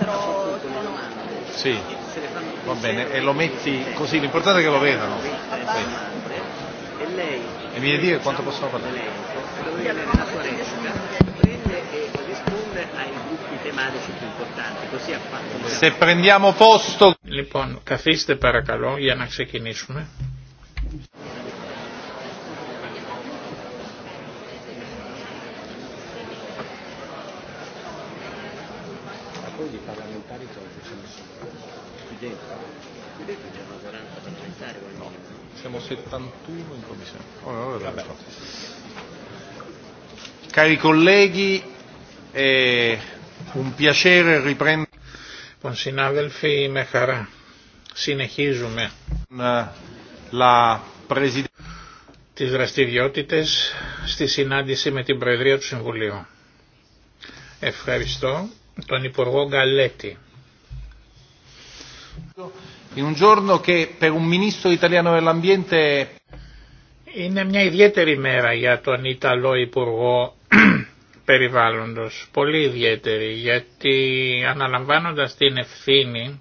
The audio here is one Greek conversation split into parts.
però Sì, va bene, e lo metti così, l'importante è che lo vedano. E lei? E mi dire quanto possono parlare? Prende e risponde ai gruppi tematici più importanti, così ha fatto. Se prendiamo posto. Λοιπόν, καθίστε παρακαλώ για να ξεκινήσουμε. 71 in commissione. Ora, oh, Cari colleghi, è un piacere riprendere. Con συνάδελφοι, e χαρά. Συνεχίζουμε. La τις δραστηριότητες στη συνάντηση με την Προεδρία του Συμβουλίου. Ευχαριστώ τον Υπουργό Γκαλέτη. Είναι μια ιδιαίτερη μέρα για τον Ιταλό Υπουργό Περιβάλλοντος, πολύ ιδιαίτερη, γιατί αναλαμβάνοντας την ευθύνη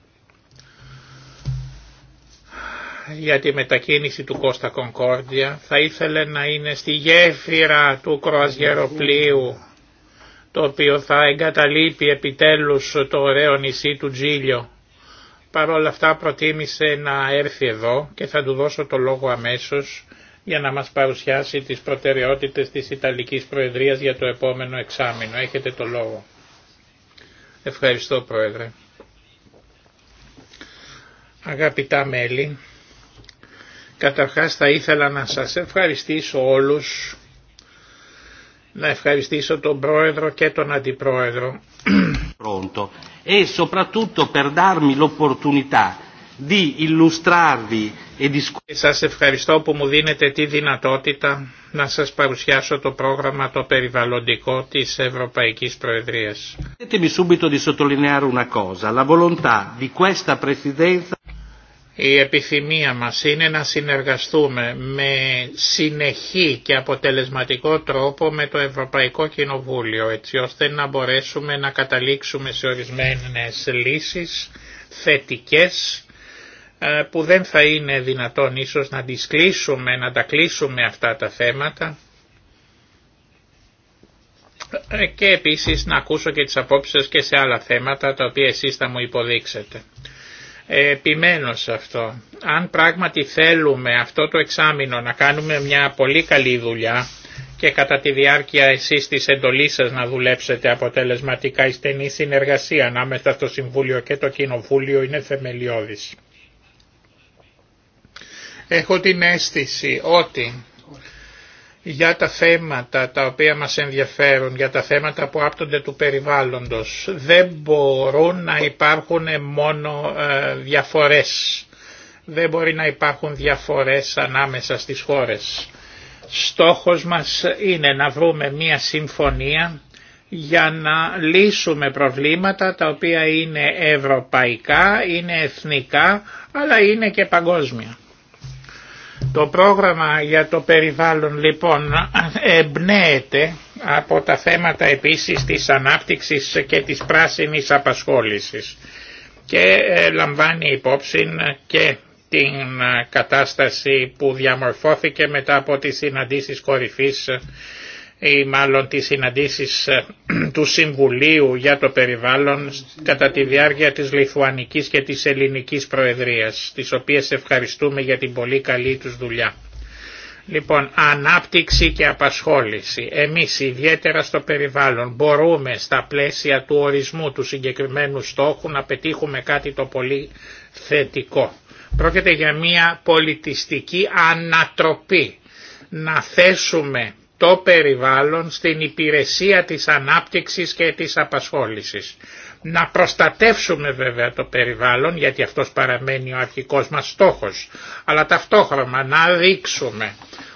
για τη μετακίνηση του Κώστα Κονκόρδια θα ήθελε να είναι στη γέφυρα του Κροαζιεροπλίου, το οποίο θα εγκαταλείπει επιτέλους το ωραίο νησί του Τζίλιο Παρ' όλα αυτά προτίμησε να έρθει εδώ και θα του δώσω το λόγο αμέσως για να μας παρουσιάσει τις προτεραιότητες της Ιταλικής Προεδρίας για το επόμενο εξάμεινο. Έχετε το λόγο. Ευχαριστώ Πρόεδρε. Αγαπητά μέλη, καταρχάς θα ήθελα να σας ευχαριστήσω όλους, να ευχαριστήσω τον Πρόεδρο και τον Αντιπρόεδρο confronto e soprattutto per darmi l'opportunità di illustrarvi e di Σας ευχαριστώ που μου δίνετε τη δυνατότητα να σας παρουσιάσω το πρόγραμμα το περιβαλλοντικό της Ευρωπαϊκής Προεδρίας. subito di sottolineare una cosa, la volontà di questa presidenza η επιθυμία μας είναι να συνεργαστούμε με συνεχή και αποτελεσματικό τρόπο με το Ευρωπαϊκό Κοινοβούλιο έτσι ώστε να μπορέσουμε να καταλήξουμε σε ορισμένες λύσεις θετικές ε, που δεν θα είναι δυνατόν ίσως να τις να τα κλείσουμε αυτά τα θέματα ε, και επίσης να ακούσω και τις απόψεις και σε άλλα θέματα τα οποία εσείς θα μου υποδείξετε επιμένω σε αυτό. Αν πράγματι θέλουμε αυτό το εξάμεινο να κάνουμε μια πολύ καλή δουλειά και κατά τη διάρκεια εσείς της εντολής σας να δουλέψετε αποτελεσματικά η στενή συνεργασία ανάμεσα στο Συμβούλιο και το Κοινοβούλιο είναι θεμελιώδης. Έχω την αίσθηση ότι για τα θέματα τα οποία μας ενδιαφέρουν, για τα θέματα που άπτονται του περιβάλλοντος. Δεν μπορούν να υπάρχουν μόνο ε, διαφορές. Δεν μπορεί να υπάρχουν διαφορές ανάμεσα στις χώρες. Στόχος μας είναι να βρούμε μία συμφωνία για να λύσουμε προβλήματα τα οποία είναι ευρωπαϊκά, είναι εθνικά, αλλά είναι και παγκόσμια. Το πρόγραμμα για το περιβάλλον λοιπόν εμπνέεται από τα θέματα επίσης της ανάπτυξης και της πράσινης απασχόλησης και ε, λαμβάνει υπόψη και την ε, κατάσταση που διαμορφώθηκε μετά από τις συναντήσεις κορυφής ή μάλλον τις συναντήσεις ε, του Συμβουλίου για το Περιβάλλον κατά τη διάρκεια της Λιθουανικής και της Ελληνικής Προεδρίας, τις οποίες ευχαριστούμε για την πολύ καλή τους δουλειά. Λοιπόν, ανάπτυξη και απασχόληση. Εμείς ιδιαίτερα στο περιβάλλον μπορούμε στα πλαίσια του ορισμού του συγκεκριμένου στόχου να πετύχουμε κάτι το πολύ θετικό. Πρόκειται για μια πολιτιστική ανατροπή. Να θέσουμε το περιβάλλον στην υπηρεσία της ανάπτυξης και της απασχόλησης. Να προστατεύσουμε βέβαια το περιβάλλον γιατί αυτός παραμένει ο αρχικός μας στόχος, αλλά ταυτόχρονα να δείξουμε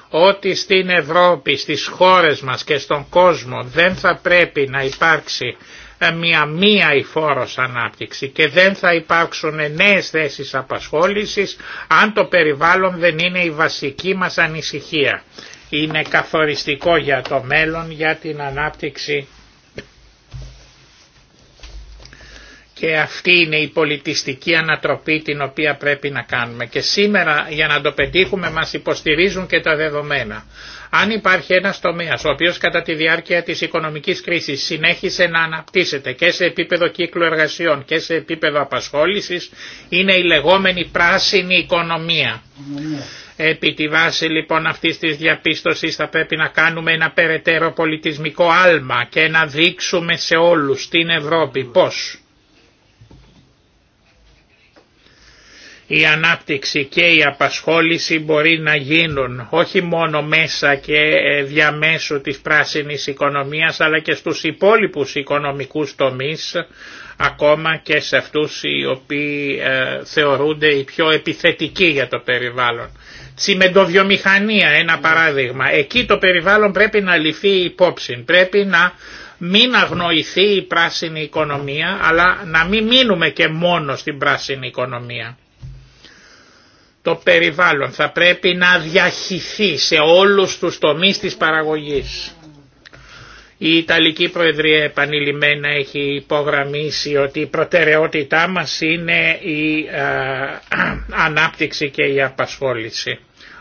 ότι στην Ευρώπη, στις χώρες μας και στον κόσμο δεν θα πρέπει να υπάρξει ε, μια μία υφόρος ανάπτυξη και δεν θα υπάρξουν νέες θέσεις απασχόλησης αν το περιβάλλον δεν είναι η βασική μας ανησυχία είναι καθοριστικό για το μέλλον, για την ανάπτυξη και αυτή είναι η πολιτιστική ανατροπή την οποία πρέπει να κάνουμε. Και σήμερα για να το πετύχουμε μας υποστηρίζουν και τα δεδομένα. Αν υπάρχει ένας τομέας ο οποίος κατά τη διάρκεια της οικονομικής κρίσης συνέχισε να αναπτύσσεται και σε επίπεδο κύκλου εργασιών και σε επίπεδο απασχόλησης είναι η λεγόμενη πράσινη οικονομία. Επί τη βάση λοιπόν αυτής της διαπίστωσης θα πρέπει να κάνουμε ένα περαιτέρω πολιτισμικό άλμα και να δείξουμε σε όλους στην Ευρώπη πώς. η ανάπτυξη και η απασχόληση μπορεί να γίνουν όχι μόνο μέσα και ε, διαμέσου της πράσινης οικονομίας αλλά και στους υπόλοιπους οικονομικούς τομείς ακόμα και σε αυτούς οι οποίοι ε, θεωρούνται οι πιο επιθετικοί για το περιβάλλον. Τσιμεντοβιομηχανία ένα ναι. παράδειγμα. Εκεί το περιβάλλον πρέπει να ληφθεί υπόψη. Πρέπει να μην αγνοηθεί η πράσινη οικονομία αλλά να μην μείνουμε και μόνο στην πράσινη οικονομία. Το περιβάλλον θα πρέπει να διαχυθεί σε όλους τους τομείς της παραγωγής. Η Ιταλική Προεδρία επανειλημμένα έχει υπογραμμίσει ότι η προτεραιότητά μας είναι η ανάπτυξη και η απασχόληση.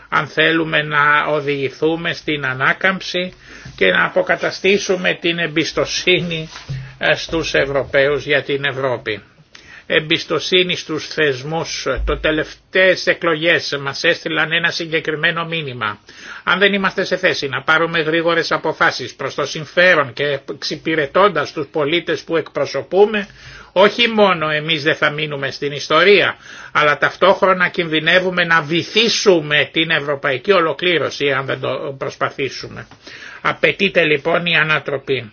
Αν θέλουμε να οδηγηθούμε στην ανάκαμψη και να αποκαταστήσουμε την εμπιστοσύνη ε, στους Ευρωπαίους για την Ευρώπη εμπιστοσύνη στους θεσμούς. Το τελευταίες εκλογές μας έστειλαν ένα συγκεκριμένο μήνυμα. Αν δεν είμαστε σε θέση να πάρουμε γρήγορες αποφάσεις προς το συμφέρον και εξυπηρετώντας τους πολίτες που εκπροσωπούμε, όχι μόνο εμείς δεν θα μείνουμε στην ιστορία, αλλά ταυτόχρονα κινδυνεύουμε να βυθίσουμε την ευρωπαϊκή ολοκλήρωση αν δεν το προσπαθήσουμε. Απαιτείται λοιπόν η ανατροπή.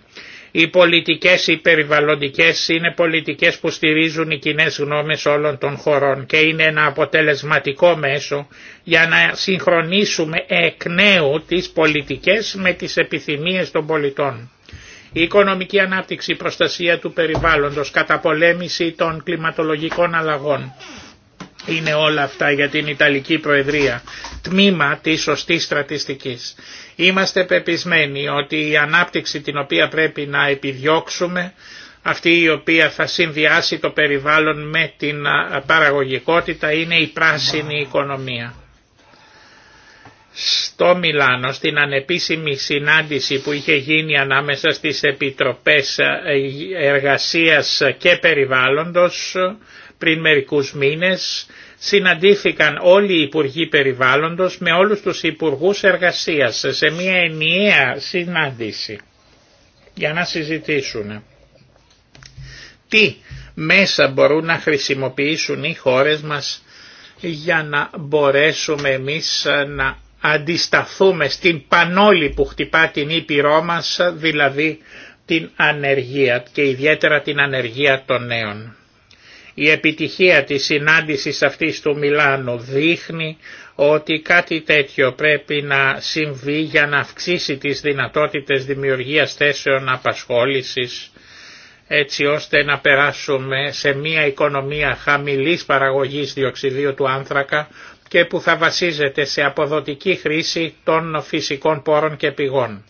Οι πολιτικές οι περιβαλλοντικές είναι πολιτικές που στηρίζουν οι κοινέ γνώμες όλων των χωρών και είναι ένα αποτελεσματικό μέσο για να συγχρονίσουμε εκ νέου τις πολιτικές με τις επιθυμίες των πολιτών. Η οικονομική ανάπτυξη, η προστασία του περιβάλλοντος, καταπολέμηση των κλιματολογικών αλλαγών, είναι όλα αυτά για την Ιταλική Προεδρία, τμήμα της σωστή στρατιστικής. Είμαστε πεπισμένοι ότι η ανάπτυξη την οποία πρέπει να επιδιώξουμε, αυτή η οποία θα συνδυάσει το περιβάλλον με την παραγωγικότητα, είναι η πράσινη οικονομία. Στο Μιλάνο, στην ανεπίσημη συνάντηση που είχε γίνει ανάμεσα στις Επιτροπές ε, Εργασίας και Περιβάλλοντος, πριν μερικούς μήνες συναντήθηκαν όλοι οι Υπουργοί Περιβάλλοντος με όλους τους Υπουργούς Εργασίας σε μια ενιαία συνάντηση για να συζητήσουν τι μέσα μπορούν να χρησιμοποιήσουν οι χώρες μας για να μπορέσουμε εμείς να αντισταθούμε στην πανόλη που χτυπά την Ήπειρό μας, δηλαδή την ανεργία και ιδιαίτερα την ανεργία των νέων. Η επιτυχία της συνάντησης αυτής του Μιλάνου δείχνει ότι κάτι τέτοιο πρέπει να συμβεί για να αυξήσει τις δυνατότητες δημιουργίας θέσεων απασχόλησης έτσι ώστε να περάσουμε σε μια οικονομία χαμηλής παραγωγής διοξιδίου του άνθρακα και που θα βασίζεται σε αποδοτική χρήση των φυσικών πόρων και πηγών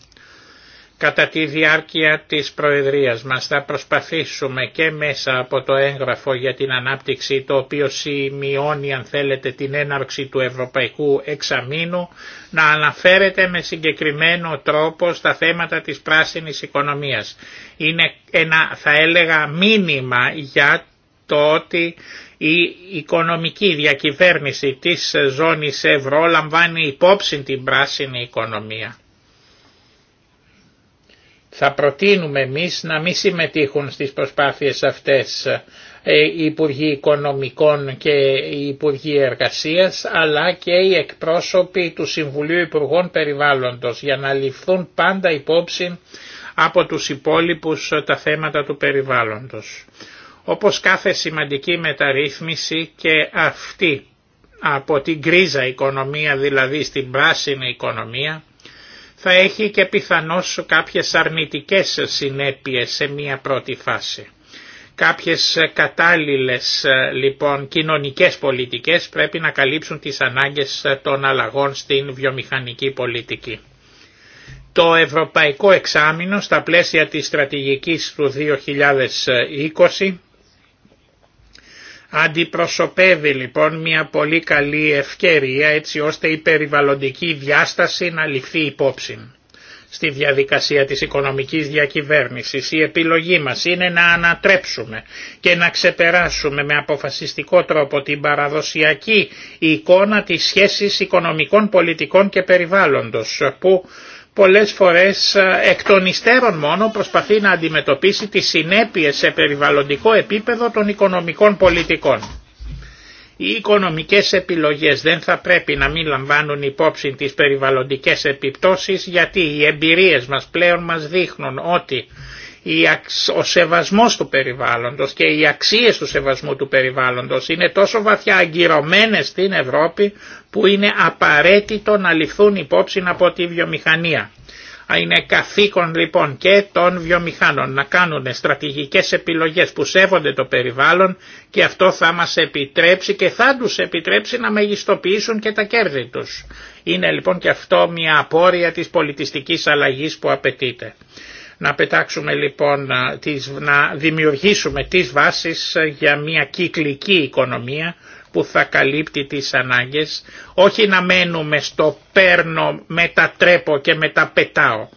κατά τη διάρκεια της Προεδρίας μας θα προσπαθήσουμε και μέσα από το έγγραφο για την ανάπτυξη το οποίο σημειώνει αν θέλετε την έναρξη του Ευρωπαϊκού Εξαμήνου να αναφέρεται με συγκεκριμένο τρόπο στα θέματα της πράσινης οικονομίας. Είναι ένα θα έλεγα μήνυμα για το ότι η οικονομική διακυβέρνηση της ζώνης ευρώ λαμβάνει υπόψη την πράσινη οικονομία. Θα προτείνουμε εμείς να μην συμμετείχουν στις προσπάθειες αυτές ε, οι Υπουργοί Οικονομικών και οι Υπουργοί Εργασίας αλλά και οι εκπρόσωποι του Συμβουλίου Υπουργών Περιβάλλοντος για να ληφθούν πάντα υπόψη από τους υπόλοιπους ε, τα θέματα του περιβάλλοντος. Όπως κάθε σημαντική μεταρρύθμιση και αυτή από την κρίζα οικονομία δηλαδή στην πράσινη οικονομία θα έχει και πιθανώς κάποιες αρνητικές συνέπειες σε μία πρώτη φάση. Κάποιες κατάλληλες λοιπόν κοινωνικές πολιτικές πρέπει να καλύψουν τις ανάγκες των αλλαγών στην βιομηχανική πολιτική. Το Ευρωπαϊκό Εξάμεινο στα πλαίσια της στρατηγικής του 2020 Αντιπροσωπεύει λοιπόν μια πολύ καλή ευκαιρία έτσι ώστε η περιβαλλοντική διάσταση να ληφθεί υπόψη στη διαδικασία της οικονομικής διακυβέρνησης. Η επιλογή μας είναι να ανατρέψουμε και να ξεπεράσουμε με αποφασιστικό τρόπο την παραδοσιακή εικόνα της σχέσης οικονομικών πολιτικών και περιβάλλοντος που πολλές φορές ε, εκ των υστέρων μόνο προσπαθεί να αντιμετωπίσει τις συνέπειες σε περιβαλλοντικό επίπεδο των οικονομικών πολιτικών. Οι οικονομικές επιλογές δεν θα πρέπει να μην λαμβάνουν υπόψη τις περιβαλλοντικές επιπτώσεις γιατί οι εμπειρίες μας πλέον μας δείχνουν ότι ο σεβασμός του περιβάλλοντος και οι αξίες του σεβασμού του περιβάλλοντος είναι τόσο βαθιά αγκυρωμένες στην Ευρώπη που είναι απαραίτητο να ληφθούν υπόψη από τη βιομηχανία. Είναι καθήκον λοιπόν και των βιομηχάνων να κάνουν στρατηγικές επιλογές που σέβονται το περιβάλλον και αυτό θα μας επιτρέψει και θα τους επιτρέψει να μεγιστοποιήσουν και τα κέρδη τους. Είναι λοιπόν και αυτό μια απόρρεια της πολιτιστικής αλλαγής που απαιτείται. Να πετάξουμε λοιπόν, να δημιουργήσουμε τις βάσεις για μια κυκλική οικονομία που θα καλύπτει τις ανάγκες, όχι να μένουμε στο παίρνω, μετατρέπω και μεταπετάω.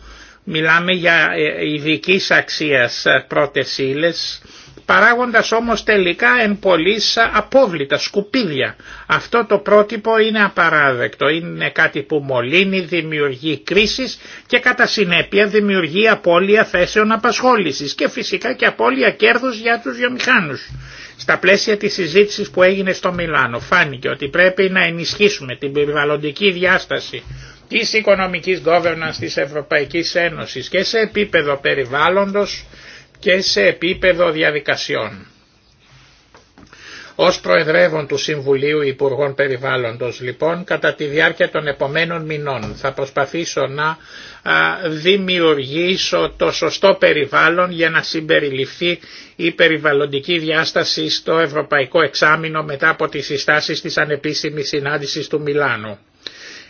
Μιλάμε για ε, ειδική αξίας πρώτες ύλες, παράγοντας όμως τελικά εν πολλή απόβλητα, σκουπίδια. Αυτό το πρότυπο είναι απαράδεκτο, είναι κάτι που μολύνει, δημιουργεί κρίσεις και κατά συνέπεια δημιουργεί απώλεια θέσεων απασχόλησης και φυσικά και απώλεια κέρδους για τους βιομηχάνους. Στα πλαίσια της συζήτησης που έγινε στο Μιλάνο φάνηκε ότι πρέπει να ενισχύσουμε την περιβαλλοντική διάσταση της οικονομικής governance της Ευρωπαϊκής Ένωσης και σε επίπεδο περιβάλλοντος και σε επίπεδο διαδικασιών. Ως Προεδρεύων του Συμβουλίου Υπουργών Περιβάλλοντος λοιπόν κατά τη διάρκεια των επομένων μηνών θα προσπαθήσω να δημιουργήσω το σωστό περιβάλλον για να συμπεριληφθεί η περιβαλλοντική διάσταση στο Ευρωπαϊκό Εξάμεινο μετά από τις συστάσεις της ανεπίσημης συνάντησης του Μιλάνου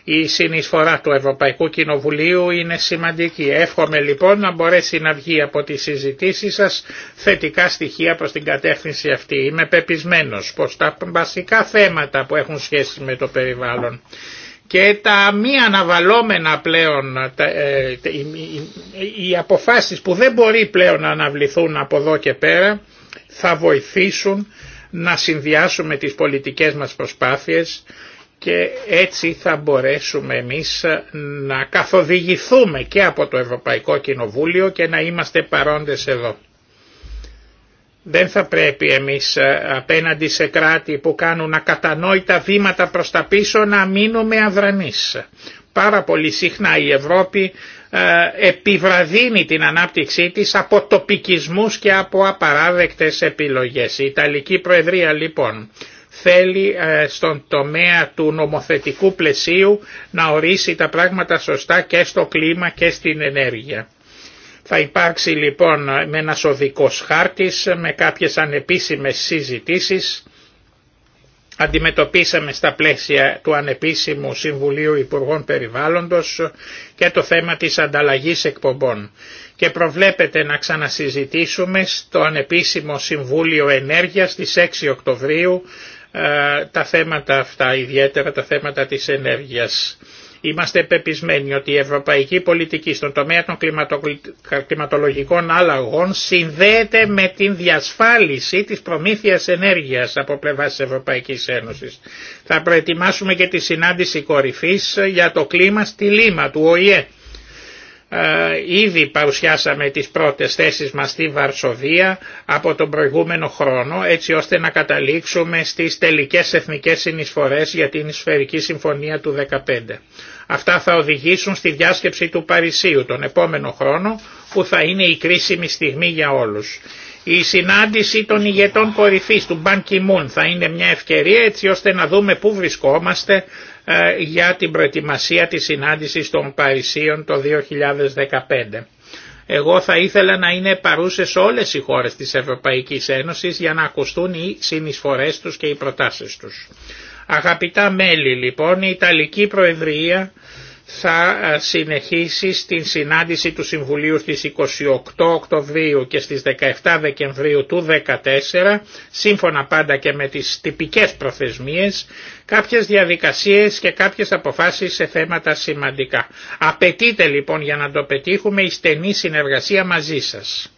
η συνεισφορά του Ευρωπαϊκού Κοινοβουλίου είναι σημαντική. Εύχομαι λοιπόν να μπορέσει να βγει από τις συζητήσεις σας θετικά στοιχεία προς την κατεύθυνση αυτή. Είμαι πεπισμένος πως τα βασικά θέματα που έχουν σχέση με το περιβάλλον και τα μη αναβαλώμενα πλέον, ε, οι, οι αποφάσεις που δεν μπορεί πλέον να αναβληθούν από εδώ και πέρα θα βοηθήσουν να συνδυάσουμε τις πολιτικές μας προσπάθειες και έτσι θα μπορέσουμε εμείς να καθοδηγηθούμε και από το Ευρωπαϊκό Κοινοβούλιο και να είμαστε παρόντες εδώ. Δεν θα πρέπει εμείς ε, απέναντι σε κράτη που κάνουν ακατανόητα βήματα προς τα πίσω να μείνουμε αδρανείς. Πάρα πολύ συχνά η Ευρώπη ε, επιβραδύνει την ανάπτυξή της από τοπικισμούς και από απαράδεκτες επιλογές. Η Ιταλική Προεδρία λοιπόν θέλει ε, στον τομέα του νομοθετικού πλαισίου να ορίσει τα πράγματα σωστά και στο κλίμα και στην ενέργεια. Θα υπάρξει λοιπόν με ένας οδικός χάρτης, με κάποιες ανεπίσημες συζητήσεις. Αντιμετωπίσαμε στα πλαίσια του Ανεπίσημου Συμβουλίου Υπουργών Περιβάλλοντος και το θέμα της ανταλλαγής εκπομπών και προβλέπεται να ξανασυζητήσουμε στο Ανεπίσημο Συμβούλιο Ενέργειας στις 6 Οκτωβρίου ε, τα θέματα αυτά, ιδιαίτερα τα θέματα της ενέργειας. Είμαστε πεπισμένοι ότι η ευρωπαϊκή πολιτική στον τομέα των κλιματολογικών άλλαγων συνδέεται με την διασφάλιση της προμήθειας ενέργειας από πλευράς της Ευρωπαϊκής Ένωσης. Θα προετοιμάσουμε και τη συνάντηση κορυφής για το κλίμα στη Λίμα του ΟΗΕ ε, ήδη παρουσιάσαμε τις πρώτες θέσεις μας στη Βαρσοβία από τον προηγούμενο χρόνο έτσι ώστε να καταλήξουμε στις τελικές εθνικές συνεισφορές για την Ισφαιρική Συμφωνία του 2015. Αυτά θα οδηγήσουν στη διάσκεψη του Παρισίου τον επόμενο χρόνο που θα είναι η κρίσιμη στιγμή για όλους. Η συνάντηση των ηγετών κορυφής του Ban ki θα είναι μια ευκαιρία έτσι ώστε να δούμε πού βρισκόμαστε, ε, για την προετοιμασία της συνάντησης των Παρισίων το 2015. Εγώ θα ήθελα να είναι παρούσες όλες οι χώρες της Ευρωπαϊκής Ένωσης για να ακουστούν οι συνεισφορές τους και οι προτάσεις τους. Αγαπητά μέλη λοιπόν, η Ιταλική Προεδρία θα ε, συνεχίσει στην συνάντηση του Συμβουλίου στις 28 Οκτωβρίου και στις 17 Δεκεμβρίου του 2014, σύμφωνα πάντα και με τις τυπικές προθεσμίες, κάποιες διαδικασίες και κάποιες αποφάσεις σε θέματα σημαντικά. Απαιτείται λοιπόν για να το πετύχουμε η στενή συνεργασία μαζί σας.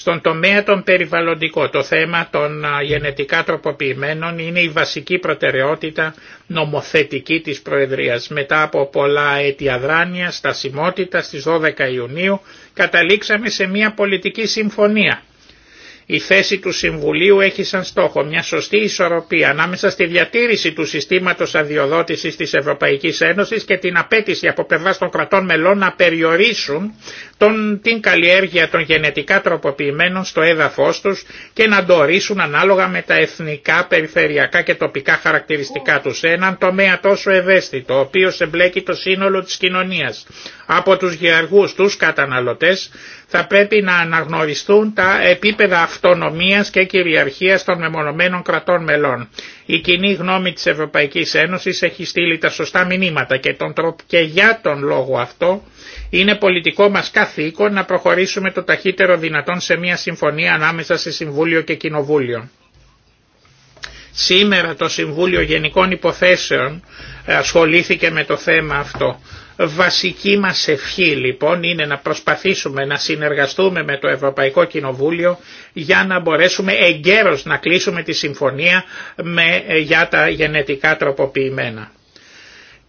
Στον τομέα των περιβαλλοντικών το θέμα των γενετικά τροποποιημένων είναι η βασική προτεραιότητα νομοθετική της Προεδρίας. Μετά από πολλά αίτια δράνεια, στασιμότητα στις 12 Ιουνίου καταλήξαμε σε μια πολιτική συμφωνία η θέση του Συμβουλίου έχει σαν στόχο μια σωστή ισορροπία ανάμεσα στη διατήρηση του συστήματος αδειοδότησης της Ευρωπαϊκής Ένωσης και την απέτηση από πλευρά των κρατών μελών να περιορίσουν τον, την καλλιέργεια των γενετικά τροποποιημένων στο έδαφος τους και να το ορίσουν ανάλογα με τα εθνικά, περιφερειακά και τοπικά χαρακτηριστικά τους. Έναν τομέα τόσο ευαίσθητο, ο οποίος εμπλέκει το σύνολο της κοινωνίας, από τους γεωργούς, τους καταναλωτές, θα πρέπει να αναγνωριστούν τα επίπεδα αυτονομίας και κυριαρχίας των μεμονωμένων κρατών μελών. Η κοινή γνώμη της Ευρωπαϊκής Ένωσης έχει στείλει τα σωστά μηνύματα και, τον τρόπο και για τον λόγο αυτό είναι πολιτικό μας καθήκον να προχωρήσουμε το ταχύτερο δυνατόν σε μια συμφωνία ανάμεσα σε Συμβούλιο και Κοινοβούλιο. Σήμερα το Συμβούλιο Γενικών Υποθέσεων ε, ασχολήθηκε με το θέμα αυτό. Βασική μας ευχή λοιπόν είναι να προσπαθήσουμε να συνεργαστούμε με το Ευρωπαϊκό Κοινοβούλιο για να μπορέσουμε εγκαίρως να κλείσουμε τη συμφωνία με, για τα γενετικά τροποποιημένα.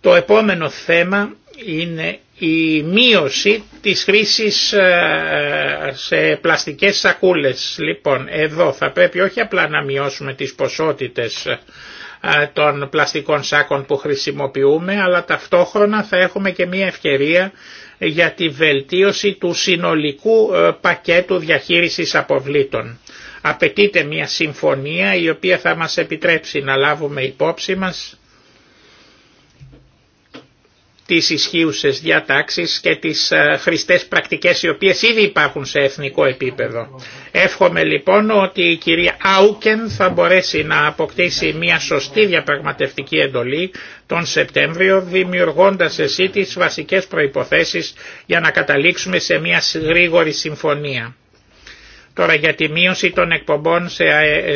Το επόμενο θέμα είναι η μείωση της χρήσης ε, σε πλαστικές σακούλες. Λοιπόν, εδώ θα πρέπει όχι απλά να μειώσουμε τις ποσότητες των πλαστικών σάκων που χρησιμοποιούμε, αλλά ταυτόχρονα θα έχουμε και μια ευκαιρία για τη βελτίωση του συνολικού ε, πακέτου διαχείρισης αποβλήτων. Απαιτείται μια συμφωνία η οποία θα μας επιτρέψει να λάβουμε υπόψη μας τις ισχύουσες διατάξεις και τις ε, χρηστές πρακτικές οι οποίες ήδη υπάρχουν σε εθνικό επίπεδο. Εύχομαι λοιπόν ότι η κυρία Άουκεν θα μπορέσει να αποκτήσει μια σωστή διαπραγματευτική εντολή τον Σεπτέμβριο δημιουργώντας εσύ τις βασικές προϋποθέσεις για να καταλήξουμε σε μια γρήγορη συμφωνία. Τώρα για τη μείωση των εκπομπών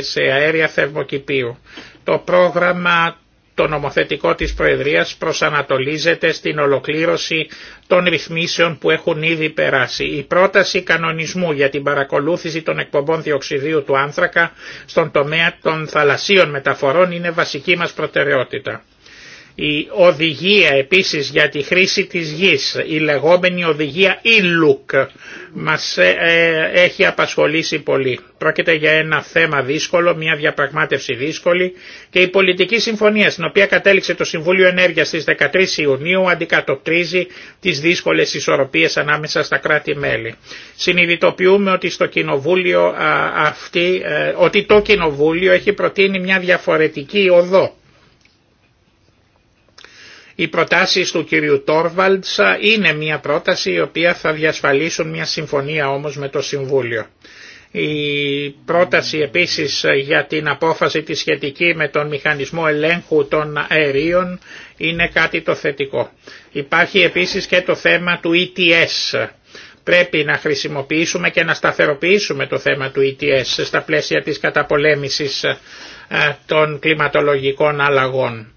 σε αέρια θερμοκηπίου. Το πρόγραμμα το νομοθετικό της Προεδρίας προσανατολίζεται στην ολοκλήρωση των ρυθμίσεων που έχουν ήδη περάσει. Η πρόταση κανονισμού για την παρακολούθηση των εκπομπών διοξιδίου του άνθρακα στον τομέα των θαλασσίων μεταφορών είναι βασική μας προτεραιότητα. Η οδηγία επίσης για τη χρήση της γης, η λεγόμενη οδηγία μας ε, ε, έχει απασχολήσει πολύ. Πρόκειται για ένα θέμα δύσκολο, μια διαπραγμάτευση δύσκολη και η πολιτική συμφωνία στην οποία κατέληξε το Συμβούλιο Ενέργειας στις 13 Ιουνίου αντικατοπτρίζει τις δύσκολες ισορροπίες ανάμεσα στα κράτη-μέλη. Συνειδητοποιούμε ότι, στο κοινοβούλιο, αυτή, ε, ότι το Κοινοβούλιο έχει προτείνει μια διαφορετική οδό οι προτάσεις του κυρίου Τόρβαλτς είναι μια πρόταση η οποία θα διασφαλίσουν μια συμφωνία όμως με το Συμβούλιο. Η πρόταση επίσης για την απόφαση τη σχετική με τον μηχανισμό ελέγχου των αερίων είναι κάτι το θετικό. Υπάρχει επίσης και το θέμα του ETS. Πρέπει να χρησιμοποιήσουμε και να σταθεροποιήσουμε το θέμα του ETS στα πλαίσια της καταπολέμησης ε, των κλιματολογικών αλλαγών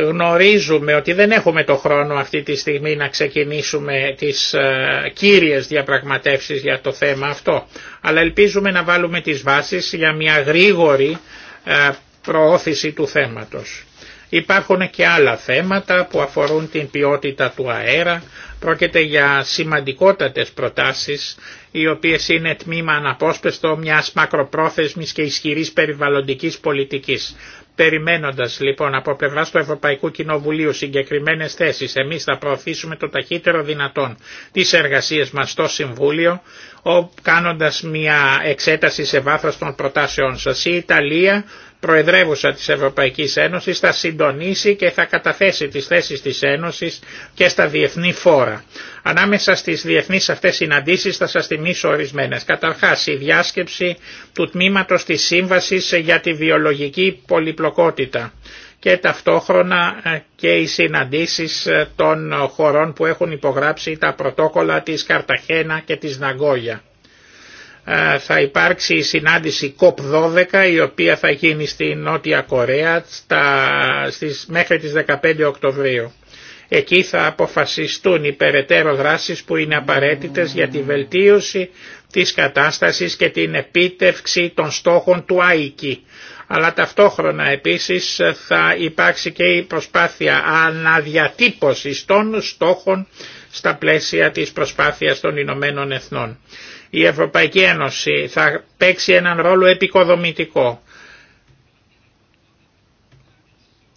γνωρίζουμε ότι δεν έχουμε το χρόνο αυτή τη στιγμή να ξεκινήσουμε τις ε, κύριες διαπραγματεύσεις για το θέμα αυτό, αλλά ελπίζουμε να βάλουμε τις βάσεις για μια γρήγορη ε, προώθηση του θέματος. Υπάρχουν και άλλα θέματα που αφορούν την ποιότητα του αέρα, πρόκειται για σημαντικότατες προτάσεις, οι οποίες είναι τμήμα αναπόσπεστο μιας μακροπρόθεσμης και ισχυρής περιβαλλοντικής πολιτικής. Περιμένοντας λοιπόν από πλευρά του Ευρωπαϊκού Κοινοβουλίου συγκεκριμένες θέσεις, εμείς θα προωθήσουμε το ταχύτερο δυνατόν τις εργασίες μας στο Συμβούλιο, κάνοντας μια εξέταση σε βάθος των προτάσεών σας. Η Ιταλία Προεδρεύουσα της Ευρωπαϊκής Ένωσης θα συντονίσει και θα καταθέσει τις θέσεις της Ένωσης και στα διεθνή φόρα. Ανάμεσα στις διεθνείς αυτές συναντήσεις θα σας θυμίσω ορισμένες. Καταρχάς η διάσκεψη του τμήματος της Σύμβασης για τη βιολογική πολυπλοκότητα και ταυτόχρονα ε, και οι συναντήσεις ε, των χωρών που έχουν υπογράψει τα πρωτόκολλα της Καρταχένα και της Ναγκόγια. Ε, θα υπάρξει η συνάντηση COP12 η οποία θα γίνει στη Νότια Κορέα στα, στις, μέχρι τις 15 Οκτωβρίου. Εκεί θα αποφασιστούν οι περαιτέρω δράσεις που είναι απαραίτητες για τη βελτίωση της κατάστασης και την επίτευξη των στόχων του ΆΙΚΙ. Αλλά ταυτόχρονα επίσης θα υπάρξει και η προσπάθεια αναδιατύπωσης των στόχων στα πλαίσια της προσπάθειας των Ηνωμένων Εθνών η Ευρωπαϊκή Ένωση θα παίξει έναν ρόλο επικοδομητικό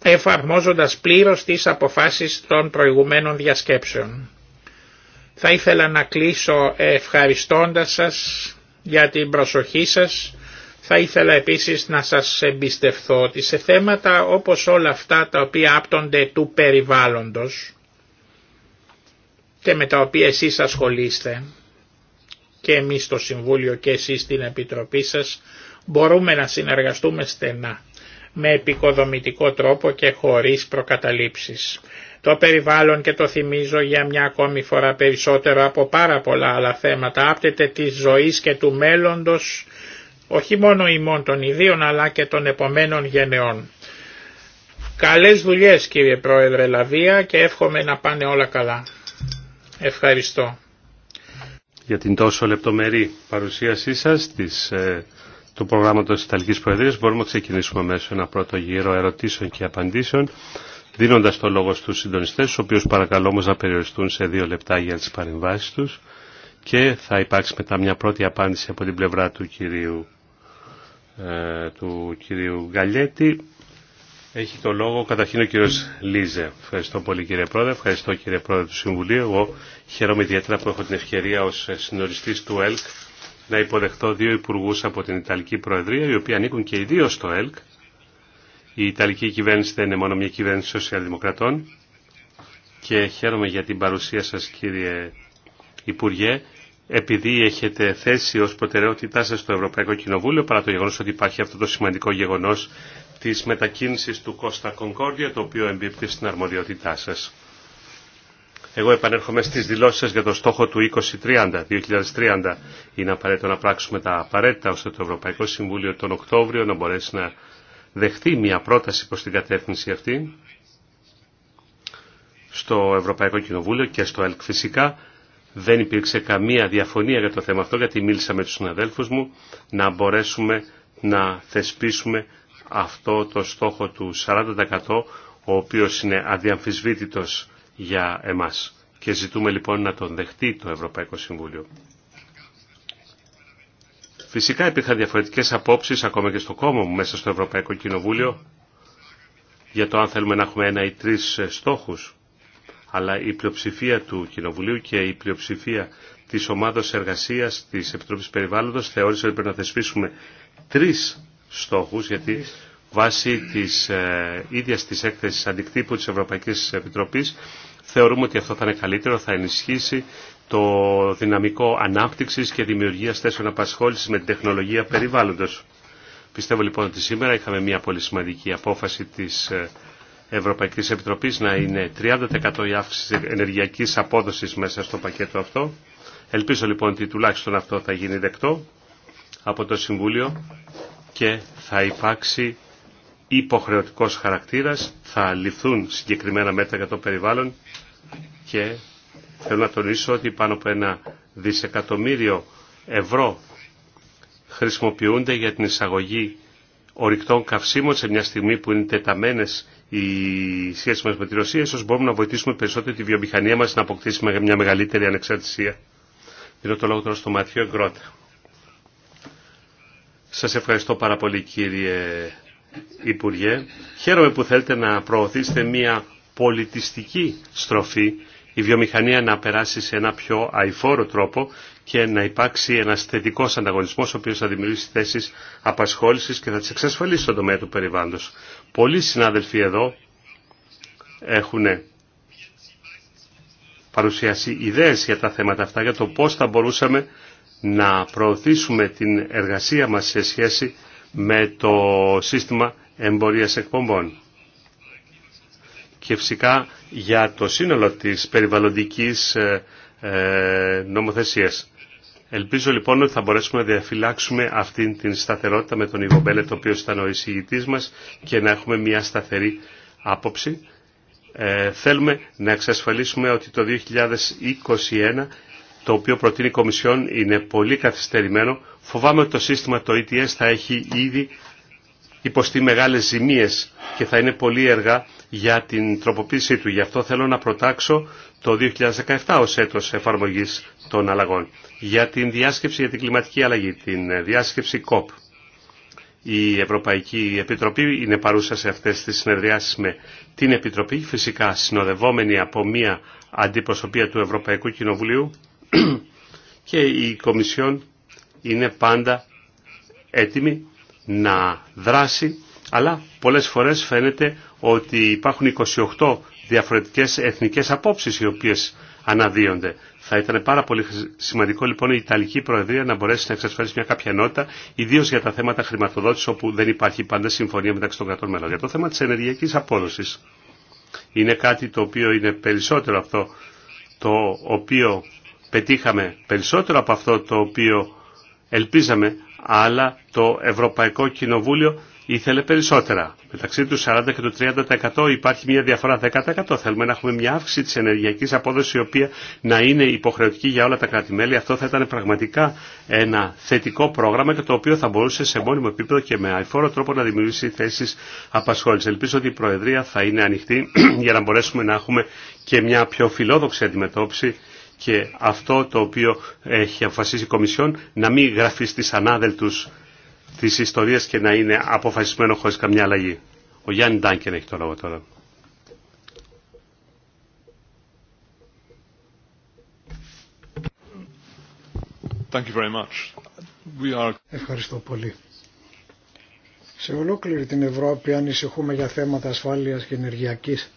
εφαρμόζοντας πλήρως τις αποφάσεις των προηγουμένων διασκέψεων. Θα ήθελα να κλείσω ευχαριστώντας σας για την προσοχή σας. Θα ήθελα επίσης να σας εμπιστευθώ ότι σε θέματα όπως όλα αυτά τα οποία άπτονται του περιβάλλοντος και με τα οποία εσείς ασχολείστε, και εμείς στο Συμβούλιο και εσείς στην Επιτροπή σας μπορούμε να συνεργαστούμε στενά με επικοδομητικό τρόπο και χωρίς προκαταλήψεις. Το περιβάλλον και το θυμίζω για μια ακόμη φορά περισσότερο από πάρα πολλά άλλα θέματα άπτεται της ζωής και του μέλλοντος όχι μόνο ημών των ιδίων αλλά και των επομένων γενεών. Καλές δουλειές κύριε Πρόεδρε Λαβία και εύχομαι να πάνε όλα καλά. Ευχαριστώ για την τόσο λεπτομερή παρουσίασή σας της, ε, του προγράμματος της Ιταλικής Προεδρίας. Μπορούμε να ξεκινήσουμε μέσω ένα πρώτο γύρο ερωτήσεων και απαντήσεων, δίνοντας το λόγο στους συντονιστές, τους οποίους παρακαλώ όμως να περιοριστούν σε δύο λεπτά για τις παρεμβάσει τους και θα υπάρξει μετά μια πρώτη απάντηση από την πλευρά του κυρίου, ε, του κυρίου Γκαλιέτη. Έχει το λόγο καταρχήν ο κύριος Λίζε. Ευχαριστώ πολύ κύριε Πρόεδρε, ευχαριστώ κύριε Πρόεδρε του Συμβουλίου. Εγώ Χαίρομαι ιδιαίτερα που έχω την ευκαιρία ως συνοριστής του ΕΛΚ να υποδεχτώ δύο υπουργούς από την Ιταλική Προεδρία, οι οποίοι ανήκουν και οι στο ΕΛΚ. Η Ιταλική κυβέρνηση δεν είναι μόνο μια κυβέρνηση σοσιαλδημοκρατών και χαίρομαι για την παρουσία σας κύριε Υπουργέ επειδή έχετε θέσει ως προτεραιότητά σας στο Ευρωπαϊκό Κοινοβούλιο παρά το γεγονός ότι υπάρχει αυτό το σημαντικό γεγονός της μετακίνησης του Κώστα Κονκόρδια το οποίο εμπίπτει στην αρμοδιότητά σας. Εγώ επανέρχομαι στις δηλώσεις σας για το στόχο του 2030, 2030. Είναι απαραίτητο να πράξουμε τα απαραίτητα ώστε το Ευρωπαϊκό Συμβούλιο τον Οκτώβριο να μπορέσει να δεχτεί μια πρόταση προς την κατεύθυνση αυτή στο Ευρωπαϊκό Κοινοβούλιο και στο ΕΛΚ φυσικά. Δεν υπήρξε καμία διαφωνία για το θέμα αυτό γιατί μίλησα με τους συναδέλφους μου να μπορέσουμε να θεσπίσουμε αυτό το στόχο του 40% ο οποίος είναι αδιαμφισβήτητος για εμάς. Και ζητούμε λοιπόν να τον δεχτεί το Ευρωπαϊκό Συμβούλιο. Φυσικά υπήρχαν διαφορετικές απόψεις ακόμα και στο κόμμα μου μέσα στο Ευρωπαϊκό Κοινοβούλιο για το αν θέλουμε να έχουμε ένα ή τρεις στόχους. Αλλά η πλειοψηφία του Κοινοβουλίου και η πλειοψηφία της ομάδας εργασίας της Επιτροπής Περιβάλλοντος θεώρησε ότι πρέπει να θεσπίσουμε τρεις στόχους γιατί βάσει της ε, ίδιας της έκθεσης αντικτύπου της Ευρωπαϊκής Επιτροπής Θεωρούμε ότι αυτό θα είναι καλύτερο, θα ενισχύσει το δυναμικό ανάπτυξης και δημιουργίας θέσεων απασχόλησης με την τεχνολογία περιβάλλοντος. Πιστεύω λοιπόν ότι σήμερα είχαμε μια πολύ σημαντική απόφαση της ε, Ευρωπαϊκής Επιτροπής να είναι 30% η αύξηση ενεργειακής απόδοσης μέσα στο πακέτο αυτό. Ελπίζω λοιπόν ότι τουλάχιστον αυτό θα γίνει δεκτό από το Συμβούλιο και θα υπάρξει υποχρεωτικός χαρακτήρας, θα ληφθούν συγκεκριμένα μέτρα για το περιβάλλον και θέλω να τονίσω ότι πάνω από ένα δισεκατομμύριο ευρώ χρησιμοποιούνται για την εισαγωγή ορυκτών καυσίμων σε μια στιγμή που είναι τεταμένες οι σχέσεις μας με τη Ρωσία, ίσως μπορούμε να βοηθήσουμε περισσότερο τη βιομηχανία μας να αποκτήσει μια μεγαλύτερη ανεξαρτησία. Δίνω το λόγο τώρα στο Ματιό Γκρότα. Σας ευχαριστώ πάρα πολύ κύριε Υπουργέ, χαίρομαι που θέλετε να προωθήσετε μια πολιτιστική στροφή, η βιομηχανία να περάσει σε ένα πιο αηφόρο τρόπο και να υπάρξει ένα θετικό ανταγωνισμό, ο οποίο θα δημιουργήσει θέσει απασχόληση και θα τι εξασφαλίσει στον τομέα του περιβάλλοντο. Πολλοί συνάδελφοι εδώ έχουν παρουσιάσει ιδέε για τα θέματα αυτά, για το πώ θα μπορούσαμε να προωθήσουμε την εργασία μας σε σχέση με το σύστημα εμπορίας εκπομπών. Και φυσικά για το σύνολο της περιβαλλοντικής ε, ε, νομοθεσίας. Ελπίζω λοιπόν ότι θα μπορέσουμε να διαφυλάξουμε αυτή την σταθερότητα με τον Ιβο το οποίο ήταν ο εισηγητής μας και να έχουμε μια σταθερή άποψη. Ε, θέλουμε να εξασφαλίσουμε ότι το 2021 το οποίο προτείνει η Κομισιόν είναι πολύ καθυστερημένο Φοβάμαι ότι το σύστημα το ETS θα έχει ήδη υποστεί μεγάλες ζημίες και θα είναι πολύ έργα για την τροποποίησή του. Γι' αυτό θέλω να προτάξω το 2017 ως έτος εφαρμογής των αλλαγών. Για την διάσκεψη για την κλιματική αλλαγή, την διάσκεψη COP. Η Ευρωπαϊκή Επιτροπή είναι παρούσα σε αυτές τις συνεδριάσεις με την Επιτροπή, φυσικά συνοδευόμενη από μία αντιπροσωπεία του Ευρωπαϊκού Κοινοβουλίου και η Κομισιόν είναι πάντα έτοιμη να δράσει, αλλά πολλές φορές φαίνεται ότι υπάρχουν 28 διαφορετικές εθνικές απόψεις οι οποίες αναδύονται. Θα ήταν πάρα πολύ σημαντικό λοιπόν η Ιταλική Προεδρία να μπορέσει να εξασφαλίσει μια κάποια ενότητα, ιδίω για τα θέματα χρηματοδότηση όπου δεν υπάρχει πάντα συμφωνία μεταξύ των κρατών μέλων. Για το θέμα τη ενεργειακή απόδοση. Είναι κάτι το οποίο είναι περισσότερο αυτό το οποίο πετύχαμε, περισσότερο από αυτό το οποίο ελπίζαμε, αλλά το Ευρωπαϊκό Κοινοβούλιο ήθελε περισσότερα. Μεταξύ του 40 και του 30% υπάρχει μια διαφορά 10%. Θέλουμε να έχουμε μια αύξηση της ενεργειακής απόδοσης η οποία να είναι υποχρεωτική για όλα τα κράτη-μέλη. Αυτό θα ήταν πραγματικά ένα θετικό πρόγραμμα και το οποίο θα μπορούσε σε μόνιμο επίπεδο και με αϊφόρο τρόπο να δημιουργήσει θέσεις απασχόλησης. Ελπίζω ότι η Προεδρία θα είναι ανοιχτή για να μπορέσουμε να έχουμε και μια πιο φιλόδοξη αντιμετώπιση και αυτό το οποίο έχει αποφασίσει η Κομισιόν να μην γραφεί στις ανάδελτους της ιστορίας και να είναι αποφασισμένο χωρίς καμιά αλλαγή. Ο Γιάννη Ντάνκεν έχει το λόγο τώρα. Ευχαριστώ πολύ. Σε ολόκληρη την Ευρώπη ανησυχούμε για θέματα ασφάλειας και ενεργειακής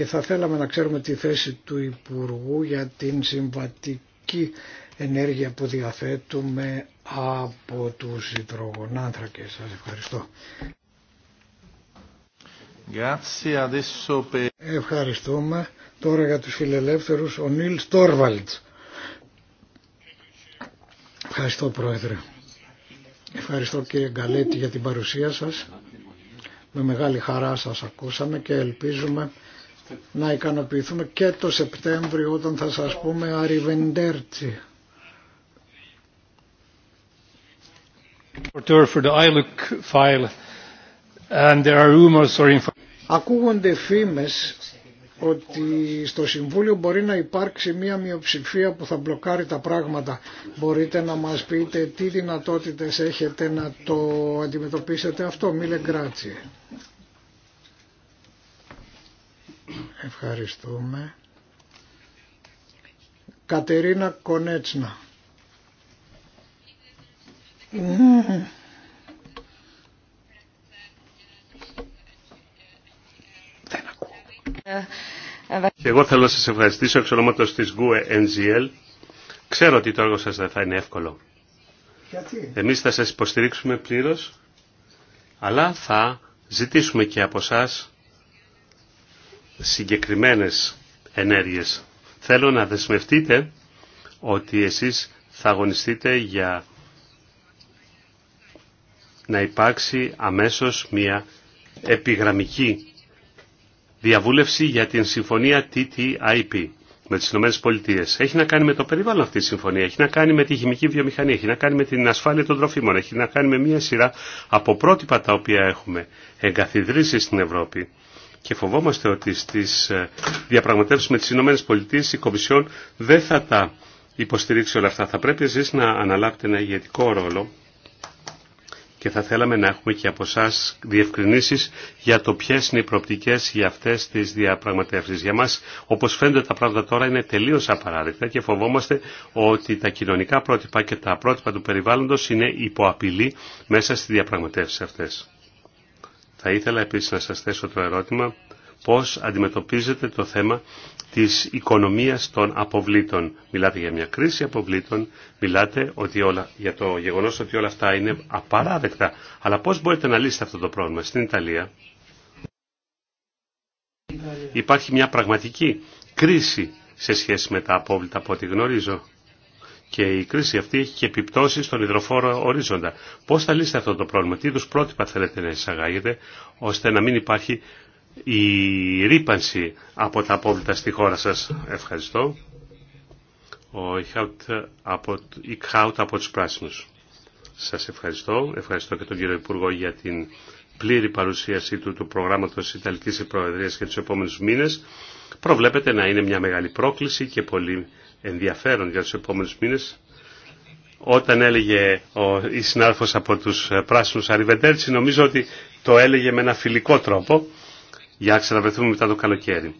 και θα θέλαμε να ξέρουμε τη θέση του Υπουργού για την συμβατική ενέργεια που διαθέτουμε από τους υδρογονάνθρακες. Σας ευχαριστώ. Ευχαριστούμε. Τώρα για τους φιλελεύθερους ο Νίλ Στόρβαλτς. Ευχαριστώ Πρόεδρε. Ευχαριστώ κύριε Γκαλέτη για την παρουσία σας. Με μεγάλη χαρά σας ακούσαμε και ελπίζουμε να ικανοποιηθούμε και το Σεπτέμβριο όταν θα σας πούμε αριβεντέρτσι. Ακούγονται φήμες ότι στο Συμβούλιο μπορεί να υπάρξει μία μειοψηφία που θα μπλοκάρει τα πράγματα. Μπορείτε να μας πείτε τι δυνατότητες έχετε να το αντιμετωπίσετε αυτό, Μίλε Γκράτσιε. Ευχαριστούμε. Κατερίνα Κονέτσνα. Δεν ακούω. Και εγώ θέλω να σας ευχαριστήσω εξ ονόματος της GUE NGL. Ξέρω ότι το έργο σας δεν θα είναι εύκολο. Γιατί? Εμείς θα σας υποστηρίξουμε πλήρως, αλλά θα ζητήσουμε και από σας συγκεκριμένες ενέργειες. Θέλω να δεσμευτείτε ότι εσείς θα αγωνιστείτε για να υπάρξει αμέσως μια επιγραμμική διαβούλευση για την συμφωνία TTIP με τις Ηνωμένες Πολιτείες. Έχει να κάνει με το περιβάλλον αυτή η συμφωνία, έχει να κάνει με τη χημική βιομηχανία, έχει να κάνει με την ασφάλεια των τροφίμων, έχει να κάνει με μια σειρά από πρότυπα τα οποία έχουμε εγκαθιδρύσει στην Ευρώπη και φοβόμαστε ότι στις ε, διαπραγματεύσεις με τις ΗΠΑ η Κομισιόν δεν θα τα υποστηρίξει όλα αυτά. Θα πρέπει εσείς να αναλάβετε ένα ηγετικό ρόλο και θα θέλαμε να έχουμε και από εσά διευκρινήσεις για το ποιε είναι οι προοπτικές για αυτές τις διαπραγματεύσεις. Για μας, όπως φαίνεται τα πράγματα τώρα, είναι τελείως απαράδεκτα και φοβόμαστε ότι τα κοινωνικά πρότυπα και τα πρότυπα του περιβάλλοντος είναι υποαπειλή μέσα στις διαπραγματεύσεις αυτές. Θα ήθελα επίσης να σας θέσω το ερώτημα πώς αντιμετωπίζετε το θέμα της οικονομίας των αποβλήτων. Μιλάτε για μια κρίση αποβλήτων, μιλάτε ότι όλα, για το γεγονός ότι όλα αυτά είναι απαράδεκτα. Αλλά πώς μπορείτε να λύσετε αυτό το πρόβλημα στην Ιταλία. Υπάρχει μια πραγματική κρίση σε σχέση με τα απόβλητα από ό,τι γνωρίζω. Και η κρίση αυτή έχει και επιπτώσει στον υδροφόρο ορίζοντα. Πώ θα λύσετε αυτό το πρόβλημα, τι είδου πρότυπα θέλετε να εισαγάγετε, ώστε να μην υπάρχει η ρήπανση από τα απόβλητα στη χώρα Σα. Ευχαριστώ. Ο Ικχάουτ από, του πράσινου. τους Πράσινους. Σας ευχαριστώ. Ευχαριστώ και τον κύριο Υπουργό για την πλήρη παρουσίασή του του προγράμματος Ιταλικής Προεδρίας για τους επόμενους μήνες. Προβλέπετε να είναι μια μεγάλη πρόκληση και πολύ ενδιαφέρον για τους επόμενους μήνες. Όταν έλεγε ο, η συνάδελφος από τους πράσινους Αριβεντέρτσι, νομίζω ότι το έλεγε με ένα φιλικό τρόπο για να ξαναβρεθούμε μετά το καλοκαίρι.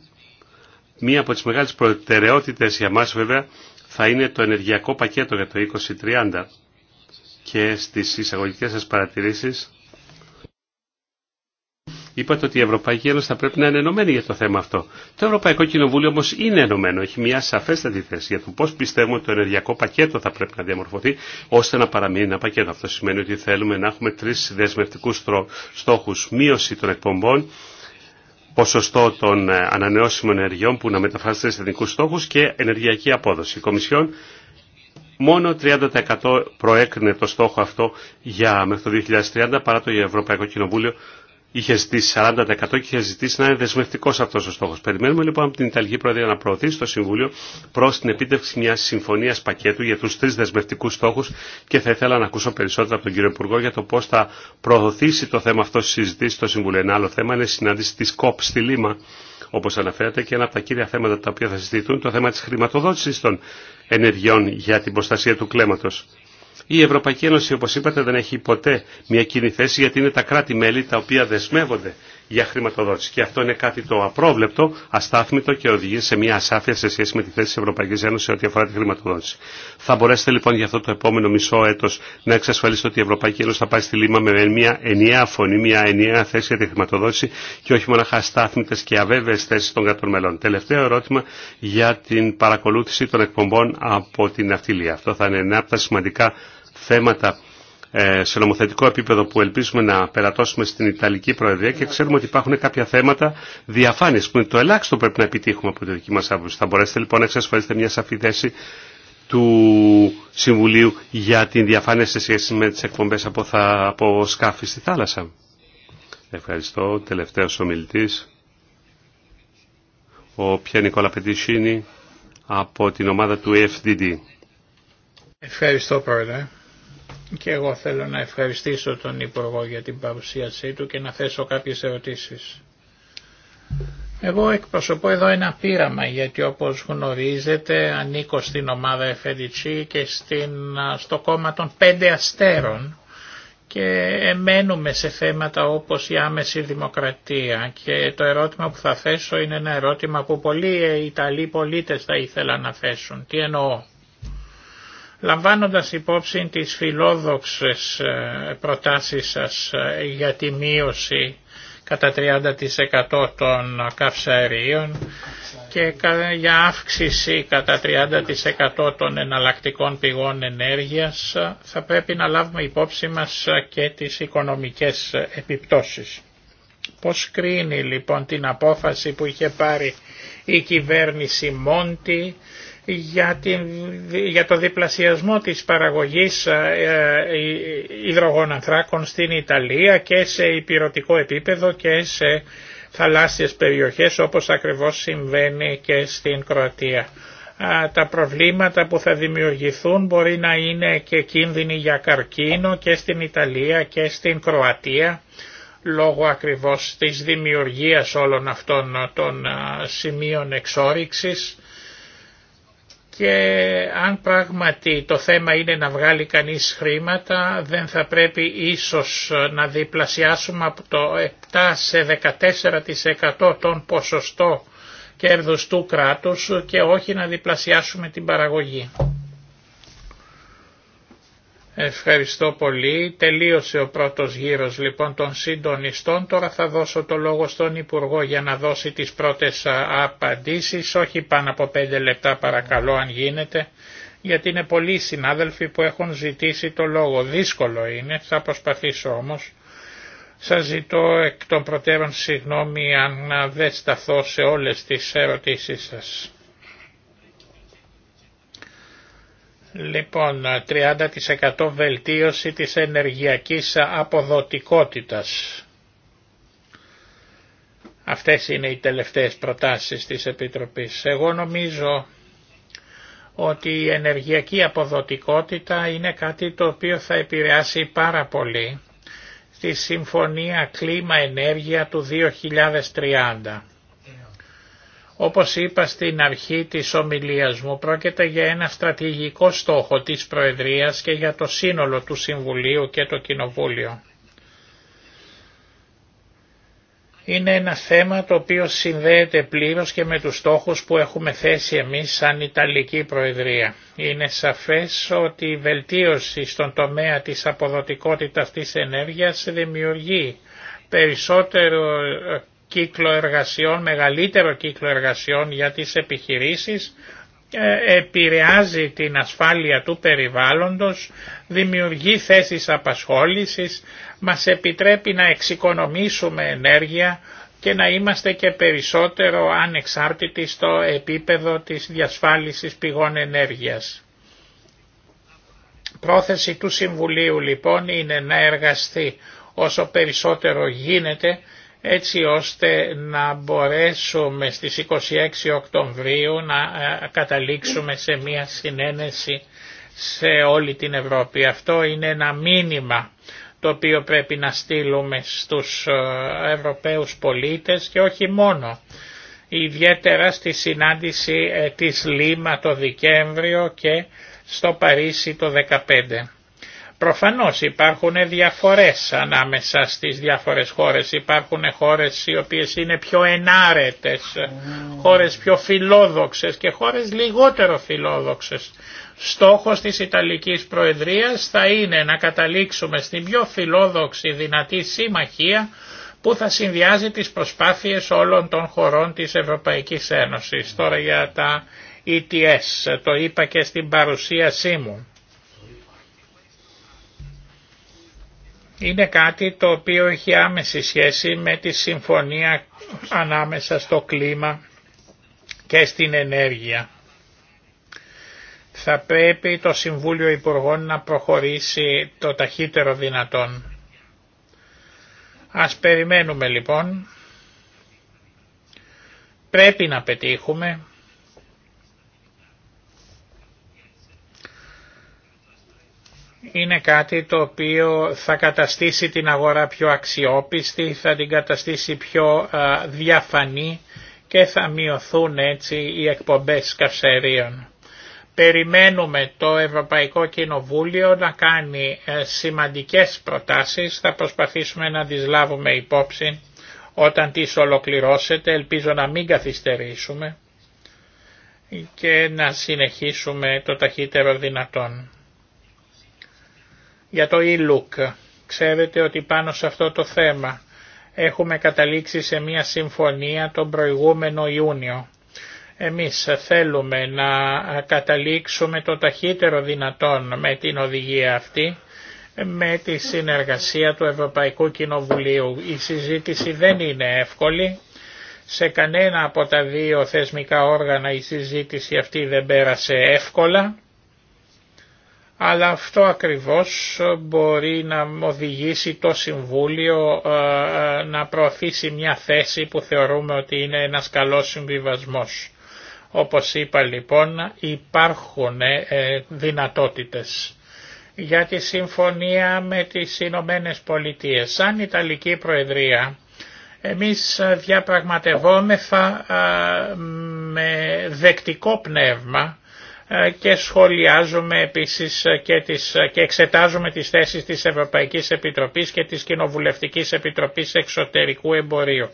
Μία από τις μεγάλες προτεραιότητες για μας βέβαια θα είναι το ενεργειακό πακέτο για το 2030 και στις εισαγωγικές σας παρατηρήσεις Είπατε ότι η Ευρωπαϊκή Ένωση θα πρέπει να είναι ενωμένη για το θέμα αυτό. Το Ευρωπαϊκό Κοινοβούλιο όμω είναι ενωμένο. Έχει μια σαφέστατη θέση για το πώ πιστεύουμε ότι το ενεργειακό πακέτο θα πρέπει να διαμορφωθεί ώστε να παραμείνει ένα πακέτο. Αυτό σημαίνει ότι θέλουμε να έχουμε τρει δεσμευτικού στόχου. Μείωση των εκπομπών, ποσοστό των ε, ανανεώσιμων ενεργειών που να μεταφράζεται σε εθνικού στόχου και ενεργειακή απόδοση. Η Κομισιόν μόνο 30% προέκρινε το στόχο αυτό για μέχρι το 2030 παρά το Ευρωπαϊκό Κοινοβούλιο είχε ζητήσει 40% και είχε ζητήσει να είναι δεσμευτικό αυτό ο στόχο. Περιμένουμε λοιπόν από την Ιταλική Προεδρία να προωθήσει το Συμβούλιο προ την επίτευξη μια συμφωνία πακέτου για του τρει δεσμευτικού στόχου και θα ήθελα να ακούσω περισσότερα από τον κύριο Υπουργό για το πώ θα προωθήσει το θέμα αυτό στι συζητήσει στο Συμβούλιο. Ένα άλλο θέμα είναι η συνάντηση τη ΚΟΠ στη Λίμα, όπω αναφέρατε, και ένα από τα κύρια θέματα τα οποία θα συζητηθούν το θέμα τη χρηματοδότηση των ενεργειών για την προστασία του κλέματο. Η Ευρωπαϊκή Ένωση, όπως είπατε, δεν έχει ποτέ μια κοινή θέση γιατί είναι τα κράτη-μέλη τα οποία δεσμεύονται για χρηματοδότηση. Και αυτό είναι κάτι το απρόβλεπτο, αστάθμητο και οδηγεί σε μια ασάφεια σε σχέση με τη θέση τη Ευρωπαϊκή Ένωση ό,τι αφορά τη χρηματοδότηση. Θα μπορέσετε λοιπόν για αυτό το επόμενο μισό έτο να εξασφαλίσετε ότι η Ευρωπαϊκή Ένωση θα πάει στη λίμα με μια ενιαία φωνή, μια ενιαία θέση για τη χρηματοδότηση και όχι μόνο αστάθμητε και αβέβαιε θέσει των κρατών μελών. Τελευταίο ερώτημα για την παρακολούθηση των εκπομπών από την Αυτό θα είναι ένα από τα σημαντικά θέματα ε, σε νομοθετικό επίπεδο που ελπίζουμε να περατώσουμε στην Ιταλική Προεδρία και ξέρουμε ότι υπάρχουν κάποια θέματα διαφάνειας που είναι το ελάχιστο που πρέπει να επιτύχουμε από τη δική μας άποψη. Θα μπορέσετε λοιπόν να εξασφαλίσετε μια σαφή θέση του Συμβουλίου για την διαφάνεια σε σχέση με τις εκπομπές από, θα, από σκάφη στη θάλασσα. Ευχαριστώ. Τελευταίος ομιλητής, ο Πιέ Νικόλα από την ομάδα του FDD. Ευχαριστώ πρόεδρε. Και εγώ θέλω να ευχαριστήσω τον Υπουργό για την παρουσίασή του και να θέσω κάποιες ερωτήσεις. Εγώ εκπροσωπώ εδώ ένα πείραμα γιατί όπως γνωρίζετε ανήκω στην ομάδα FDC και στο κόμμα των πέντε αστέρων και εμένουμε σε θέματα όπως η άμεση δημοκρατία και το ερώτημα που θα θέσω είναι ένα ερώτημα που πολλοί Ιταλοί πολίτες θα ήθελαν να θέσουν. Τι εννοώ. Λαμβάνοντας υπόψη τις φιλόδοξες ε, προτάσεις σας ε, για τη μείωση κατά 30% των καυσαερίων και για αύξηση κατά 30% των εναλλακτικών πηγών ενέργειας ε, θα πρέπει να λάβουμε υπόψη μας και τις οικονομικές επιπτώσεις. Πώς κρίνει λοιπόν την απόφαση που είχε πάρει η κυβέρνηση Μόντι για, την, για το διπλασιασμό της παραγωγής ε, ε, υδρογων στην Ιταλία και σε υπηρετικό επίπεδο και σε θαλάσσιες περιοχές όπως ακριβώς συμβαίνει και στην Κροατία. Τα προβλήματα που θα δημιουργηθούν μπορεί να είναι και κίνδυνοι για καρκίνο και στην Ιταλία και στην Κροατία λόγω ακριβώς της δημιουργίας όλων αυτών των σημείων εξόριξης και αν πράγματι το θέμα είναι να βγάλει κανείς χρήματα δεν θα πρέπει ίσως να διπλασιάσουμε από το 7 σε 14% τον ποσοστό κέρδους του κράτους και όχι να διπλασιάσουμε την παραγωγή. Ευχαριστώ πολύ. Τελείωσε ο πρώτος γύρος λοιπόν των συντονιστών. Τώρα θα δώσω το λόγο στον Υπουργό για να δώσει τις πρώτες απαντήσεις, όχι πάνω από πέντε λεπτά παρακαλώ αν γίνεται, γιατί είναι πολλοί συνάδελφοι που έχουν ζητήσει το λόγο. Δύσκολο είναι, θα προσπαθήσω όμως. Σας ζητώ εκ των προτέρων συγγνώμη αν δεν σταθώ σε όλες τις ερωτήσεις σας. Λοιπόν, 30% βελτίωση της ενεργειακής αποδοτικότητας. Αυτές είναι οι τελευταίες προτάσεις της Επιτροπής. Εγώ νομίζω ότι η ενεργειακή αποδοτικότητα είναι κάτι το οποίο θα επηρεάσει πάρα πολύ στη Συμφωνία Κλίμα Ενέργεια του 2030. Όπως είπα στην αρχή της ομιλίας μου, πρόκειται για ένα στρατηγικό στόχο της Προεδρίας και για το σύνολο του Συμβουλίου και το Κοινοβούλιο. Είναι ένα θέμα το οποίο συνδέεται πλήρως και με τους στόχους που έχουμε θέσει εμείς σαν Ιταλική Προεδρία. Είναι σαφές ότι η βελτίωση στον τομέα της αποδοτικότητας της ενέργειας δημιουργεί περισσότερο κύκλο εργασιών, μεγαλύτερο κύκλο εργασιών για τις επιχειρήσεις ε, επηρεάζει την ασφάλεια του περιβάλλοντος, δημιουργεί θέσεις απασχόλησης, μας επιτρέπει να εξοικονομήσουμε ενέργεια και να είμαστε και περισσότερο ανεξάρτητοι στο επίπεδο της διασφάλισης πηγών ενέργειας. Πρόθεση του Συμβουλίου λοιπόν είναι να εργαστεί όσο περισσότερο γίνεται έτσι ώστε να μπορέσουμε στις 26 Οκτωβρίου να ε, καταλήξουμε σε μια συνένεση σε όλη την Ευρώπη. Αυτό είναι ένα μήνυμα το οποίο πρέπει να στείλουμε στους ε, Ευρωπαίους πολίτες και όχι μόνο. Ιδιαίτερα στη συνάντηση ε, της Λίμα το Δικέμβριο και στο Παρίσι το 2015. Προφανώς υπάρχουν διαφορές ανάμεσα στις διάφορες χώρες. Υπάρχουν χώρες οι οποίες είναι πιο ενάρετες, mm. χώρες πιο φιλόδοξες και χώρες λιγότερο φιλόδοξες. Στόχος της Ιταλικής Προεδρίας θα είναι να καταλήξουμε στην πιο φιλόδοξη δυνατή συμμαχία που θα συνδυάζει τις προσπάθειες όλων των χωρών της Ευρωπαϊκής Ένωσης. Τώρα για τα ETS, το είπα και στην παρουσίασή μου είναι κάτι το οποίο έχει άμεση σχέση με τη συμφωνία ανάμεσα στο κλίμα και στην ενέργεια. Θα πρέπει το Συμβούλιο Υπουργών να προχωρήσει το ταχύτερο δυνατόν. Ας περιμένουμε λοιπόν. Πρέπει να πετύχουμε είναι κάτι το οποίο θα καταστήσει την αγορά πιο αξιόπιστη, θα την καταστήσει πιο διαφανή και θα μειωθούν έτσι οι εκπομπές καυσερίων. Περιμένουμε το Ευρωπαϊκό Κοινοβούλιο να κάνει ε, σημαντικές προτάσεις, θα προσπαθήσουμε να τις λάβουμε υπόψη όταν τις ολοκληρώσετε, ελπίζω να μην καθυστερήσουμε και να συνεχίσουμε το ταχύτερο δυνατόν. Για το e-look, ξέρετε ότι πάνω σε αυτό το θέμα έχουμε καταλήξει σε μια συμφωνία τον προηγούμενο Ιούνιο. Εμείς θέλουμε να καταλήξουμε το ταχύτερο δυνατόν με την οδηγία αυτή, με τη συνεργασία του Ευρωπαϊκού Κοινοβουλίου. Η συζήτηση δεν είναι εύκολη. Σε κανένα από τα δύο θεσμικά όργανα η συζήτηση αυτή δεν πέρασε εύκολα αλλά αυτό ακριβώς ε, μπορεί να οδηγήσει το Συμβούλιο ε, ε, να προωθήσει μια θέση που θεωρούμε ότι είναι ένας καλός συμβιβασμός. Όπως είπα λοιπόν υπάρχουν δυνατότητες για τη συμφωνία με τις Ηνωμένε Πολιτείες. Σαν Ιταλική Προεδρία εμείς διαπραγματευόμεθα με δεκτικό πνεύμα ε, και σχολιάζουμε επίσης ε, ε, και, εξετάζουμε τις θέσεις της Ευρωπαϊκής Επιτροπής και της Κοινοβουλευτικής Επιτροπής Εξωτερικού Εμπορίου.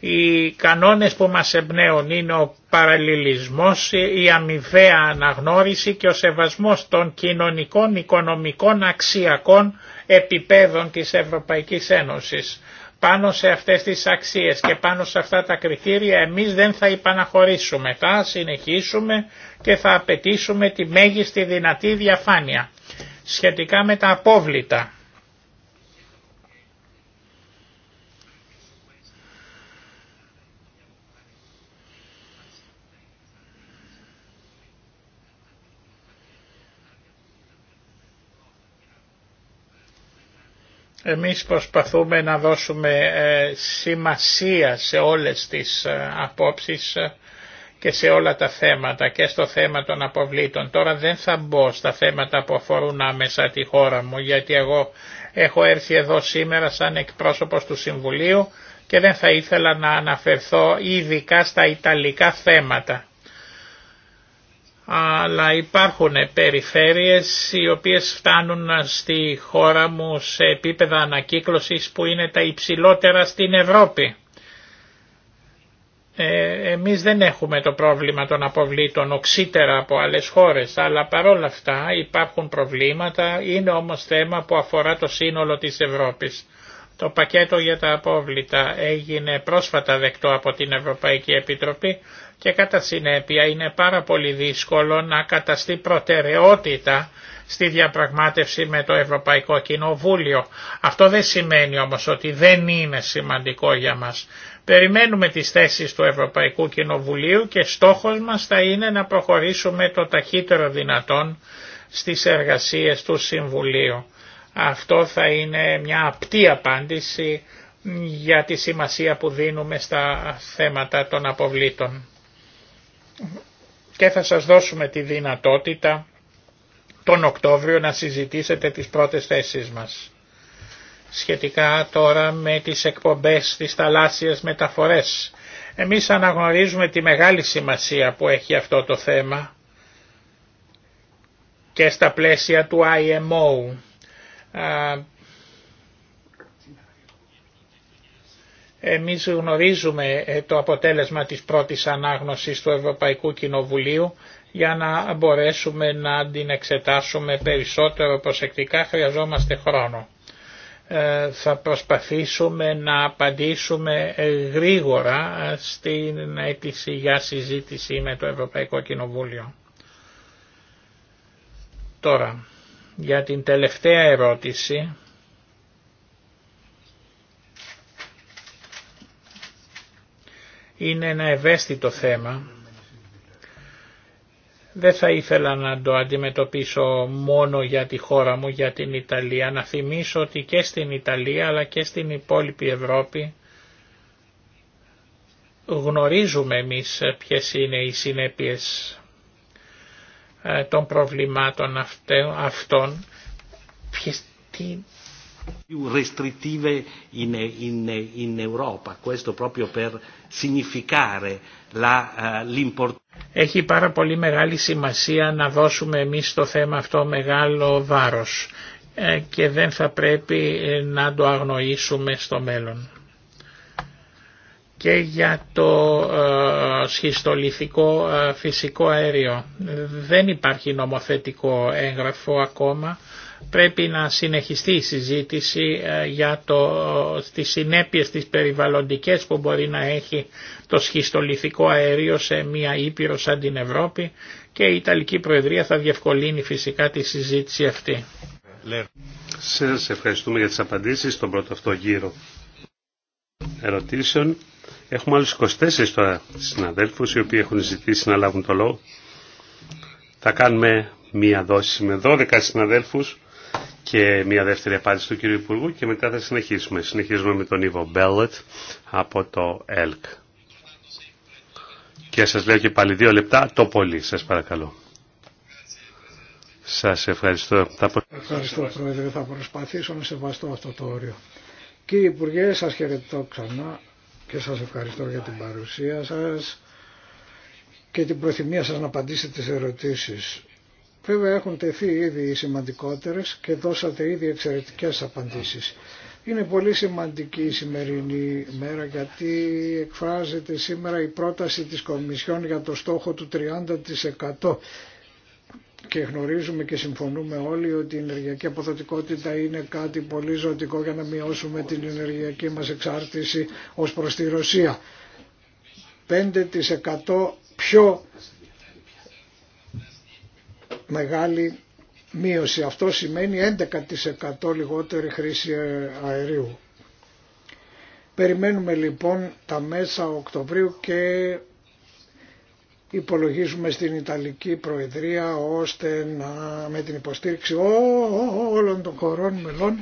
Οι κανόνες που μας εμπνέουν είναι ο παραλληλισμός, η αμοιβαία αναγνώριση και ο σεβασμός των κοινωνικών, οικονομικών, αξιακών επιπέδων της Ευρωπαϊκής Ένωσης. Πάνω σε αυτές τις αξίες και πάνω σε αυτά τα κριτήρια εμείς δεν θα υπαναχωρήσουμε. Θα συνεχίσουμε και θα απαιτήσουμε τη μέγιστη δυνατή διαφάνεια σχετικά με τα απόβλητα Εμείς προσπαθούμε να δώσουμε ε, σημασία σε όλες τις ε, απόψεις ε, και σε όλα τα θέματα και στο θέμα των αποβλήτων. Τώρα δεν θα μπω στα θέματα που αφορούν άμεσα τη χώρα μου γιατί εγώ έχω έρθει εδώ σήμερα σαν εκπρόσωπος του Συμβουλίου και δεν θα ήθελα να αναφερθώ ειδικά στα Ιταλικά θέματα αλλά υπάρχουν περιφέρειες οι οποίες φτάνουν στη χώρα μου σε επίπεδα ανακύκλωσης που είναι τα υψηλότερα στην Ευρώπη. Ε, εμείς δεν έχουμε το πρόβλημα των αποβλήτων οξύτερα από άλλες χώρες, αλλά παρόλα αυτά υπάρχουν προβλήματα, είναι όμως θέμα που αφορά το σύνολο της Ευρώπης. Το πακέτο για τα απόβλητα έγινε πρόσφατα δεκτό από την Ευρωπαϊκή Επιτροπή και κατά συνέπεια είναι πάρα πολύ δύσκολο να καταστεί προτεραιότητα στη διαπραγμάτευση με το Ευρωπαϊκό Κοινοβούλιο. Αυτό δεν σημαίνει όμως ότι δεν είναι σημαντικό για μας. Περιμένουμε τις θέσεις του Ευρωπαϊκού Κοινοβουλίου και στόχος μας θα είναι να προχωρήσουμε το ταχύτερο δυνατόν στις εργασίες του Συμβουλίου. Αυτό θα είναι μια απτή απάντηση για τη σημασία που δίνουμε στα θέματα των αποβλήτων και θα σας δώσουμε τη δυνατότητα τον Οκτώβριο να συζητήσετε τις πρώτες θέσεις μας. Σχετικά τώρα με τις εκπομπές της θαλάσσιας μεταφορές. Εμείς αναγνωρίζουμε τη μεγάλη σημασία που έχει αυτό το θέμα και στα πλαίσια του IMO Εμείς γνωρίζουμε ε, το αποτέλεσμα της πρώτης ανάγνωσης του Ευρωπαϊκού Κοινοβουλίου για να μπορέσουμε να την εξετάσουμε περισσότερο προσεκτικά χρειαζόμαστε χρόνο. Ε, θα προσπαθήσουμε να απαντήσουμε ε, γρήγορα στην αίτηση για συζήτηση με το Ευρωπαϊκό Κοινοβούλιο. Τώρα, για την τελευταία ερώτηση είναι ένα ευαίσθητο θέμα. Δεν θα ήθελα να το αντιμετωπίσω μόνο για τη χώρα μου, για την Ιταλία. Να θυμίσω ότι και στην Ιταλία αλλά και στην υπόλοιπη Ευρώπη γνωρίζουμε εμείς ποιες είναι οι συνέπειες ε, των προβλημάτων αυτών. Ποιες, τι, più restrittive in, in, in Europa, Eh, Έχει πάρα πολύ μεγάλη σημασία να δώσουμε εμείς στο θέμα αυτό μεγάλο βάρος ε, και δεν θα πρέπει ε, να το αγνοήσουμε στο μέλλον. Και για το ε, σχιστολιθικό φυσικό αέριο δεν υπάρχει νομοθετικό έγγραφο ακόμα πρέπει να συνεχιστεί η συζήτηση ε, για το, τις συνέπειες τις περιβαλλοντικές που μπορεί να έχει το σχιστολιθικό αέριο σε μια ήπειρο σαν την Ευρώπη και η Ιταλική Προεδρία θα διευκολύνει φυσικά τη συζήτηση αυτή. Σας ευχαριστούμε για τις απαντήσεις στον πρώτο αυτό γύρο ερωτήσεων. Έχουμε άλλους 24 τώρα συναδέλφους οι οποίοι έχουν ζητήσει να λάβουν το λόγο. Θα κάνουμε μία δόση με 12 συναδέλφους και μια δεύτερη απάντηση του κύριου Υπουργού και μετά θα συνεχίσουμε. Συνεχίζουμε με τον Ιβο Μπέλετ από το ΕΛΚ. Και σας λέω και πάλι δύο λεπτά το πολύ, σας παρακαλώ. Σας ευχαριστώ. Ευχαριστώ Πρόεδρε, θα προσπαθήσω να σεβαστώ αυτό το όριο. Κύριε Υπουργέ, σας χαιρετώ ξανά και σας ευχαριστώ για την παρουσία σας και την προθυμία σας να απαντήσετε σε ερωτήσεις. Βέβαια έχουν τεθεί ήδη οι σημαντικότερες και δώσατε ήδη εξαιρετικές απαντήσεις. Είναι πολύ σημαντική η σημερινή μέρα γιατί εκφράζεται σήμερα η πρόταση της Κομισιόν για το στόχο του 30% και γνωρίζουμε και συμφωνούμε όλοι ότι η ενεργειακή αποδοτικότητα είναι κάτι πολύ ζωτικό για να μειώσουμε την ενεργειακή μας εξάρτηση ως προς τη Ρωσία. 5% πιο μεγάλη μείωση. Αυτό σημαίνει 11% λιγότερη χρήση αερίου. Περιμένουμε λοιπόν τα μέσα Οκτωβρίου και υπολογίζουμε στην Ιταλική Προεδρία ώστε να, με την υποστήριξη όλων των χωρών μελών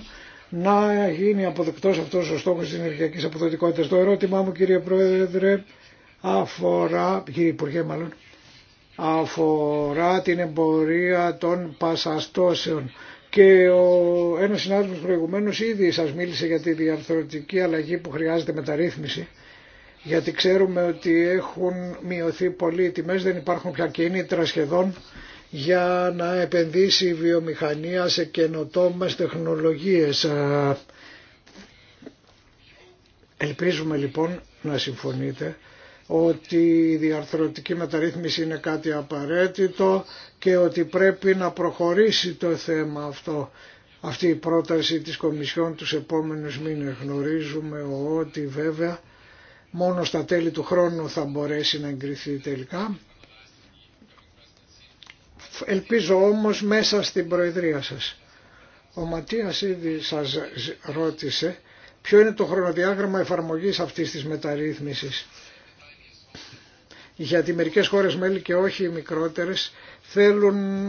να γίνει αποδεκτός αυτός ο στόχος της ενεργειακής αποδοτικότητας. Το ερώτημά μου κύριε Πρόεδρε αφορά, κύριε Υπουργέ μάλλον, αφορά την εμπορία των πασαστώσεων. Και ο ένας συνάδελφος προηγουμένως ήδη σας μίλησε για τη διαρθρωτική αλλαγή που χρειάζεται μεταρρύθμιση. Γιατί ξέρουμε ότι έχουν μειωθεί πολύ οι τιμές, δεν υπάρχουν πια κίνητρα σχεδόν για να επενδύσει η βιομηχανία σε καινοτόμες τεχνολογίες. Ελπίζουμε λοιπόν να συμφωνείτε ότι η διαρθρωτική μεταρρύθμιση είναι κάτι απαραίτητο και ότι πρέπει να προχωρήσει το θέμα αυτό. Αυτή η πρόταση της Κομισιόν τους επόμενους μήνες γνωρίζουμε ότι βέβαια μόνο στα τέλη του χρόνου θα μπορέσει να εγκριθεί τελικά. Ελπίζω όμως μέσα στην Προεδρία σας. Ο Ματίας ήδη σας ρώτησε ποιο είναι το χρονοδιάγραμμα εφαρμογής αυτής της μεταρρύθμισης γιατί μερικές χώρες μέλη και όχι οι μικρότερες θέλουν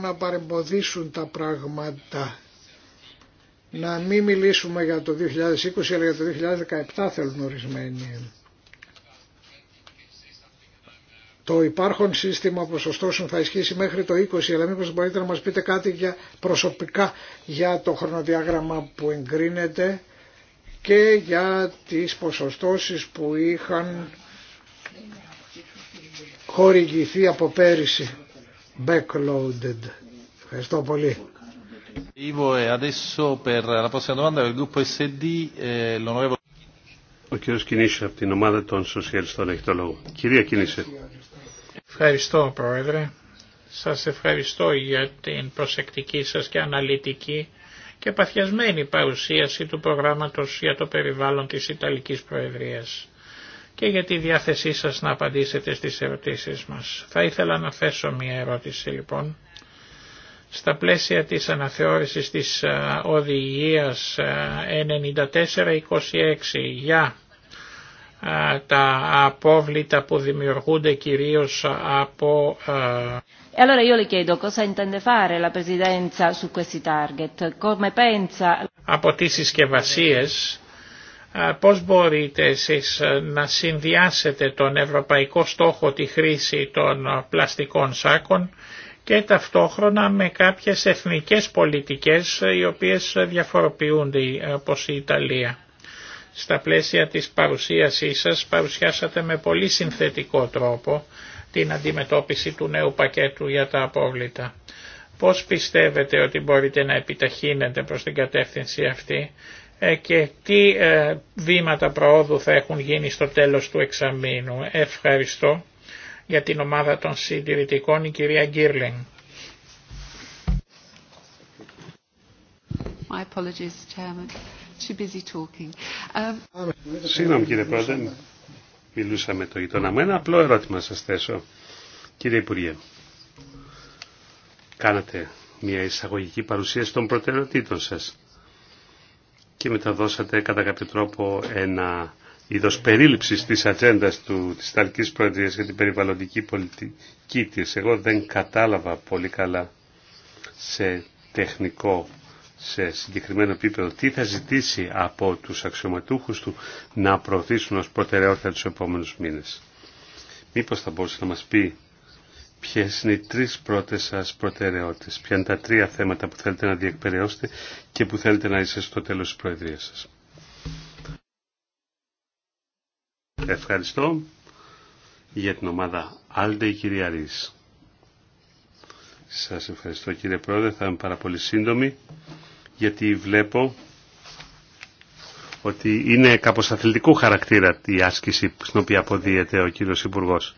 να παρεμποδίσουν τα πράγματα. Να μην μιλήσουμε για το 2020 αλλά για το 2017 θέλουν ορισμένοι. Το υπάρχον σύστημα ποσοστώσεων θα ισχύσει μέχρι το 20, αλλά μήπως μπορείτε να μας πείτε κάτι για, προσωπικά για το χρονοδιάγραμμα που εγκρίνεται και για τις ποσοστώσεις που είχαν χορηγηθεί από πέρυσι. Backloaded. Ευχαριστώ πολύ. Ο κύριο από την ομάδα των Σοσιαλιστών το λόγο. Κυρία Ευχαριστώ Πρόεδρε. Σα ευχαριστώ για την προσεκτική σα και αναλυτική και παθιασμένη παρουσίαση του προγράμματο για το περιβάλλον τη Ιταλική Προεδρία και για τη διάθεσή σας να απαντήσετε στις ερωτήσεις μας. Θα ήθελα να θέσω μία ερώτηση λοιπόν. Στα πλαίσια της αναθεώρησης της ε, οδηγίας 94-26 ε, για ε, τα απόβλητα που δημιουργούνται κυρίως από... E allora io le chiedo cosa intende fare la Presidenza su questi target, come pensa... Από τις συσκευασίες ε, πώς μπορείτε εσείς ε, να συνδυάσετε τον ευρωπαϊκό στόχο τη χρήση των ε, πλαστικών σάκων και ταυτόχρονα με κάποιες εθνικές πολιτικές οι οποίες διαφοροποιούνται όπως η Ιταλία. Στα πλαίσια της παρουσίασής σας παρουσιάσατε με πολύ συνθετικό τρόπο την αντιμετώπιση του νέου πακέτου για τα απόβλητα. Πώς πιστεύετε ότι μπορείτε να επιταχύνετε προς την κατεύθυνση αυτή ε, και τι ε, βήματα προόδου θα έχουν γίνει στο τέλος του εξαμήνου. Ευχαριστώ για την ομάδα των συντηρητικών η κυρία Γκίρλινγκ. My apologies, Chairman. Too busy talking. Um, Συγγνώμη κύριε Πρόεδρε, μιλούσα με το γειτονά μου. Ένα απλό ερώτημα σας θέσω. Κύριε Υπουργέ, κάνατε μια εισαγωγική παρουσίαση των προτεραιοτήτων σας και μεταδώσατε κατά κάποιο τρόπο ένα είδο περίληψη τη ατζέντα τη Ιταλική Προεδρία για την περιβαλλοντική πολιτική τη. Εγώ δεν κατάλαβα πολύ καλά σε τεχνικό, σε συγκεκριμένο επίπεδο, τι θα ζητήσει από τους αξιωματούχους του να προωθήσουν ως προτεραιότητα τους επόμενους μήνες. Μήπως θα μπορούσε να μα πει Ποιε είναι οι τρει πρώτε σα προτεραιότητε, ποια είναι τα τρία θέματα που θέλετε να διεκπαιρεώσετε και που θέλετε να είστε στο τέλο τη Προεδρία σα. Ευχαριστώ για την ομάδα Άλντε η κυρία Ρής. Σας ευχαριστώ κύριε Πρόεδρε, θα είμαι πάρα πολύ σύντομη γιατί βλέπω ότι είναι κάπως αθλητικού χαρακτήρα η άσκηση στην οποία αποδίεται ο κύριος Υπουργός.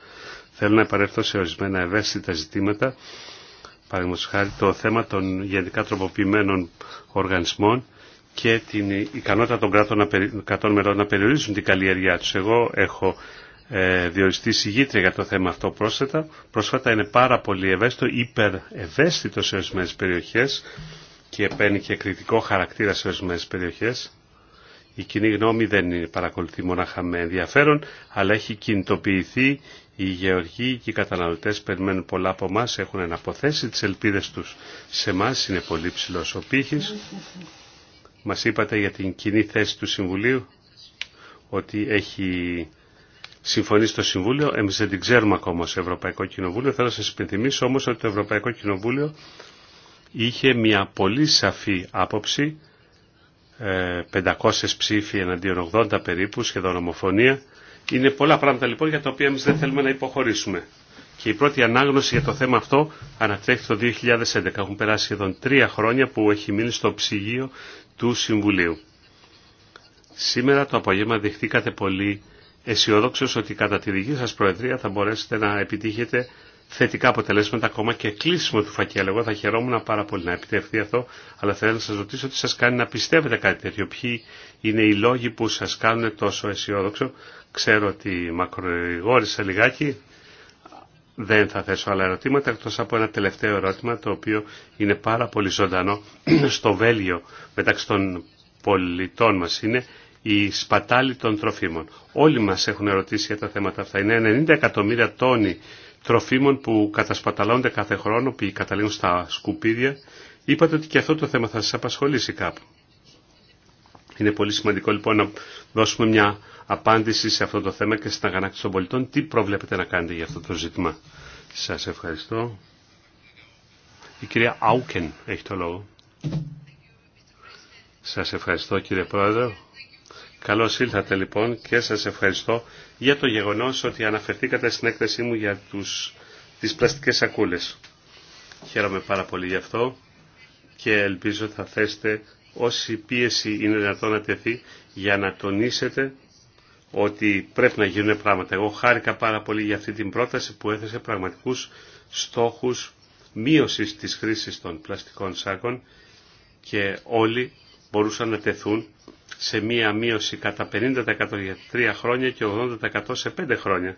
Θέλω να επανέλθω σε ορισμένα ευαίσθητα ζητήματα, παραδείγματος χάρη το θέμα των γενικά τροποποιημένων οργανισμών και την ικανότητα των κράτων, κρατών μελών να περιορίζουν την καλλιεργιά τους. Εγώ έχω ε, διοριστεί συγγήτρια για το θέμα αυτό πρόσθετα. Πρόσφατα είναι πάρα πολύ ευαίσθητο, υπερευαίσθητο σε ορισμένε περιοχές και παίρνει και κριτικό χαρακτήρα σε ορισμένε περιοχές. Η κοινή γνώμη δεν παρακολουθεί μονάχα με ενδιαφέρον, αλλά έχει κινητοποιηθεί οι γεωργοί και οι καταναλωτέ περιμένουν πολλά από εμά, έχουν αναποθέσει τι ελπίδε του σε εμά, είναι πολύ ψηλό ο πύχη. Μας είπατε για την κοινή θέση του Συμβουλίου ότι έχει συμφωνεί στο Συμβούλιο, Εμεί δεν την ξέρουμε ακόμα ω Ευρωπαϊκό Κοινοβούλιο. Θέλω να σα υπενθυμίσω όμω ότι το Ευρωπαϊκό Κοινοβούλιο είχε μια πολύ σαφή άποψη, 500 ε, ψήφοι εναντίον 80 περίπου, σχεδόν ομοφωνία, είναι πολλά πράγματα λοιπόν για τα οποία εμεί δεν θέλουμε να υποχωρήσουμε. Και η πρώτη ανάγνωση για το θέμα αυτό ανατρέχει το 2011. Έχουν περάσει σχεδόν τρία χρόνια που έχει μείνει στο ψυγείο του Συμβουλίου. Σήμερα το απόγευμα δεχτήκατε πολύ αισιοδόξω ότι κατά τη δική σα Προεδρία θα μπορέσετε να επιτύχετε θετικά αποτελέσματα ακόμα και κλείσιμο του φακέλου. Εγώ θα χαιρόμουν πάρα πολύ να επιτευχθεί αυτό, αλλά θέλω να σα ρωτήσω τι σα κάνει να πιστεύετε κάτι τέτοιο. Ποιοι είναι οι λόγοι που σα κάνουν τόσο αισιόδοξο Ξέρω ότι μακροηγόρησα λιγάκι. Δεν θα θέσω άλλα ερωτήματα, εκτός από ένα τελευταίο ερώτημα, το οποίο είναι πάρα πολύ ζωντανό στο Βέλγιο μεταξύ των πολιτών μας. Είναι η σπατάλη των τροφίμων. Όλοι μας έχουν ερωτήσει για τα θέματα αυτά. Είναι 90 εκατομμύρια τόνοι τροφίμων που κατασπαταλώνται κάθε χρόνο, που καταλήγουν στα σκουπίδια. Είπατε ότι και αυτό το θέμα θα σας απασχολήσει κάπου. Είναι πολύ σημαντικό λοιπόν να δώσουμε μια απάντηση σε αυτό το θέμα και στην αγανάκτηση των πολιτών. Τι προβλέπετε να κάνετε για αυτό το ζήτημα. Σας ευχαριστώ. Η κυρία Άουκεν έχει το λόγο. Σας ευχαριστώ κύριε Πρόεδρε. Καλώς ήλθατε λοιπόν και σας ευχαριστώ για το γεγονός ότι αναφερθήκατε στην έκθεσή μου για τους, τις πλαστικές σακούλες. Χαίρομαι πάρα πολύ γι' αυτό και ελπίζω θα θέσετε όση πίεση είναι δυνατόν να τεθεί για να τονίσετε ότι πρέπει να γίνουν πράγματα. Εγώ χάρηκα πάρα πολύ για αυτή την πρόταση που έθεσε πραγματικούς στόχους μείωσης της χρήσης των πλαστικών σάκων και όλοι μπορούσαν να τεθούν σε μία μείωση κατά 50% για 3 χρόνια και 80% σε 5 χρόνια.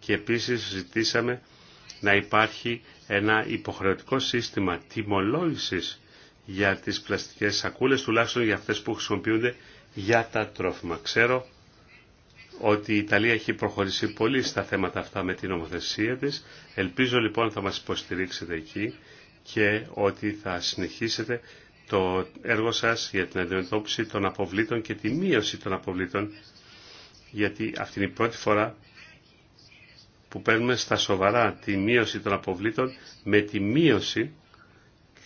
Και επίσης ζητήσαμε να υπάρχει ένα υποχρεωτικό σύστημα τιμολόγησης για τις πλαστικές σακούλες, τουλάχιστον για αυτές που χρησιμοποιούνται για τα τρόφιμα. Ξέρω ότι η Ιταλία έχει προχωρήσει πολύ στα θέματα αυτά με την νομοθεσία της. Ελπίζω λοιπόν θα μας υποστηρίξετε εκεί και ότι θα συνεχίσετε το έργο σας για την αντιμετώπιση των αποβλήτων και τη μείωση των αποβλήτων γιατί αυτή είναι η πρώτη φορά που παίρνουμε στα σοβαρά τη μείωση των αποβλήτων με τη μείωση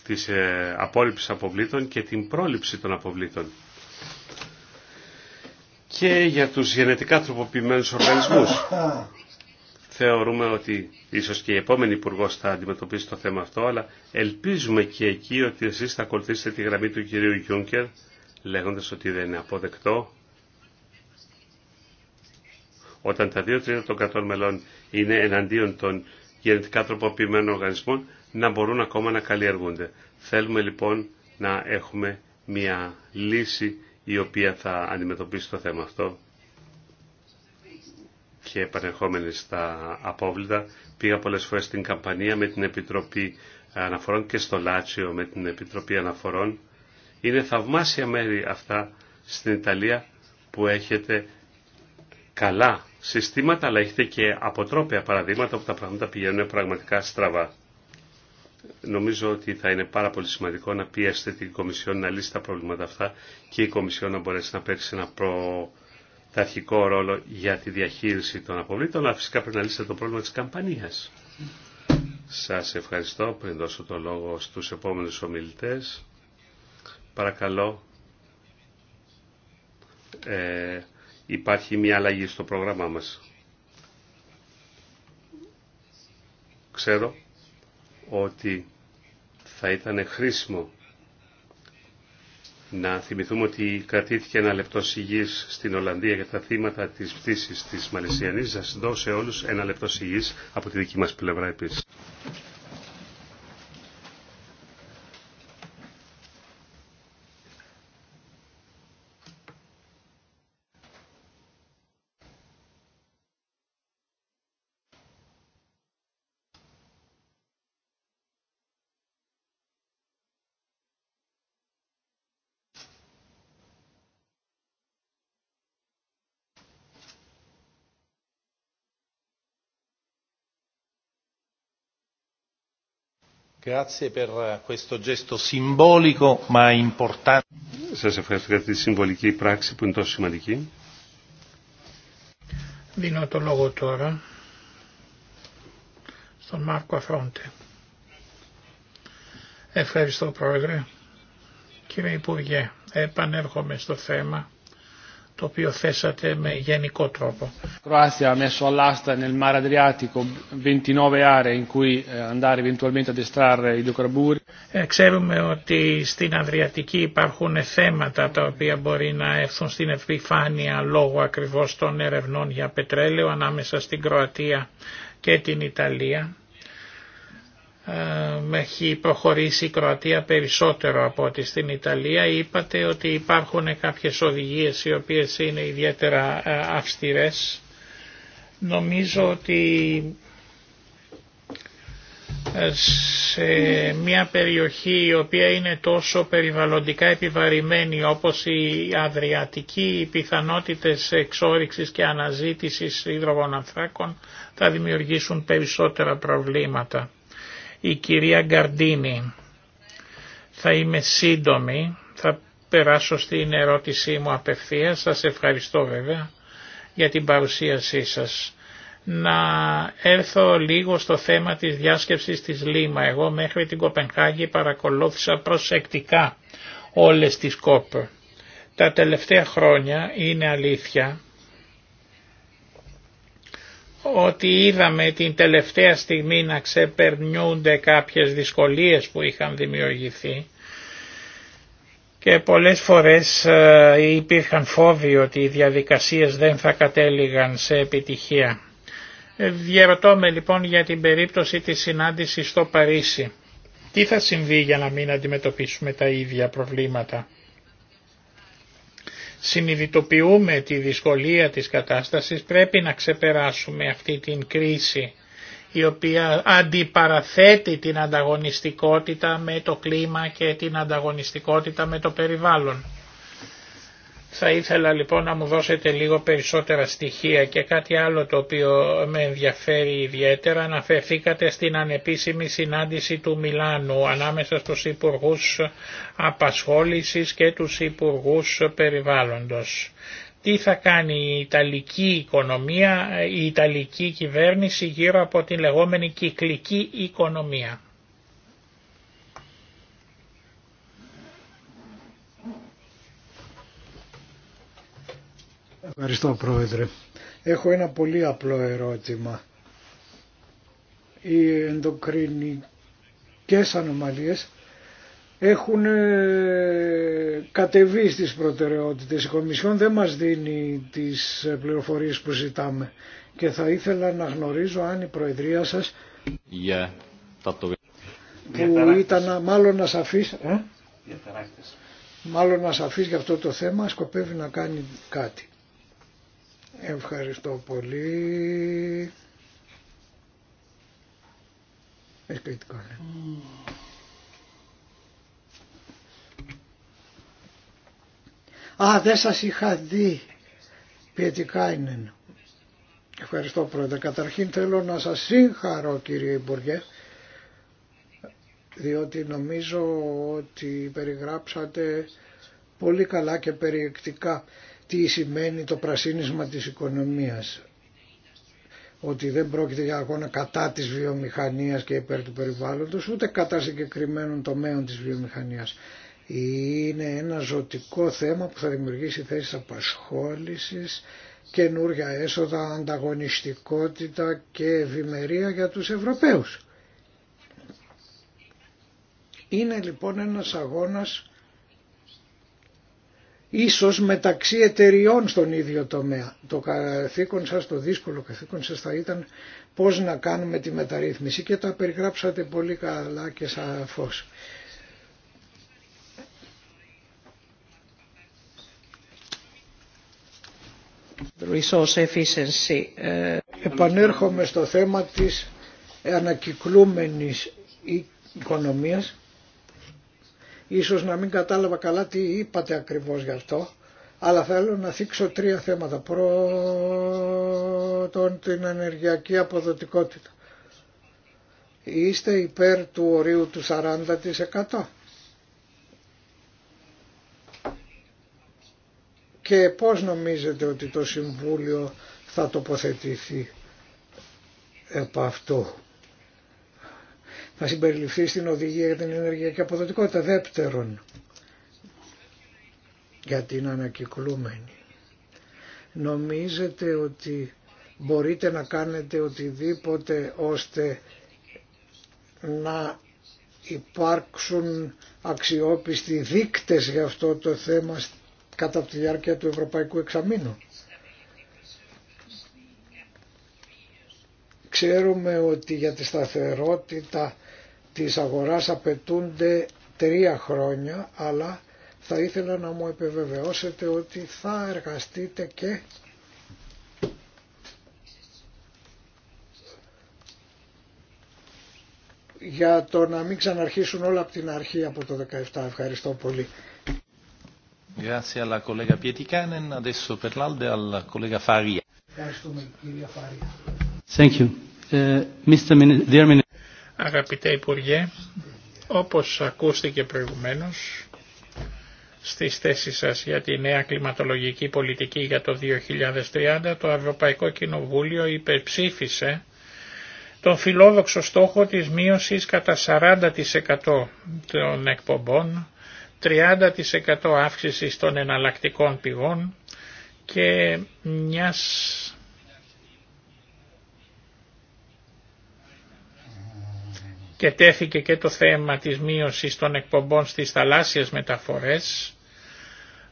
της ε, απόλυψης αποβλήτων και την πρόληψη των αποβλήτων και για τους γενετικά τροποποιημένους οργανισμούς. Θεωρούμε ότι ίσως και η επόμενη υπουργό θα αντιμετωπίσει το θέμα αυτό, αλλά ελπίζουμε και εκεί ότι εσείς θα ακολουθήσετε τη γραμμή του κυρίου Γιούνκερ, λέγοντας ότι δεν είναι αποδεκτό όταν τα δύο τρίτα των κρατών μελών είναι εναντίον των γενετικά τροποποιημένων οργανισμών, να μπορούν ακόμα να καλλιεργούνται. Θέλουμε λοιπόν να έχουμε μια λύση η οποία θα αντιμετωπίσει το θέμα αυτό και επανερχόμενη στα απόβλητα. Πήγα πολλές φορές στην Καμπανία με την Επιτροπή Αναφορών και στο Λάτσιο με την Επιτροπή Αναφορών. Είναι θαυμάσια μέρη αυτά στην Ιταλία που έχετε καλά συστήματα αλλά έχετε και αποτρόπια παραδείγματα που τα πράγματα πηγαίνουν πραγματικά στραβά νομίζω ότι θα είναι πάρα πολύ σημαντικό να πιέσετε την Κομισιόν να λύσει τα προβλήματα αυτά και η Κομισιόν να μπορέσει να παίξει ένα πρωταρχικό ρόλο για τη διαχείριση των αποβλήτων, αλλά φυσικά πρέπει να λύσετε το πρόβλημα της καμπανίας. Σας ευχαριστώ πριν δώσω το λόγο στους επόμενους ομιλητές. Παρακαλώ. Ε, υπάρχει μια αλλαγή στο πρόγραμμά μας. Ξέρω ότι θα ήταν χρήσιμο να θυμηθούμε ότι κρατήθηκε ένα λεπτό σιγής στην Ολλανδία για τα θύματα της πτήση της Μαλαισιανής. σα δώσω όλους ένα λεπτό σιγής από τη δική μας πλευρά επίσης. Grazie eh, Σας ευχαριστώ για τη συμβολική πράξη που είναι τόσο σημαντική. Δίνω το λόγο τώρα στον Μάρκο Αφρόντε. Ευχαριστώ Πρόεδρε. Κύριε Υπουργέ, επανέρχομαι στο θέμα το οποίο θέσατε με γενικό τρόπο. Η ha messo all'asta nel mare Adriatico 29 aree in cui eh, andare eventualmente ad estrarre idrocarburi. Eh, ξέρουμε ότι στην Αδριατική υπάρχουν θέματα τα οποία μπορεί να έρθουν στην επιφάνεια λόγω ακριβώς των ερευνών για πετρέλαιο ανάμεσα στην Κροατία και την Ιταλία ε, έχει προχωρήσει η Κροατία περισσότερο από ότι στην Ιταλία. Είπατε ότι υπάρχουν κάποιες οδηγίες οι οποίες είναι ιδιαίτερα ε, αυστηρές. Νομίζω ότι ε, σε μια περιοχή η οποία είναι τόσο περιβαλλοντικά επιβαρημένη όπως η Αδριατική, οι πιθανότητες εξόριξης και αναζήτησης υδρογοναθράκων θα δημιουργήσουν περισσότερα προβλήματα η κυρία Γκαρντίνη. Θα είμαι σύντομη, θα περάσω στην ερώτησή μου απευθείας, σας ευχαριστώ βέβαια για την παρουσίασή σας. Να έρθω λίγο στο θέμα της διάσκεψης της Λίμα. Εγώ μέχρι την Κοπενχάγη παρακολούθησα προσεκτικά όλες τις κόπ. Τα τελευταία χρόνια είναι αλήθεια ότι είδαμε την τελευταία στιγμή να ξεπερνιούνται κάποιες δυσκολίες που είχαν δημιουργηθεί και πολλές φορές ε, υπήρχαν φόβοι ότι οι διαδικασίες δεν θα κατέληγαν σε επιτυχία. Ε, με λοιπόν για την περίπτωση της συνάντησης στο Παρίσι. Τι θα συμβεί για να μην αντιμετωπίσουμε τα ίδια προβλήματα συνειδητοποιούμε τη δυσκολία της κατάστασης πρέπει να ξεπεράσουμε αυτή την κρίση η οποία αντιπαραθέτει την ανταγωνιστικότητα με το κλίμα και την ανταγωνιστικότητα με το περιβάλλον. Θα ήθελα λοιπόν να μου δώσετε λίγο περισσότερα στοιχεία και κάτι άλλο το οποίο με ενδιαφέρει ιδιαίτερα. Αναφερθήκατε στην ανεπίσημη συνάντηση του Μιλάνου ανάμεσα στους Υπουργούς Απασχόλησης και τους Υπουργούς Περιβάλλοντος. Τι θα κάνει η Ιταλική οικονομία, η Ιταλική κυβέρνηση γύρω από την λεγόμενη κυκλική οικονομία. Ευχαριστώ Πρόεδρε. Έχω ένα πολύ απλό ερώτημα. Οι ενδοκρινικές ανομαλίες έχουν ε, κατεβεί στις προτεραιότητες. Η Κομισιόν δεν μας δίνει τις πληροφορίες που ζητάμε και θα ήθελα να γνωρίζω αν η Προεδρία σας που ήταν μάλλον να ε? μάλλον ασαφής για αυτό το θέμα σκοπεύει να κάνει κάτι. Ευχαριστώ πολύ. Α, δεν σας είχα δει. Ποιετικά είναι. Ευχαριστώ πρώτα. Καταρχήν θέλω να σας συγχαρώ κύριε Υπουργέ διότι νομίζω ότι περιγράψατε πολύ καλά και περιεκτικά τι σημαίνει το πρασίνισμα της οικονομίας. Ότι δεν πρόκειται για αγώνα κατά της βιομηχανίας και υπέρ του περιβάλλοντος, ούτε κατά συγκεκριμένων τομέων της βιομηχανίας. Είναι ένα ζωτικό θέμα που θα δημιουργήσει θέσεις απασχόλησης, καινούργια έσοδα, ανταγωνιστικότητα και ευημερία για τους Ευρωπαίους. Είναι λοιπόν ένας αγώνας ίσως μεταξύ εταιριών στον ίδιο τομέα. Το καθήκον σας, το δύσκολο καθήκον σας θα ήταν πώς να κάνουμε τη μεταρρύθμιση και τα περιγράψατε πολύ καλά και σαφώς. Resource efficiency. Ε, Επανέρχομαι στο θέμα της ανακυκλούμενης οικονομίας Ίσως να μην κατάλαβα καλά τι είπατε ακριβώς γι' αυτό, αλλά θέλω να θίξω τρία θέματα. Πρώτον, την ενεργειακή αποδοτικότητα. Είστε υπέρ του ορίου του 40%. Και πώς νομίζετε ότι το Συμβούλιο θα τοποθετηθεί επ' αυτού θα συμπεριληφθεί στην οδηγία για την ενεργειακή αποδοτικότητα. Δεύτερον, για την ανακυκλούμενη. Νομίζετε ότι μπορείτε να κάνετε οτιδήποτε ώστε να υπάρξουν αξιόπιστοι δείκτες για αυτό το θέμα κατά τη διάρκεια του Ευρωπαϊκού Εξαμήνου. Ξέρουμε ότι για τη σταθερότητα της αγοράς απαιτούνται τρία χρόνια, αλλά θα ήθελα να μου επιβεβαιώσετε ότι θα εργαστείτε και για το να μην ξαναρχίσουν όλα από την αρχή από το 17. Ευχαριστώ πολύ. Thank you. Uh, Mr. Min Αγαπητέ Υπουργέ, όπως ακούστηκε προηγουμένως, στις θέσεις σας για τη νέα κλιματολογική πολιτική για το 2030, το Ευρωπαϊκό Κοινοβούλιο υπερψήφισε τον φιλόδοξο στόχο της μείωσης κατά 40% των εκπομπών, 30% αύξησης των εναλλακτικών πηγών και μιας και τέθηκε και το θέμα της μείωσης των εκπομπών στις θαλάσσιες μεταφορές.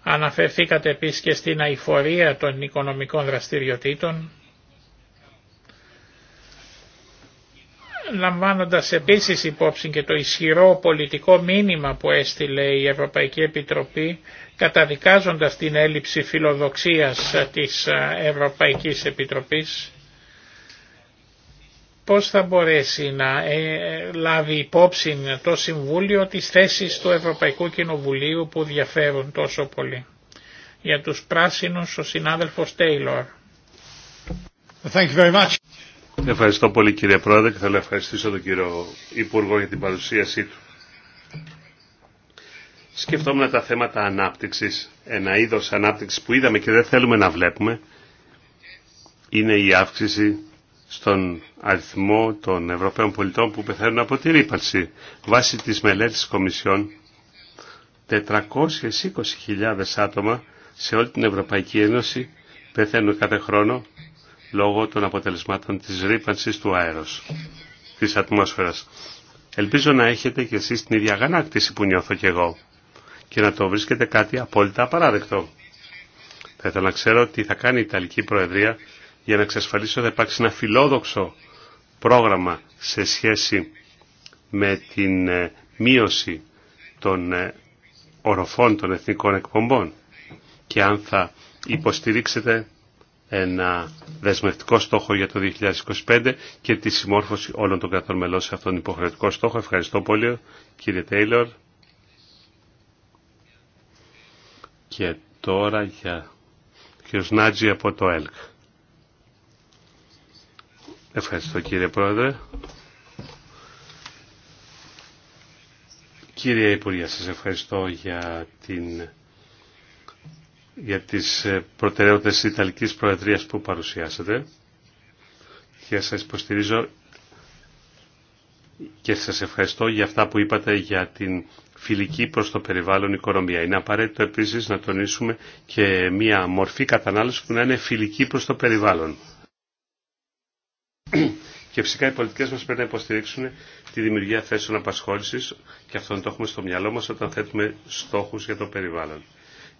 Αναφερθήκατε επίσης και στην αηφορία των οικονομικών δραστηριοτήτων. Λαμβάνοντας επίσης υπόψη και το ισχυρό πολιτικό μήνυμα που έστειλε η Ευρωπαϊκή Επιτροπή καταδικάζοντας την έλλειψη φιλοδοξίας της Ευρωπαϊκής Επιτροπής πώς θα μπορέσει να ε, λάβει υπόψη το Συμβούλιο τις θέσεις του Ευρωπαϊκού Κοινοβουλίου που διαφέρουν τόσο πολύ. Για τους πράσινους ο συνάδελφος Τέιλορ. Ευχαριστώ πολύ κύριε Πρόεδρε και θέλω να ευχαριστήσω τον κύριο Υπουργό για την παρουσίασή του. Σκεφτόμουν τα θέματα ανάπτυξης, ένα είδος ανάπτυξης που είδαμε και δεν θέλουμε να βλέπουμε, είναι η αύξηση στον αριθμό των Ευρωπαίων πολιτών που πεθαίνουν από τη ρήπανση. Βάσει της μελέτης της Κομισιόν, 420.000 άτομα σε όλη την Ευρωπαϊκή Ένωση πεθαίνουν κάθε χρόνο λόγω των αποτελεσμάτων της ρήπανσης του αέρος, της ατμόσφαιρας. Ελπίζω να έχετε κι εσείς την ίδια αγανάκτηση που νιώθω κι εγώ και να το βρίσκετε κάτι απόλυτα απαράδεκτο. Θα ήθελα να ξέρω τι θα κάνει η Ιταλική Προεδρία για να εξασφαλίσω ότι θα υπάρξει ένα φιλόδοξο πρόγραμμα σε σχέση με την ε, μείωση των ε, οροφών των εθνικών εκπομπών και αν θα υποστηρίξετε ένα δεσμευτικό στόχο για το 2025 και τη συμμόρφωση όλων των κρατών μελών σε αυτόν τον υποχρεωτικό στόχο. Ευχαριστώ πολύ κύριε Τέιλορ. Και τώρα για κύριο Νάτζη από το ΕΛΚ. Ευχαριστώ κύριε Πρόεδρε. Κύριε Υπουργέ, σας ευχαριστώ για, την, για τις ε, προτεραιότητες Ιταλικής Προεδρίας που παρουσιάσατε και σας υποστηρίζω και σας ευχαριστώ για αυτά που είπατε για την φιλική προς το περιβάλλον οικονομία. Είναι απαραίτητο επίσης να τονίσουμε και μια μορφή κατανάλωση που να είναι φιλική προς το περιβάλλον. Και φυσικά οι πολιτικές μας πρέπει να υποστηρίξουν τη δημιουργία θέσεων απασχόλησης και αυτό το έχουμε στο μυαλό μας όταν θέτουμε στόχους για το περιβάλλον.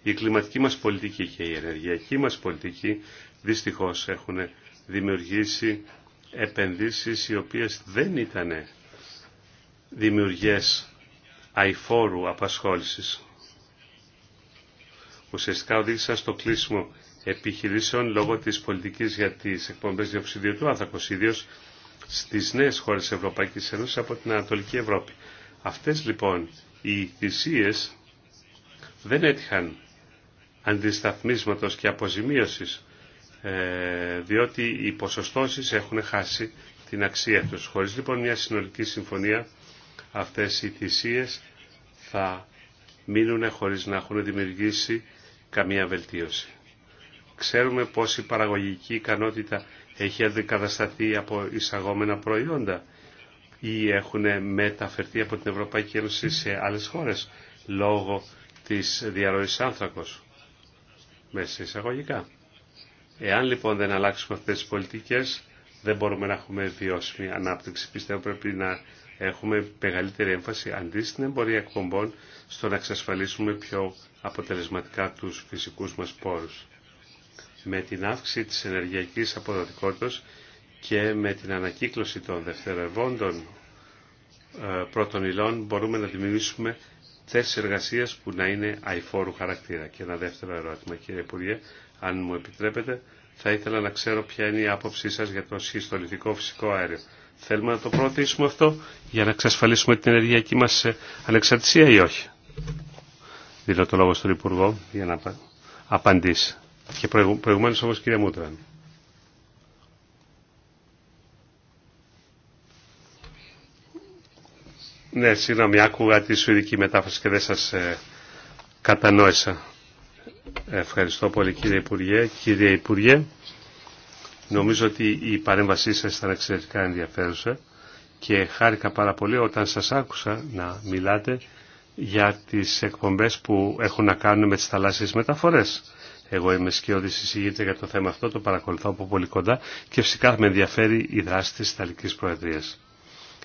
Η κλιματική μας πολιτική και η ενεργειακή μας πολιτική δυστυχώς έχουν δημιουργήσει επενδύσεις οι οποίες δεν ήταν δημιουργές αηφόρου απασχόλησης. Ουσιαστικά οδήγησαν στο κλείσιμο επιχειρήσεων λόγω της πολιτικής για τις εκπομπές διοξιδίου του άνθρακος, ιδίως στις νέες χώρες Ευρωπαϊκής Ένωσης από την Ανατολική Ευρώπη. Αυτές λοιπόν οι θυσίες δεν έτυχαν αντισταθμίσματος και αποζημίωσης, ε, διότι οι ποσοστώσεις έχουν χάσει την αξία τους. Χωρίς λοιπόν μια συνολική συμφωνία αυτές οι θυσίες θα μείνουν χωρίς να έχουν δημιουργήσει καμία βελτίωση. Ξέρουμε πως η παραγωγική ικανότητα έχει αντικατασταθεί από εισαγόμενα προϊόντα ή έχουν μεταφερθεί από την Ευρωπαϊκή Ένωση σε άλλες χώρες λόγω της διαρροής άνθρακος μέσα εισαγωγικά. Εάν λοιπόν δεν αλλάξουμε αυτές τις πολιτικές δεν μπορούμε να έχουμε βιώσιμη ανάπτυξη. Πιστεύω πρέπει να έχουμε μεγαλύτερη έμφαση αντί στην εμπορία εκπομπών στο να εξασφαλίσουμε πιο αποτελεσματικά τους φυσικούς μας πόρους με την αύξηση της ενεργειακής αποδοτικότητας και με την ανακύκλωση των δευτερευόντων ε, πρώτων υλών μπορούμε να δημιουργήσουμε θέσει εργασία που να είναι αηφόρου χαρακτήρα. Και ένα δεύτερο ερώτημα, κύριε Υπουργέ, αν μου επιτρέπετε, θα ήθελα να ξέρω ποια είναι η άποψή σας για το σχιστολιθικό φυσικό αέριο. Θέλουμε να το προωθήσουμε αυτό για να εξασφαλίσουμε την ενεργειακή μας ε, ανεξαρτησία ή όχι. Δίνω το λόγο στον Υπουργό για να απαντήσει. Και προηγουμένως όμως κύριε Μούτραν. Ναι, συγγνώμη, άκουγα τη σουηδική μετάφραση και δεν σας ε, κατανόησα. Ευχαριστώ πολύ κύριε Υπουργέ. Κύριε Υπουργέ, νομίζω ότι η παρέμβασή σας ήταν εξαιρετικά ενδιαφέρουσα και χάρηκα πάρα πολύ όταν σας άκουσα να μιλάτε για τις εκπομπές που έχουν να κάνουν με τις θαλάσσιες μεταφορές. Εγώ είμαι σκιώδη εισηγήτρια για το θέμα αυτό, το παρακολουθώ από πολύ κοντά και φυσικά με ενδιαφέρει η δράση τη Ιταλική Προεδρία.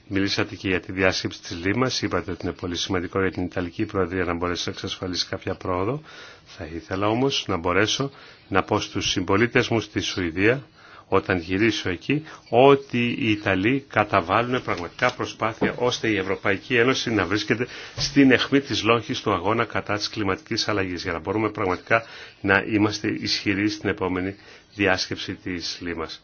Μιλήσατε και για τη διάσκεψη τη Λίμα. Είπατε ότι είναι πολύ σημαντικό για την Ιταλική Προεδρία να μπορέσει να εξασφαλίσει κάποια πρόοδο. Θα ήθελα όμω να μπορέσω να πω στου συμπολίτε μου στη Σουηδία όταν γυρίσω εκεί ότι οι Ιταλοί καταβάλουν πραγματικά προσπάθεια ώστε η Ευρωπαϊκή Ένωση να βρίσκεται στην αιχμή της λόγχης του αγώνα κατά της κλιματικής αλλαγής για να μπορούμε πραγματικά να είμαστε ισχυροί στην επόμενη διάσκεψη της Λίμας.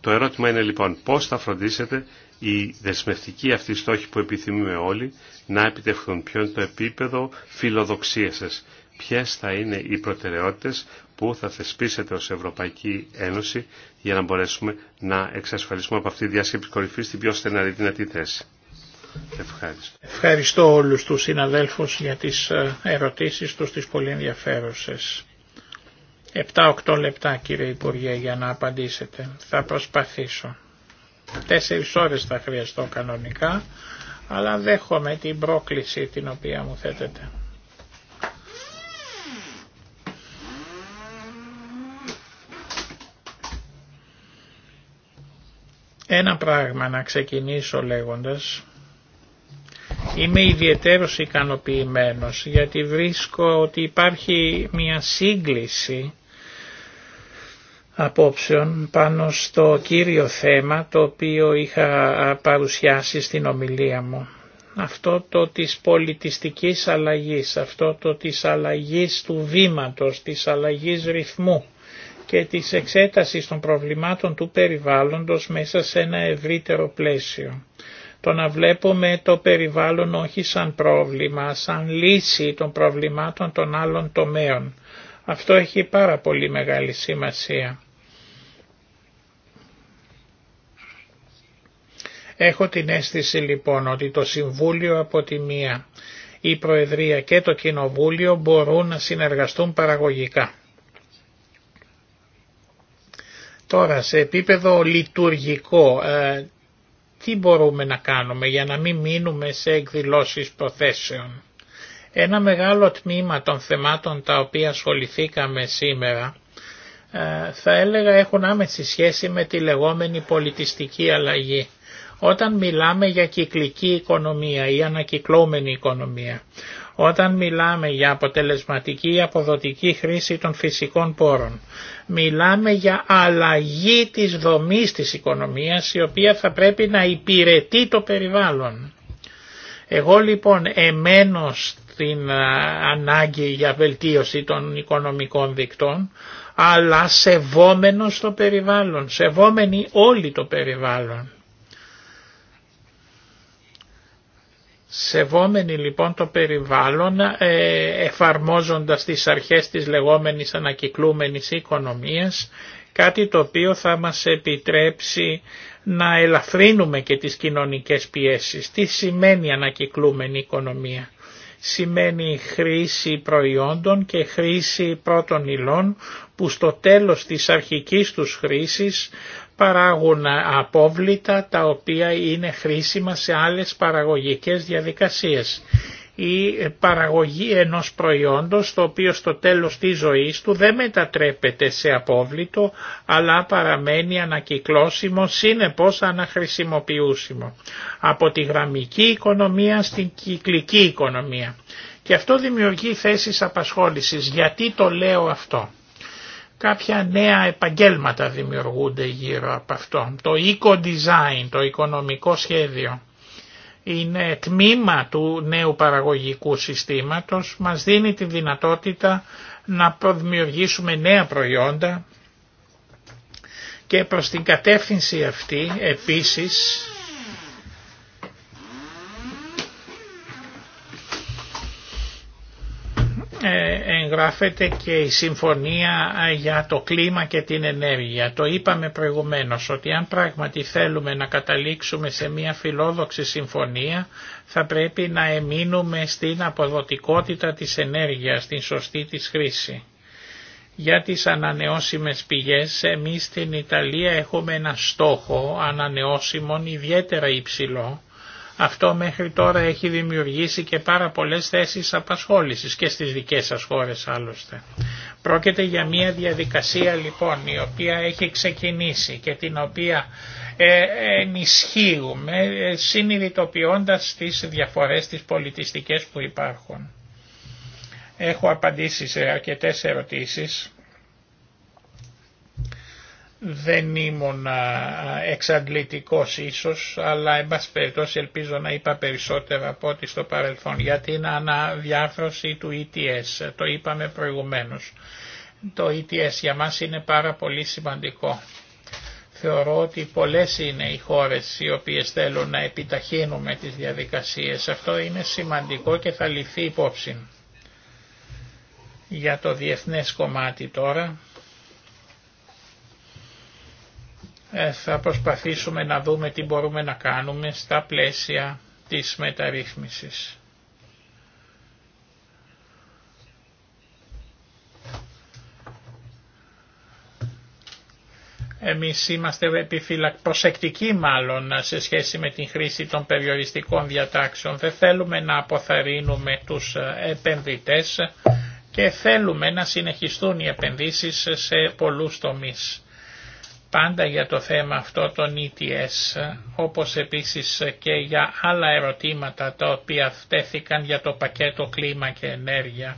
Το ερώτημα είναι λοιπόν πώς θα φροντίσετε οι δεσμευτικοί αυτοί στόχοι που επιθυμούμε όλοι να επιτευχθούν. Ποιο είναι το επίπεδο φιλοδοξίας σας. Ποιες θα είναι οι προτεραιότητες που θα θεσπίσετε ως Ευρωπαϊκή Ένωση για να μπορέσουμε να εξασφαλίσουμε από αυτή τη διάσκεψη κορυφή την πιο στεναρή δυνατή θέση. Ευχαριστώ. Ευχαριστώ όλους τους συναδέλφους για τις ε, ερωτήσεις τους, τις πολύ ενδιαφέρουσες. 7-8 λεπτά κύριε Υπουργέ για να απαντήσετε. Θα προσπαθήσω. Τέσσερις ώρες θα χρειαστώ κανονικά, αλλά δέχομαι την πρόκληση την οποία μου θέτεται. Ένα πράγμα να ξεκινήσω λέγοντας. Είμαι ιδιαίτερο ικανοποιημένος γιατί βρίσκω ότι υπάρχει μια σύγκληση απόψεων πάνω στο κύριο θέμα το οποίο είχα παρουσιάσει στην ομιλία μου. Αυτό το της πολιτιστικής αλλαγής, αυτό το της αλλαγής του βήματος, της αλλαγής ρυθμού και της εξέτασης των προβλημάτων του περιβάλλοντος μέσα σε ένα ευρύτερο πλαίσιο. Το να βλέπουμε το περιβάλλον όχι σαν πρόβλημα, σαν λύση των προβλημάτων των άλλων τομέων. Αυτό έχει πάρα πολύ μεγάλη σημασία. Έχω την αίσθηση λοιπόν ότι το Συμβούλιο από τη μία, η Προεδρία και το Κοινοβούλιο μπορούν να συνεργαστούν παραγωγικά. Τώρα σε επίπεδο λειτουργικό ε, τι μπορούμε να κάνουμε για να μην μείνουμε σε εκδηλώσεις προθέσεων. Ένα μεγάλο τμήμα των θεμάτων τα οποία ασχοληθήκαμε σήμερα ε, θα έλεγα έχουν άμεση σχέση με τη λεγόμενη πολιτιστική αλλαγή. Όταν μιλάμε για κυκλική οικονομία ή ανακυκλώμενη οικονομία, όταν μιλάμε για αποτελεσματική ή αποδοτική χρήση των φυσικών πόρων, μιλάμε για αλλαγή της δομής της οικονομίας η οποία θα πρέπει να υπηρετεί το περιβάλλον. Εγώ λοιπόν εμένω στην ανάγκη για βελτίωση των οικονομικών δικτών, αλλά σεβόμενο το περιβάλλον, σεβόμενοι οικονομικων δικτων αλλα σεβομενος το περιβάλλον. Σεβόμενοι λοιπόν το περιβάλλον ε, εφαρμόζοντας τις αρχές της λεγόμενης ανακυκλούμενης οικονομίας κάτι το οποίο θα μας επιτρέψει να ελαφρύνουμε και τις κοινωνικές πιέσεις. Τι σημαίνει ανακυκλούμενη οικονομία. Σημαίνει χρήση προϊόντων και χρήση πρώτων υλών που στο τέλος της αρχικής τους χρήσης παράγουν απόβλητα τα οποία είναι χρήσιμα σε άλλες παραγωγικές διαδικασίες η παραγωγή ενός προϊόντος το οποίο στο τέλος της ζωής του δεν μετατρέπεται σε απόβλητο αλλά παραμένει ανακυκλώσιμο σύνεπώς αναχρησιμοποιούσιμο από τη γραμμική οικονομία στην κυκλική οικονομία. Και αυτό δημιουργεί θέσεις απασχόλησης. Γιατί το λέω αυτό κάποια νέα επαγγέλματα δημιουργούνται γύρω από αυτό. Το eco-design, το οικονομικό σχέδιο, είναι τμήμα του νέου παραγωγικού συστήματος, μας δίνει τη δυνατότητα να προδημιουργήσουμε νέα προϊόντα και προς την κατεύθυνση αυτή επίσης Ε, εγγράφεται και η συμφωνία ε, για το κλίμα και την ενέργεια. Το είπαμε προηγουμένως ότι αν πράγματι θέλουμε να καταλήξουμε σε μια φιλόδοξη συμφωνία θα πρέπει να εμείνουμε στην αποδοτικότητα της ενέργειας, στην σωστή της χρήση. Για τις ανανεώσιμες πηγές εμείς στην Ιταλία έχουμε ένα στόχο ανανεώσιμων ιδιαίτερα υψηλό αυτό μέχρι τώρα έχει δημιουργήσει και πάρα πολλές θέσεις απασχόλησης και στις δικές σας χώρες άλλωστε. Πρόκειται για μια διαδικασία λοιπόν η οποία έχει ξεκινήσει και την οποία ε, ενισχύουμε ε, συνειδητοποιώντας τις διαφορές τις πολιτιστικές που υπάρχουν. Έχω απαντήσει σε αρκετές ερωτήσεις δεν ήμουν εξαντλητικός ίσως, αλλά εν πάση ελπίζω να είπα περισσότερα από ό,τι στο παρελθόν για την αναδιάρθρωση του ETS. Το είπαμε προηγουμένως. Το ETS για μας είναι πάρα πολύ σημαντικό. Θεωρώ ότι πολλές είναι οι χώρες οι οποίες θέλουν να επιταχύνουμε τις διαδικασίες. Αυτό είναι σημαντικό και θα ληφθεί υπόψη. Για το διεθνές κομμάτι τώρα, Ε, θα προσπαθήσουμε να δούμε τι μπορούμε να κάνουμε στα πλαίσια της μεταρρύθμισης. Εμείς είμαστε επιφυλακ... προσεκτικοί μάλλον σε σχέση με την χρήση των περιοριστικών διατάξεων. Δεν θέλουμε να αποθαρρύνουμε τους επενδυτές και θέλουμε να συνεχιστούν οι επενδύσεις σε πολλούς τομείς πάντα για το θέμα αυτό των ETS, όπως επίσης και για άλλα ερωτήματα τα οποία φτέθηκαν για το πακέτο κλίμα και ενέργεια,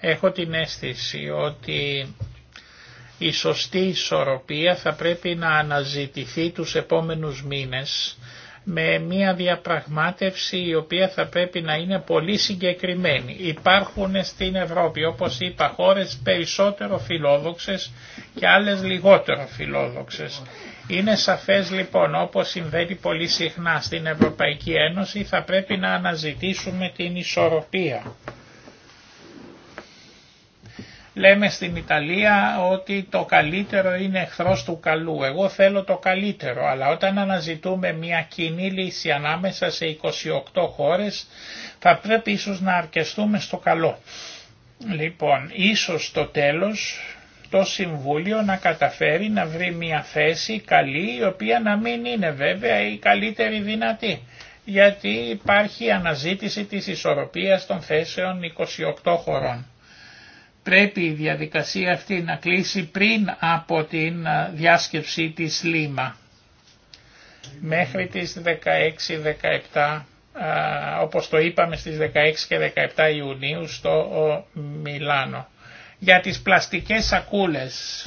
έχω την αίσθηση ότι η σωστή ισορροπία θα πρέπει να αναζητηθεί τους επόμενους μήνες με μια διαπραγμάτευση η οποία θα πρέπει να είναι πολύ συγκεκριμένη. Υπάρχουν στην Ευρώπη, όπως είπα, χώρες περισσότερο φιλόδοξες και άλλες λιγότερο φιλόδοξες. Είναι σαφές λοιπόν, όπως συμβαίνει πολύ συχνά στην Ευρωπαϊκή Ένωση, θα πρέπει να αναζητήσουμε την ισορροπία. Λέμε στην Ιταλία ότι το καλύτερο είναι εχθρός του καλού. Εγώ θέλω το καλύτερο, αλλά όταν αναζητούμε μια κοινή λύση ανάμεσα σε 28 χώρες θα πρέπει ίσως να αρκεστούμε στο καλό. Λοιπόν, ίσως το τέλος το Συμβούλιο να καταφέρει να βρει μια θέση καλή η οποία να μην είναι βέβαια η καλύτερη δυνατή γιατί υπάρχει αναζήτηση της ισορροπίας των θέσεων 28 χωρών πρέπει η διαδικασία αυτή να κλείσει πριν από την διάσκεψη της Λίμα. Μέχρι τις 16-17, όπως το είπαμε στις 16 και 17 Ιουνίου στο Μιλάνο. Για τις πλαστικές σακούλες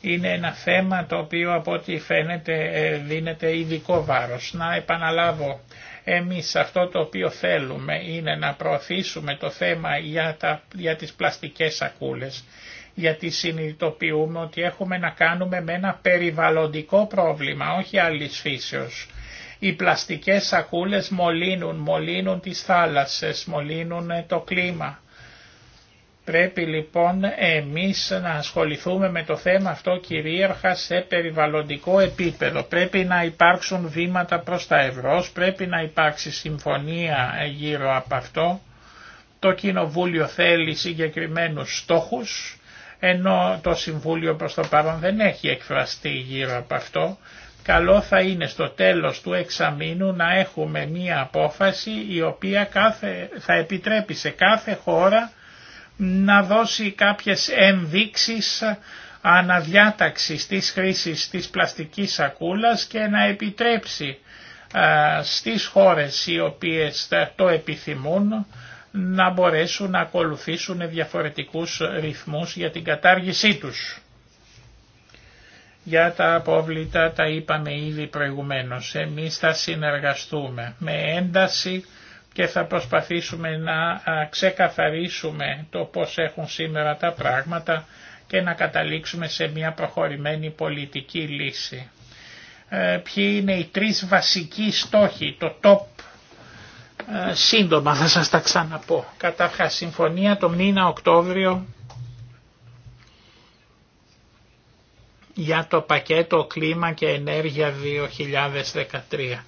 είναι ένα θέμα το οποίο από ό,τι φαίνεται ε, δίνεται ειδικό βάρος. Να επαναλάβω εμείς αυτό το οποίο θέλουμε είναι να προωθήσουμε το θέμα για, τα, για τις πλαστικές σακούλες, γιατί συνειδητοποιούμε ότι έχουμε να κάνουμε με ένα περιβαλλοντικό πρόβλημα, όχι άλλης φύσεως. Οι πλαστικές σακούλες μολύνουν, μολύνουν τις θάλασσες, μολύνουν ε, το κλίμα Πρέπει λοιπόν εμείς να ασχοληθούμε με το θέμα αυτό κυρίαρχα σε περιβαλλοντικό επίπεδο. Πρέπει να υπάρξουν βήματα προς τα ευρώς, πρέπει να υπάρξει συμφωνία γύρω από αυτό. Το Κοινοβούλιο θέλει συγκεκριμένους στόχους, ενώ το Συμβούλιο προς το παρόν δεν έχει εκφραστεί γύρω από αυτό. Καλό θα είναι στο τέλος του εξαμήνου να έχουμε μία απόφαση η οποία κάθε, θα επιτρέπει σε κάθε χώρα να δώσει κάποιες ενδείξεις αναδιάταξης της χρήσης της πλαστικής σακούλας και να επιτρέψει στις χώρες οι οποίες το επιθυμούν να μπορέσουν να ακολουθήσουν διαφορετικούς ρυθμούς για την κατάργησή τους. Για τα απόβλητα τα είπαμε ήδη προηγουμένως. Εμείς θα συνεργαστούμε με ένταση και θα προσπαθήσουμε να ξεκαθαρίσουμε το πώς έχουν σήμερα τα πράγματα και να καταλήξουμε σε μια προχωρημένη πολιτική λύση. Ε, ποιοι είναι οι τρεις βασικοί στόχοι, το top, ε, σύντομα θα σας τα ξαναπώ. Καταρχάς συμφωνία το μήνα Οκτώβριο για το πακέτο κλίμα και ενέργεια 2013.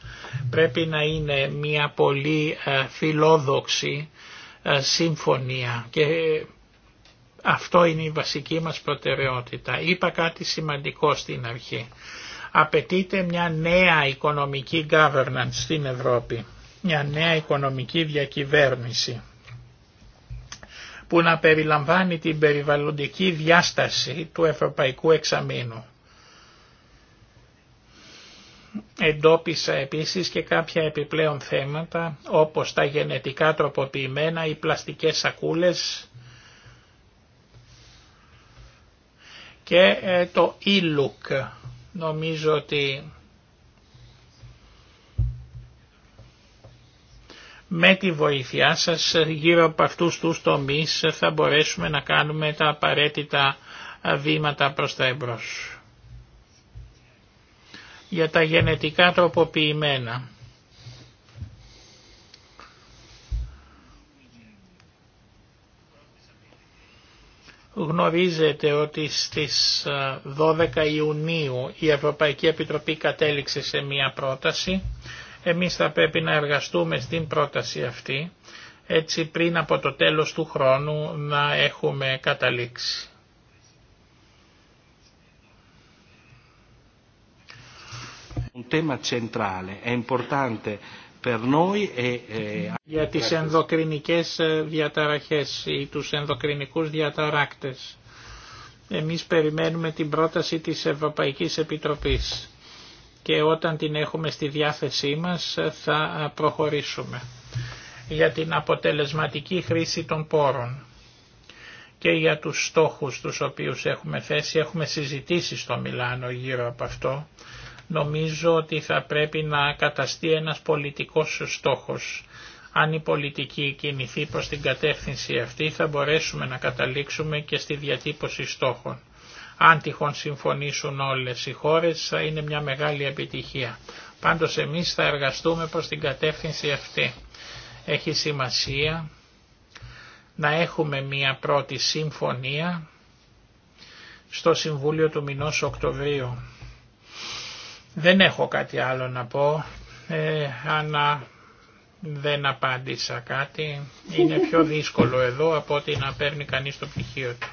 Πρέπει να είναι μια πολύ ε, φιλόδοξη ε, συμφωνία και αυτό είναι η βασική μας προτεραιότητα. Είπα κάτι σημαντικό στην αρχή. Απαιτείται μια νέα οικονομική governance στην Ευρώπη, μια νέα οικονομική διακυβέρνηση που να περιλαμβάνει την περιβαλλοντική διάσταση του Ευρωπαϊκού Εξαμήνου. Εντόπισα επίσης και κάποια επιπλέον θέματα όπως τα γενετικά τροποποιημένα ή πλαστικές σακούλες και ε, το e-look. Νομίζω ότι με τη βοήθειά σας γύρω από αυτούς τους τομείς θα μπορέσουμε να κάνουμε τα απαραίτητα βήματα προς τα εμπρός. Για τα γενετικά τροποποιημένα. Γνωρίζετε ότι στις 12 Ιουνίου η Ευρωπαϊκή Επιτροπή κατέληξε σε μία πρόταση εμείς θα πρέπει να εργαστούμε στην πρόταση αυτή, έτσι πριν από το τέλος του χρόνου να έχουμε καταλήξει. E, e Για τις ενδοκρινικές ε, διαταραχές ή τους ενδοκρινικούς διαταράκτες. Εμείς περιμένουμε την πρόταση της Ευρωπαϊκής Επιτροπής και όταν την έχουμε στη διάθεσή μας θα προχωρήσουμε για την αποτελεσματική χρήση των πόρων και για τους στόχους τους οποίους έχουμε θέσει. Έχουμε συζητήσει στο Μιλάνο γύρω από αυτό. Νομίζω ότι θα πρέπει να καταστεί ένας πολιτικός στόχος. Αν η πολιτική κινηθεί προς την κατεύθυνση αυτή θα μπορέσουμε να καταλήξουμε και στη διατύπωση στόχων. Αν τυχόν συμφωνήσουν όλες οι χώρες θα είναι μια μεγάλη επιτυχία. Πάντως εμείς θα εργαστούμε προς την κατεύθυνση αυτή. Έχει σημασία να έχουμε μια πρώτη συμφωνία στο Συμβούλιο του μηνός Οκτωβρίου. Δεν έχω κάτι άλλο να πω, ε, αν δεν απάντησα κάτι, είναι πιο δύσκολο εδώ από ότι να παίρνει κανείς το πτυχίο του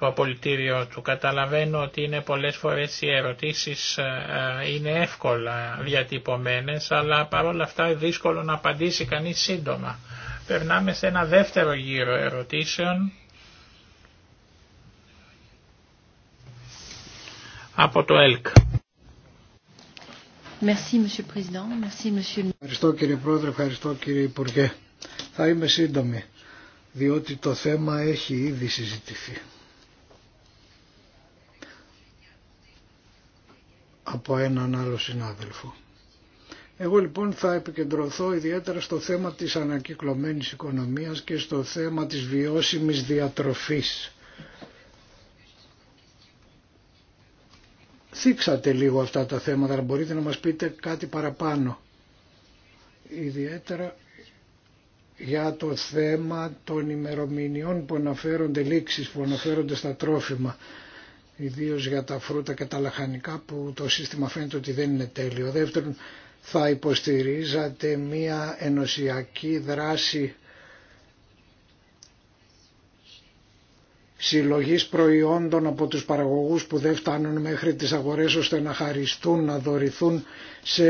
το απολυτήριό του. Καταλαβαίνω ότι είναι πολλές φορές οι ερωτήσεις ε, ε, είναι εύκολα διατυπωμένες, αλλά παρόλα αυτά είναι δύσκολο να απαντήσει κανείς σύντομα. Περνάμε σε ένα δεύτερο γύρο ερωτήσεων. Από το ΕΛΚ. Ευχαριστώ κύριε Πρόεδρε, ευχαριστώ κύριε Υπουργέ. Θα είμαι σύντομη, διότι το θέμα έχει ήδη συζητηθεί. από έναν άλλο συνάδελφο. Εγώ λοιπόν θα επικεντρωθώ ιδιαίτερα στο θέμα της ανακυκλωμένης οικονομίας και στο θέμα της βιώσιμης διατροφής. Θίξατε λίγο αυτά τα θέματα, αλλά μπορείτε να μας πείτε κάτι παραπάνω. Ιδιαίτερα για το θέμα των ημερομηνιών που αναφέρονται λήξεις, που αναφέρονται στα τρόφιμα. Ιδίω για τα φρούτα και τα λαχανικά που το σύστημα φαίνεται ότι δεν είναι τέλειο. Δεύτερον, θα υποστηρίζατε μία ενωσιακή δράση συλλογής προϊόντων από τους παραγωγούς που δεν φτάνουν μέχρι τις αγορές ώστε να χαριστούν, να δωρηθούν σε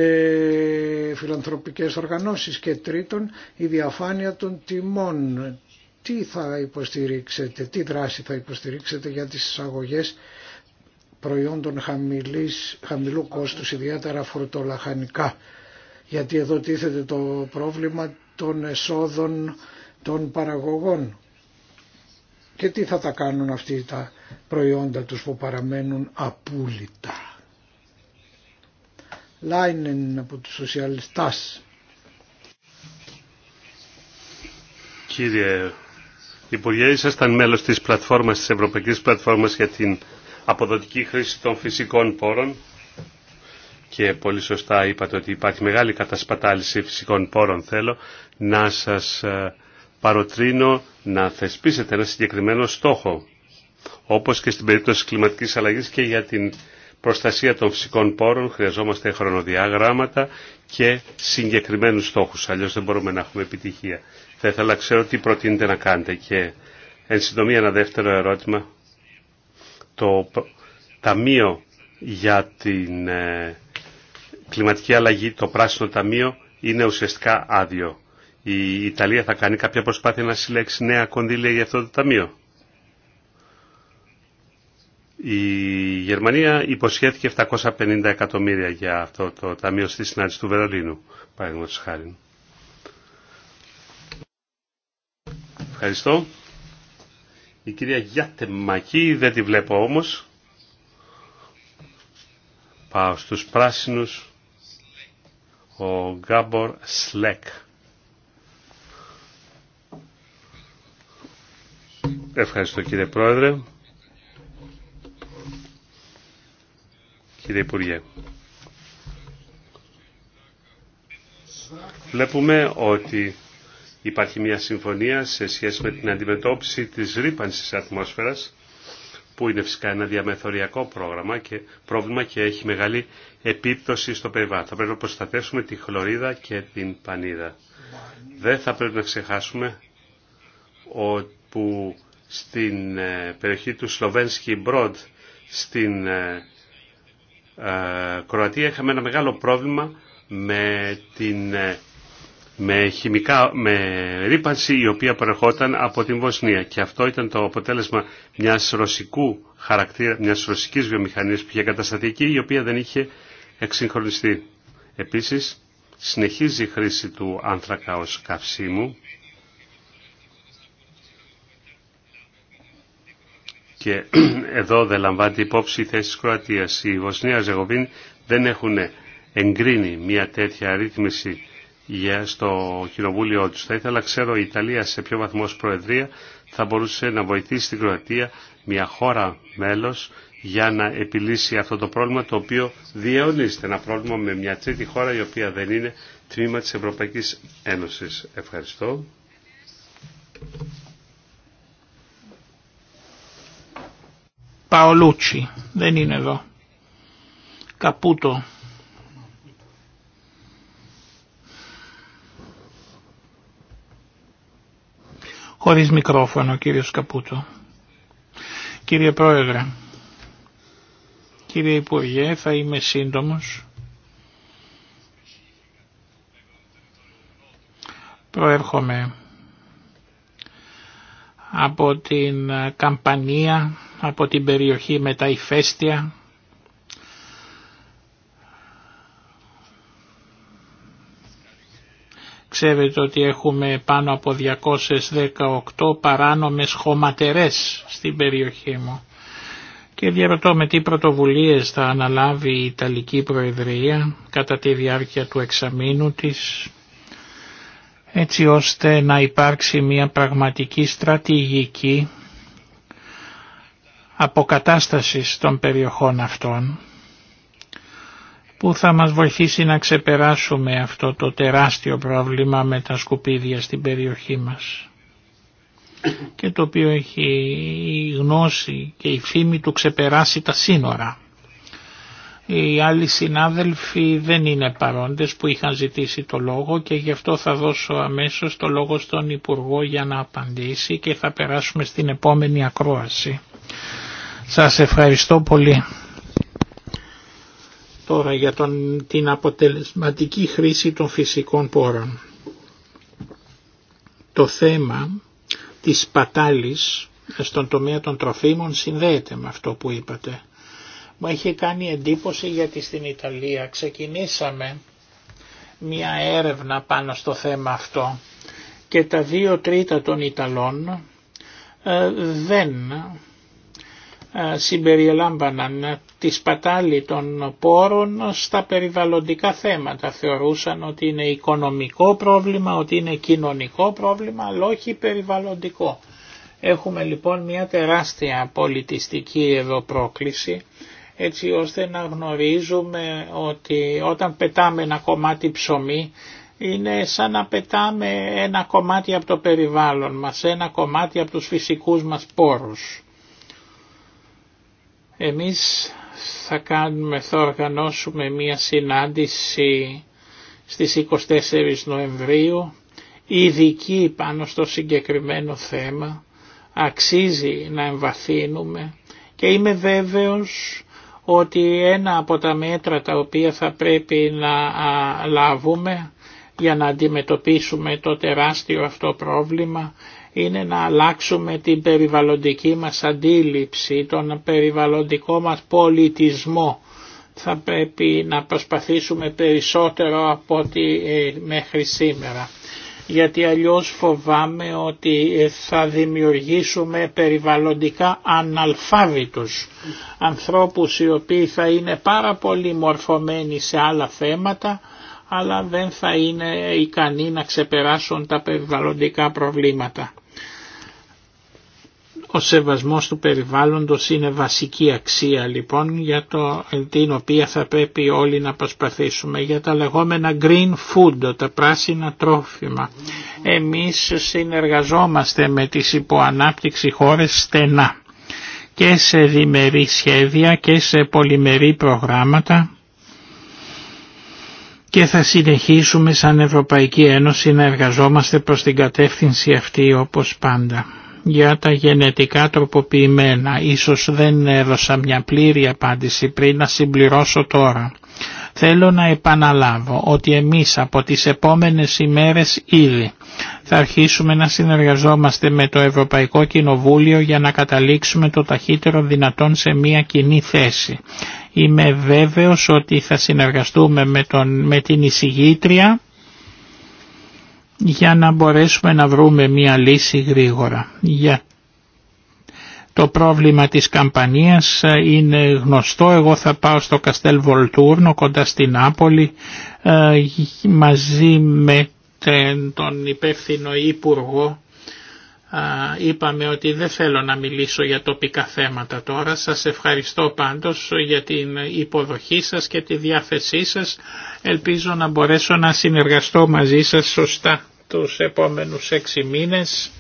φιλανθρωπικές οργανώσεις και τρίτον η διαφάνεια των τιμών. Τι θα υποστηρίξετε, τι δράση θα υποστηρίξετε για τις εισαγωγές προϊόντων χαμηλού κόστους, ιδιαίτερα φρουτολαχανικά. Γιατί εδώ τίθεται το πρόβλημα των εσόδων των παραγωγών. Και τι θα τα κάνουν αυτοί τα προϊόντα τους που παραμένουν απούλητα. Λάινεν από τους σοσιαλιστάς. Κύριε Υπουργέ, ήσασταν μέλος της πλατφόρμας, της Ευρωπαϊκής Πλατφόρμας για την αποδοτική χρήση των φυσικών πόρων και πολύ σωστά είπατε ότι υπάρχει μεγάλη κατασπατάληση φυσικών πόρων. Θέλω να σας ε, παροτρύνω να θεσπίσετε ένα συγκεκριμένο στόχο, όπως και στην περίπτωση κλιματικής αλλαγής και για την προστασία των φυσικών πόρων χρειαζόμαστε χρονοδιάγραμματα και συγκεκριμένους στόχους, αλλιώς δεν μπορούμε να έχουμε επιτυχία. Θα ήθελα να ξέρω τι προτείνετε να κάνετε και εν συντομία ένα δεύτερο ερώτημα το Ταμείο για την ε, Κλιματική Αλλαγή, το Πράσινο Ταμείο, είναι ουσιαστικά άδειο. Η Ιταλία θα κάνει κάποια προσπάθεια να συλλέξει νέα κονδύλια για αυτό το Ταμείο. Η Γερμανία υποσχέθηκε 750 εκατομμύρια για αυτό το ταμείο στη συνάντηση του Βερολίνου, παραδείγματος χάρη. Ευχαριστώ. Η κυρία Γιάτεμακή δεν τη βλέπω όμως. Πάω στους πράσινους. Ο Γκάμπορ Σλέκ. Ευχαριστώ κύριε Πρόεδρε. Κύριε Υπουργέ. Βλέπουμε ότι Υπάρχει μια συμφωνία σε σχέση με την αντιμετώπιση της ρήπανσης ατμόσφαιρας που είναι φυσικά ένα διαμεθοριακό πρόγραμμα και, πρόβλημα και έχει μεγάλη επίπτωση στο περιβάλλον. Θα πρέπει να προστατεύσουμε τη χλωρίδα και την πανίδα. Δεν θα πρέπει να ξεχάσουμε ότι που στην ε, περιοχή του Σλοβένσκι Μπροντ στην ε, ε, Κροατία είχαμε ένα μεγάλο πρόβλημα με την με, χημικά, με ρήπανση η οποία προερχόταν από την Βοσνία. Και αυτό ήταν το αποτέλεσμα μιας, ρωσικού χαρακτήρα, μιας ρωσικής βιομηχανίας που είχε κατασταθεί εκεί, η οποία δεν είχε εξυγχρονιστεί. Επίσης, συνεχίζει η χρήση του άνθρακα ως καυσίμου και εδώ δεν λαμβάνεται υπόψη η θέση της Κροατίας. Η Βοσνία ζεγοβιν δεν έχουν εγκρίνει μια τέτοια αρρύθμιση για στο κοινοβούλιο του, Θα ήθελα, ξέρω, η Ιταλία σε ποιο βαθμό ως Προεδρία θα μπορούσε να βοηθήσει την Κροατία, μια χώρα μέλος, για να επιλύσει αυτό το πρόβλημα το οποίο διαιωνίζεται. Ένα πρόβλημα με μια τρίτη χώρα η οποία δεν είναι τμήμα της Ευρωπαϊκής Ένωσης. Ευχαριστώ. Παολούτσι δεν είναι εδώ. Καπούτο Χωρίς μικρόφωνο, κύριος Καπούτο. Κύριε Πρόεδρε, κύριε Υπουργέ, θα είμαι σύντομος. Προέρχομαι από την ε, Καμπανία, από την περιοχή με τα Ηφαίστεια, Ξέρετε ότι έχουμε πάνω από 218 παράνομες χωματερές στην περιοχή μου. Και διαρωτώ με τι πρωτοβουλίες θα αναλάβει η Ιταλική Προεδρία κατά τη διάρκεια του εξαμήνου της έτσι ώστε να υπάρξει μια πραγματική στρατηγική αποκατάστασης των περιοχών αυτών που θα μας βοηθήσει να ξεπεράσουμε αυτό το τεράστιο πρόβλημα με τα σκουπίδια στην περιοχή μας και το οποίο έχει η γνώση και η φήμη του ξεπεράσει τα σύνορα. Οι άλλοι συνάδελφοι δεν είναι παρόντες που είχαν ζητήσει το λόγο και γι' αυτό θα δώσω αμέσως το λόγο στον Υπουργό για να απαντήσει και θα περάσουμε στην επόμενη ακρόαση. Σας ευχαριστώ πολύ. Τώρα για την αποτελεσματική χρήση των φυσικών πόρων. Το θέμα της πατάλης στον τομέα των τροφίμων συνδέεται με αυτό που είπατε. Μου έχει κάνει εντύπωση γιατί στην Ιταλία ξεκινήσαμε μια έρευνα πάνω στο θέμα αυτό και τα δύο τρίτα των Ιταλών ε, δεν ε, συμπεριλάμβαναν τη σπατάλη των πόρων στα περιβαλλοντικά θέματα. Θεωρούσαν ότι είναι οικονομικό πρόβλημα, ότι είναι κοινωνικό πρόβλημα, αλλά όχι περιβαλλοντικό. Έχουμε λοιπόν μια τεράστια πολιτιστική εδώ πρόκληση, έτσι ώστε να γνωρίζουμε ότι όταν πετάμε ένα κομμάτι ψωμί, είναι σαν να πετάμε ένα κομμάτι από το περιβάλλον μας, ένα κομμάτι από τους φυσικούς μας πόρους. Εμείς θα, κάνουμε, θα οργανώσουμε μία συνάντηση στις 24 Νοεμβρίου ειδική πάνω στο συγκεκριμένο θέμα. Αξίζει να εμβαθύνουμε και είμαι βέβαιος ότι ένα από τα μέτρα τα οποία θα πρέπει να λάβουμε για να αντιμετωπίσουμε το τεράστιο αυτό πρόβλημα είναι να αλλάξουμε την περιβαλλοντική μας αντίληψη, τον περιβαλλοντικό μας πολιτισμό. Θα πρέπει να προσπαθήσουμε περισσότερο από ό,τι ε, μέχρι σήμερα. Γιατί αλλιώς φοβάμαι ότι ε, θα δημιουργήσουμε περιβαλλοντικά αναλφάβητους ανθρώπους οι οποίοι θα είναι πάρα πολύ μορφωμένοι σε άλλα θέματα αλλά δεν θα είναι ικανοί να ξεπεράσουν τα περιβαλλοντικά προβλήματα. Ο σεβασμός του περιβάλλοντος είναι βασική αξία λοιπόν για το, την οποία θα πρέπει όλοι να προσπαθήσουμε για τα λεγόμενα green food, τα πράσινα τρόφιμα. Εμείς συνεργαζόμαστε με τις υποανάπτυξη χώρες στενά και σε διμερή σχέδια και σε πολυμερή προγράμματα και θα συνεχίσουμε σαν Ευρωπαϊκή Ένωση να εργαζόμαστε προς την κατεύθυνση αυτή όπως πάντα. Για τα γενετικά τροποποιημένα, ίσως δεν έδωσα μια πλήρη απάντηση πριν να συμπληρώσω τώρα. Θέλω να επαναλάβω ότι εμείς από τις επόμενες ημέρες ήδη θα αρχίσουμε να συνεργαζόμαστε με το Ευρωπαϊκό Κοινοβούλιο για να καταλήξουμε το ταχύτερο δυνατόν σε μια κοινή θέση. Είμαι βέβαιος ότι θα συνεργαστούμε με, την εισηγήτρια για να μπορέσουμε να βρούμε μια λύση γρήγορα. Για το πρόβλημα της Καμπανίας ε, είναι γνωστό. Εγώ θα πάω στο Καστέλ Βολτούρνο κοντά στην Άπολη ε, μαζί με τον υπεύθυνο Υπουργό είπαμε ότι δεν θέλω να μιλήσω για τοπικά θέματα τώρα. Σας ευχαριστώ πάντως για την υποδοχή σας και τη διάθεσή σας. Ελπίζω να μπορέσω να συνεργαστώ μαζί σας σωστά τους επόμενους έξι μήνες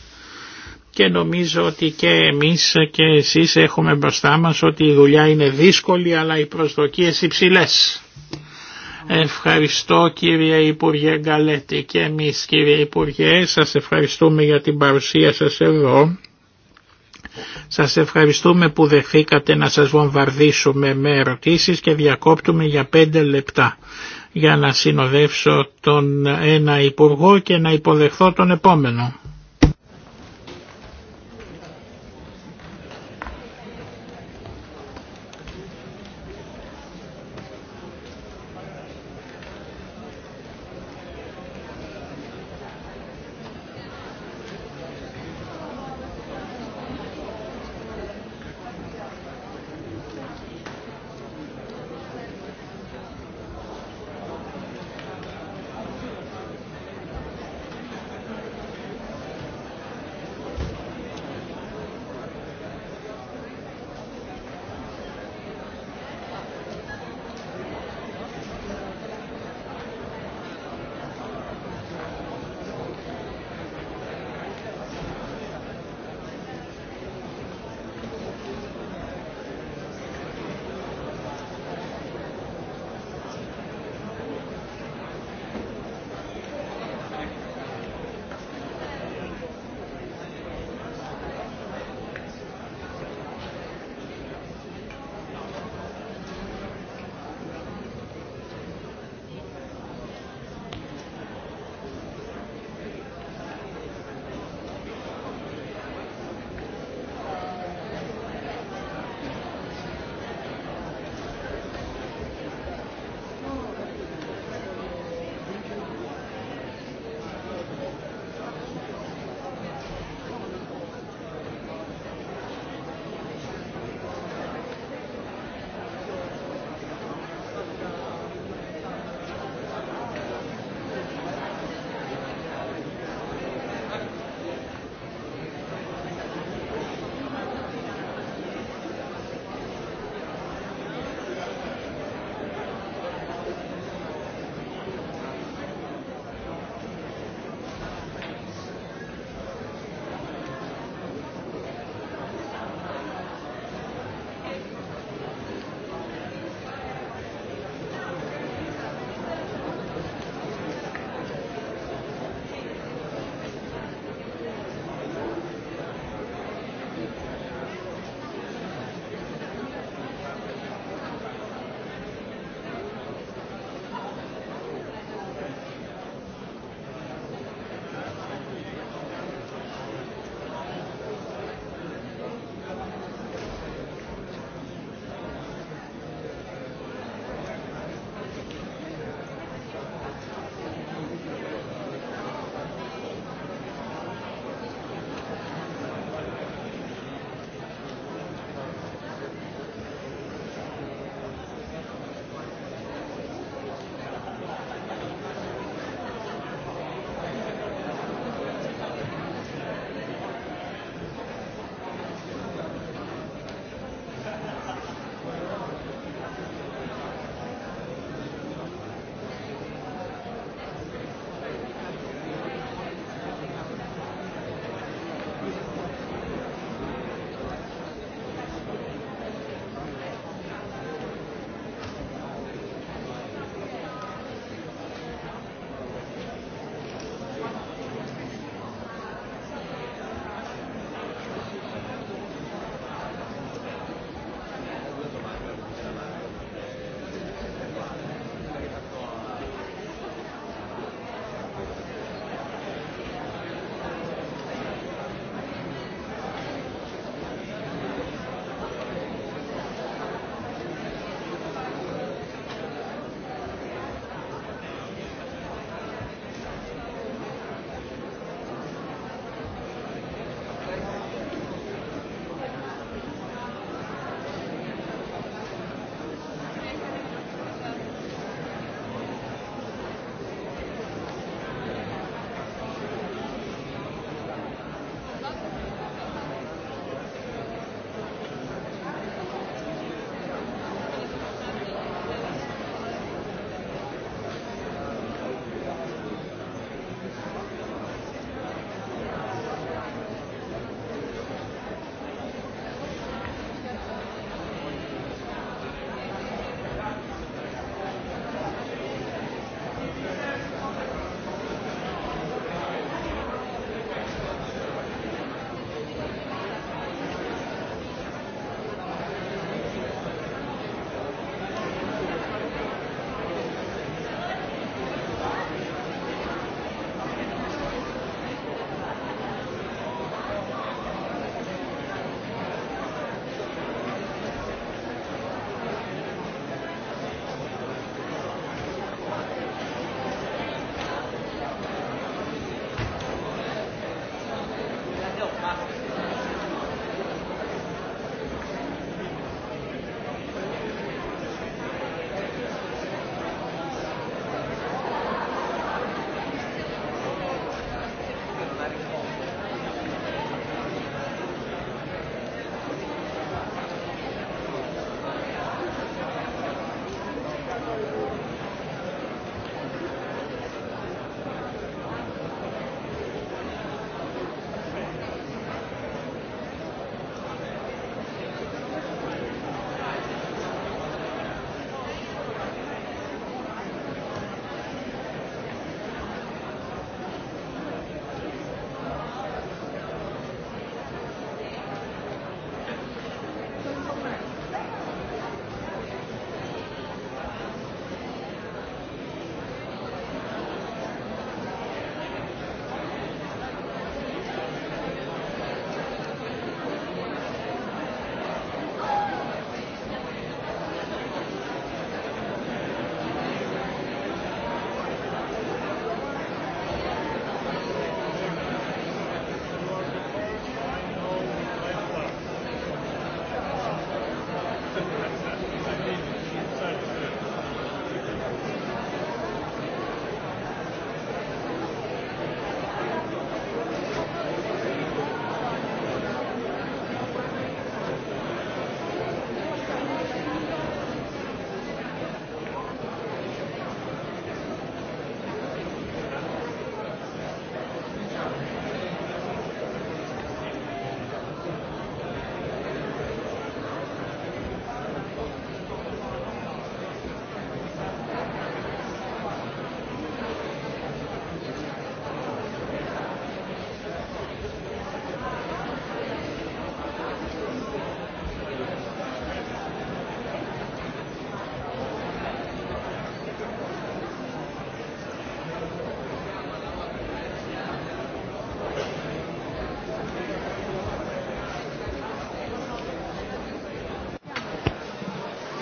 και νομίζω ότι και εμείς και εσείς έχουμε μπροστά μας ότι η δουλειά είναι δύσκολη αλλά οι προσδοκίες υψηλές. Ευχαριστώ κύριε Υπουργέ Γκαλέτη και εμείς κύριε Υπουργέ σας ευχαριστούμε για την παρουσία σας εδώ. Σας ευχαριστούμε που δεχθήκατε να σας βομβαρδίσουμε με ερωτήσεις και διακόπτουμε για πέντε λεπτά για να συνοδεύσω τον ένα υπουργό και να υποδεχθώ τον επόμενο.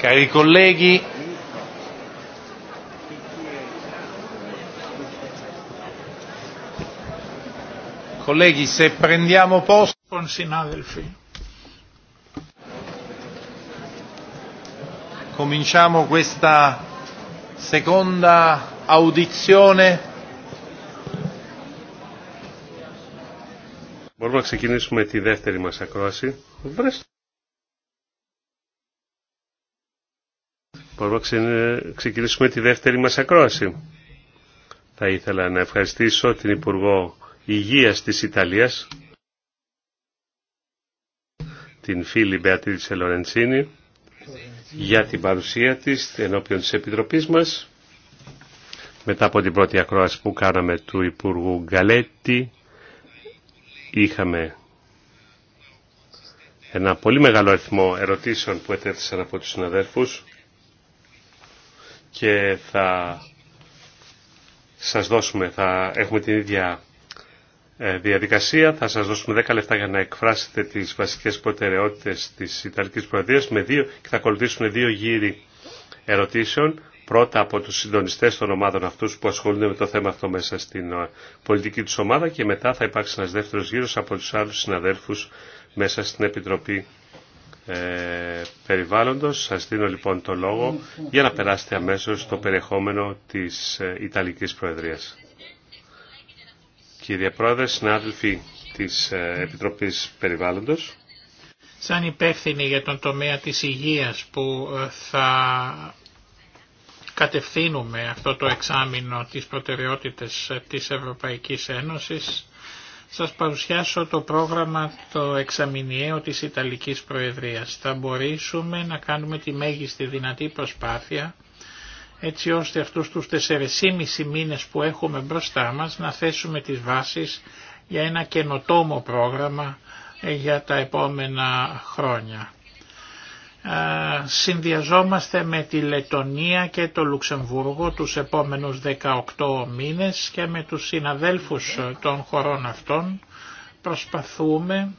Cari colleghi, colleghi se prendiamo posto Sinadelfi. cominciamo questa seconda audizione. Μπορούμε να ξεκινήσουμε τη δεύτερη μας ακρόαση. Βρες Μπορούμε να ξεκινήσουμε τη δεύτερη μας ακρόαση. Θα ήθελα να ευχαριστήσω την Υπουργό Υγείας της Ιταλίας, την φίλη Μπεατρίτσε Λορεντσίνη, για την παρουσία της ενώπιον της Επιτροπής μας. Μετά από την πρώτη ακρόαση που κάναμε του Υπουργού Γκαλέτη, είχαμε ένα πολύ μεγάλο αριθμό ερωτήσεων που έθεσαν από τους συναδέλφους και θα σας δώσουμε, θα έχουμε την ίδια ε, διαδικασία. Θα σας δώσουμε 10 λεπτά για να εκφράσετε τις βασικές προτεραιότητες της Ιταλικής Προεδρίας με δύο, και θα ακολουθήσουν δύο γύροι ερωτήσεων. Πρώτα από τους συντονιστές των ομάδων αυτούς που ασχολούνται με το θέμα αυτό μέσα στην ε, πολιτική τους ομάδα και μετά θα υπάρξει ένας δεύτερος γύρος από τους άλλους συναδέλφους μέσα στην Επιτροπή ε, περιβάλλοντος. Σας δίνω λοιπόν το λόγο για να περάσετε αμέσως στο περιεχόμενο της ε, Ιταλικής Προεδρίας. Κύριε Πρόεδρε, συνάδελφοι της ε, Επιτροπής Περιβάλλοντος. Σαν υπεύθυνοι για τον τομέα της υγείας που ε, θα κατευθύνουμε αυτό το εξάμεινο της προτεραιότητες της Ευρωπαϊκής Ένωσης, σας παρουσιάσω το πρόγραμμα το εξαμηνιαίο της Ιταλικής Προεδρίας. Θα μπορέσουμε να κάνουμε τη μέγιστη δυνατή προσπάθεια έτσι ώστε αυτούς τους 4,5 μήνες που έχουμε μπροστά μας να θέσουμε τις βάσεις για ένα καινοτόμο πρόγραμμα ε, για τα επόμενα χρόνια συνδυαζόμαστε με τη Λετωνία και το Λουξεμβούργο τους επόμενους 18 μήνες και με τους συναδέλφους των χωρών αυτών προσπαθούμε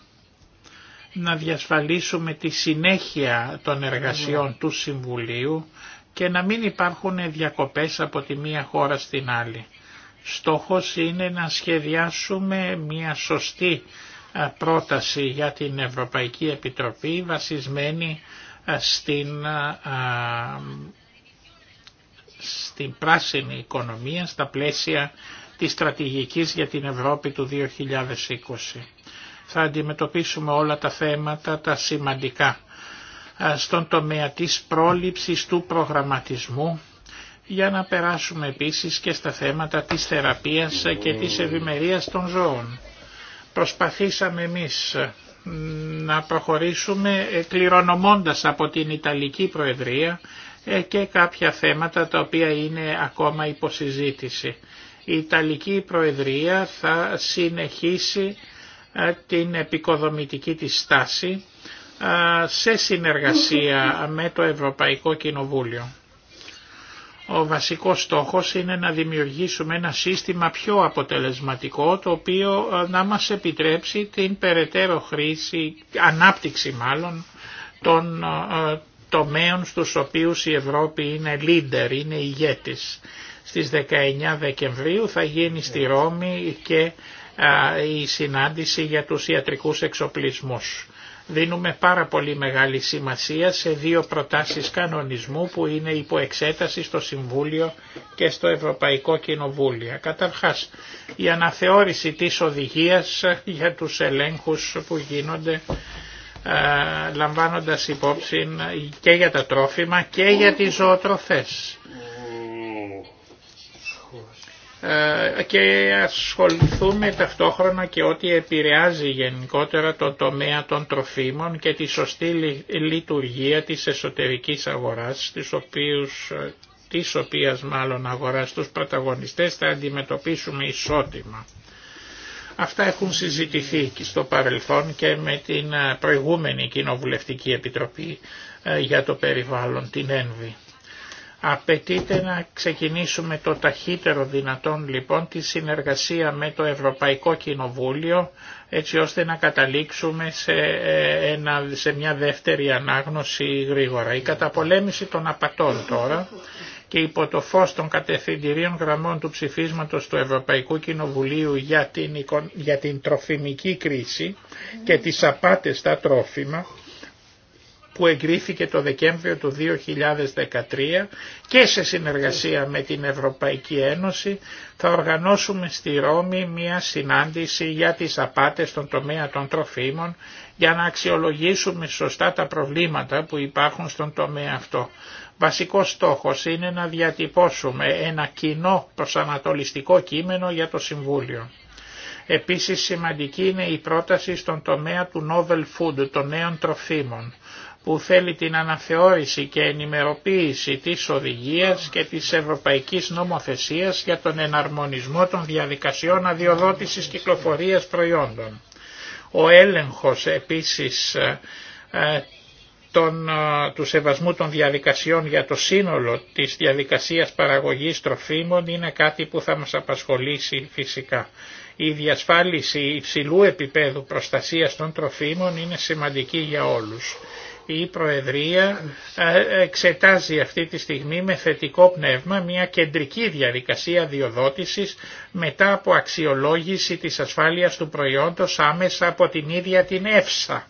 να διασφαλίσουμε τη συνέχεια των εργασιών του Συμβουλίου και να μην υπάρχουν διακοπές από τη μία χώρα στην άλλη. Στόχος είναι να σχεδιάσουμε μια σωστή πρόταση για την Ευρωπαϊκή Επιτροπή βασισμένη στην, στην πράσινη οικονομία στα πλαίσια της στρατηγικής για την Ευρώπη του 2020. Θα αντιμετωπίσουμε όλα τα θέματα τα σημαντικά στον τομέα της πρόληψης του προγραμματισμού για να περάσουμε επίσης και στα θέματα της θεραπείας και της ευημερίας των ζώων. Προσπαθήσαμε εμείς να προχωρήσουμε ε, κληρονομώντας από την Ιταλική Προεδρία ε, και κάποια θέματα τα οποία είναι ακόμα υποσυζήτηση. Η Ιταλική Προεδρία θα συνεχίσει ε, την επικοδομητική της στάση σε συνεργασία με το Ευρωπαϊκό Κοινοβούλιο. Ο βασικός στόχος είναι να δημιουργήσουμε ένα σύστημα πιο αποτελεσματικό το οποίο ε, να μας επιτρέψει την περαιτέρω χρήση, ανάπτυξη μάλλον, των ε, ε, τομέων στους οποίους η Ευρώπη είναι leader, είναι ηγέτης. Στις 19 Δεκεμβρίου θα γίνει στη ναι. Ρώμη και η συνάντηση για τους ιατρικούς εξοπλισμούς δίνουμε πάρα πολύ μεγάλη σημασία σε δύο προτάσεις κανονισμού που είναι υπό εξέταση στο Συμβούλιο και στο Ευρωπαϊκό Κοινοβούλιο. Καταρχάς, η αναθεώρηση της οδηγίας για τους ελέγχους που γίνονται λαμβάνοντας υπόψη και για τα τρόφιμα και για τις ζωοτροφές. Ε, και ασχοληθούμε ταυτόχρονα και ό,τι επηρεάζει γενικότερα τον τομέα των τροφίμων και τη σωστή λειτουργία της εσωτερικής αγοράς, της, οποίους, ε, της οποίας μάλλον αγοράς τους πρωταγωνιστές θα αντιμετωπίσουμε ισότιμα. Αυτά έχουν συζητηθεί και στο παρελθόν και με την ε, προηγούμενη Κοινοβουλευτική Επιτροπή για το Περιβάλλον, την ΕΝΒΗ. Απαιτείται να ξεκινήσουμε το ταχύτερο δυνατόν λοιπόν τη συνεργασία με το Ευρωπαϊκό Κοινοβούλιο έτσι ώστε να καταλήξουμε σε, ε, ένα, σε μια δεύτερη ανάγνωση γρήγορα. Η καταπολέμηση των απατών τώρα και υπό το φως των κατευθυντηρίων γραμμών του ψηφίσματος του Ευρωπαϊκού Κοινοβουλίου για την, για την τροφιμική κρίση και τις απάτες στα τρόφιμα που εγκρίθηκε το Δεκέμβριο του 2013 και σε συνεργασία με την Ευρωπαϊκή Ένωση θα οργανώσουμε στη Ρώμη μια συνάντηση για τις απάτες στον τομέα των τροφίμων για να αξιολογήσουμε σωστά τα προβλήματα που υπάρχουν στον τομέα αυτό. Βασικός στόχος είναι να διατυπώσουμε ένα κοινό προσανατολιστικό κείμενο για το Συμβούλιο. Επίσης σημαντική είναι η πρόταση στον τομέα του novel food, των νέων τροφίμων που θέλει την αναθεώρηση και ενημεροποίηση της οδηγίας και της ευρωπαϊκής νομοθεσίας για τον εναρμονισμό των διαδικασιών αδειοδότησης κυκλοφορίας προϊόντων. Ο έλεγχος επίσης ε, ε, τον, ε, του σεβασμού των διαδικασιών για το σύνολο της διαδικασίας παραγωγής τροφίμων είναι κάτι που θα μας απασχολήσει φυσικά. Η διασφάλιση υψηλού επίπεδου προστασίας των τροφίμων είναι σημαντική για όλους η Προεδρία εξετάζει αυτή τη στιγμή με θετικό πνεύμα μια κεντρική διαδικασία διοδότησης μετά από αξιολόγηση της ασφάλειας του προϊόντος άμεσα από την ίδια την ΕΦΣΑ.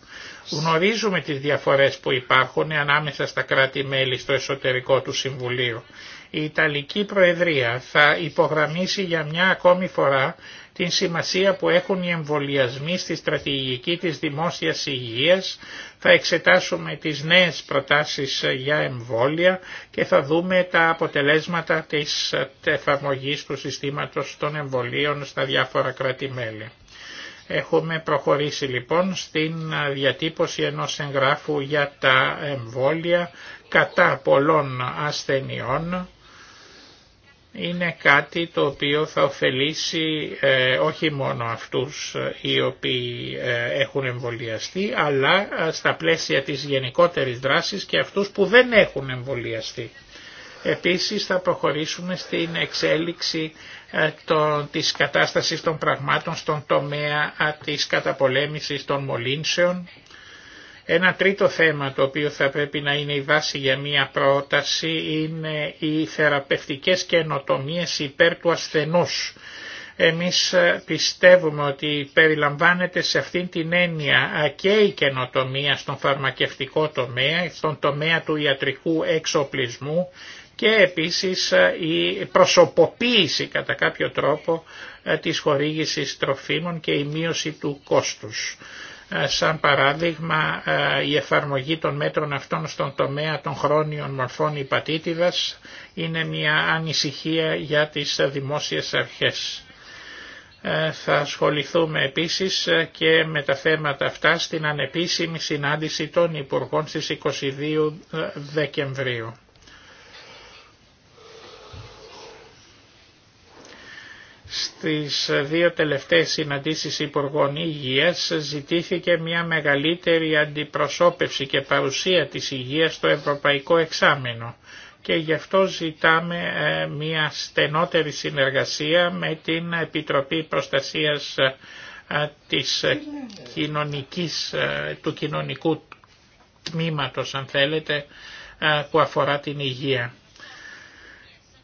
Γνωρίζουμε τις διαφορές που υπάρχουν ανάμεσα στα κράτη-μέλη στο εσωτερικό του Συμβουλίου. Η Ιταλική Προεδρία θα υπογραμμίσει για μια ακόμη φορά την σημασία που έχουν οι εμβολιασμοί στη στρατηγική της δημόσιας υγείας, θα εξετάσουμε τις νέες προτάσεις για εμβόλια και θα δούμε τα αποτελέσματα της εφαρμογής του συστήματος των εμβολίων στα διάφορα κράτη-μέλη. Έχουμε προχωρήσει λοιπόν στην διατύπωση ενός εγγράφου για τα εμβόλια κατά πολλών ασθενειών είναι κάτι το οποίο θα ωφελήσει ε, όχι μόνο αυτούς ε, οι οποίοι ε, έχουν εμβολιαστεί, αλλά στα πλαίσια της γενικότερης δράσης και αυτούς που δεν έχουν εμβολιαστεί. Επίσης θα προχωρήσουμε στην εξέλιξη το, της κατάστασης των πραγμάτων στον τομέα της καταπολέμησης των μολύνσεων ένα τρίτο θέμα το οποίο θα πρέπει να είναι η βάση για μια πρόταση είναι οι θεραπευτικές καινοτομίες υπέρ του ασθενούς. Εμείς ε, πιστεύουμε ότι περιλαμβάνεται σε αυτήν την έννοια ε, και η καινοτομία στον φαρμακευτικό τομέα, στον τομέα του ιατρικού εξοπλισμού και επίσης ε, η προσωποποίηση κατά κάποιο τρόπο της χορήγησης τροφίμων και η μείωση του κόστους. Ε, σαν παράδειγμα ε, η εφαρμογή των μέτρων αυτών στον τομέα των χρόνιων μορφών υπατήτηδας είναι μια ανησυχία για τις δημόσιες αρχές. Ε, θα ασχοληθούμε επίσης και με τα θέματα αυτά στην ανεπίσημη συνάντηση των Υπουργών στις 22 Δεκεμβρίου. Στις δύο τελευταίες συναντήσεις Υπουργών Υγείας ζητήθηκε μια μεγαλύτερη αντιπροσώπευση και παρουσία της υγείας στο Ευρωπαϊκό Εξάμεινο και γι' αυτό ζητάμε ε, μια στενότερη συνεργασία με την Επιτροπή Προστασίας ε, της κοινωνικής, ε, του κοινωνικού τμήματος αν θέλετε που αφορά την υγεία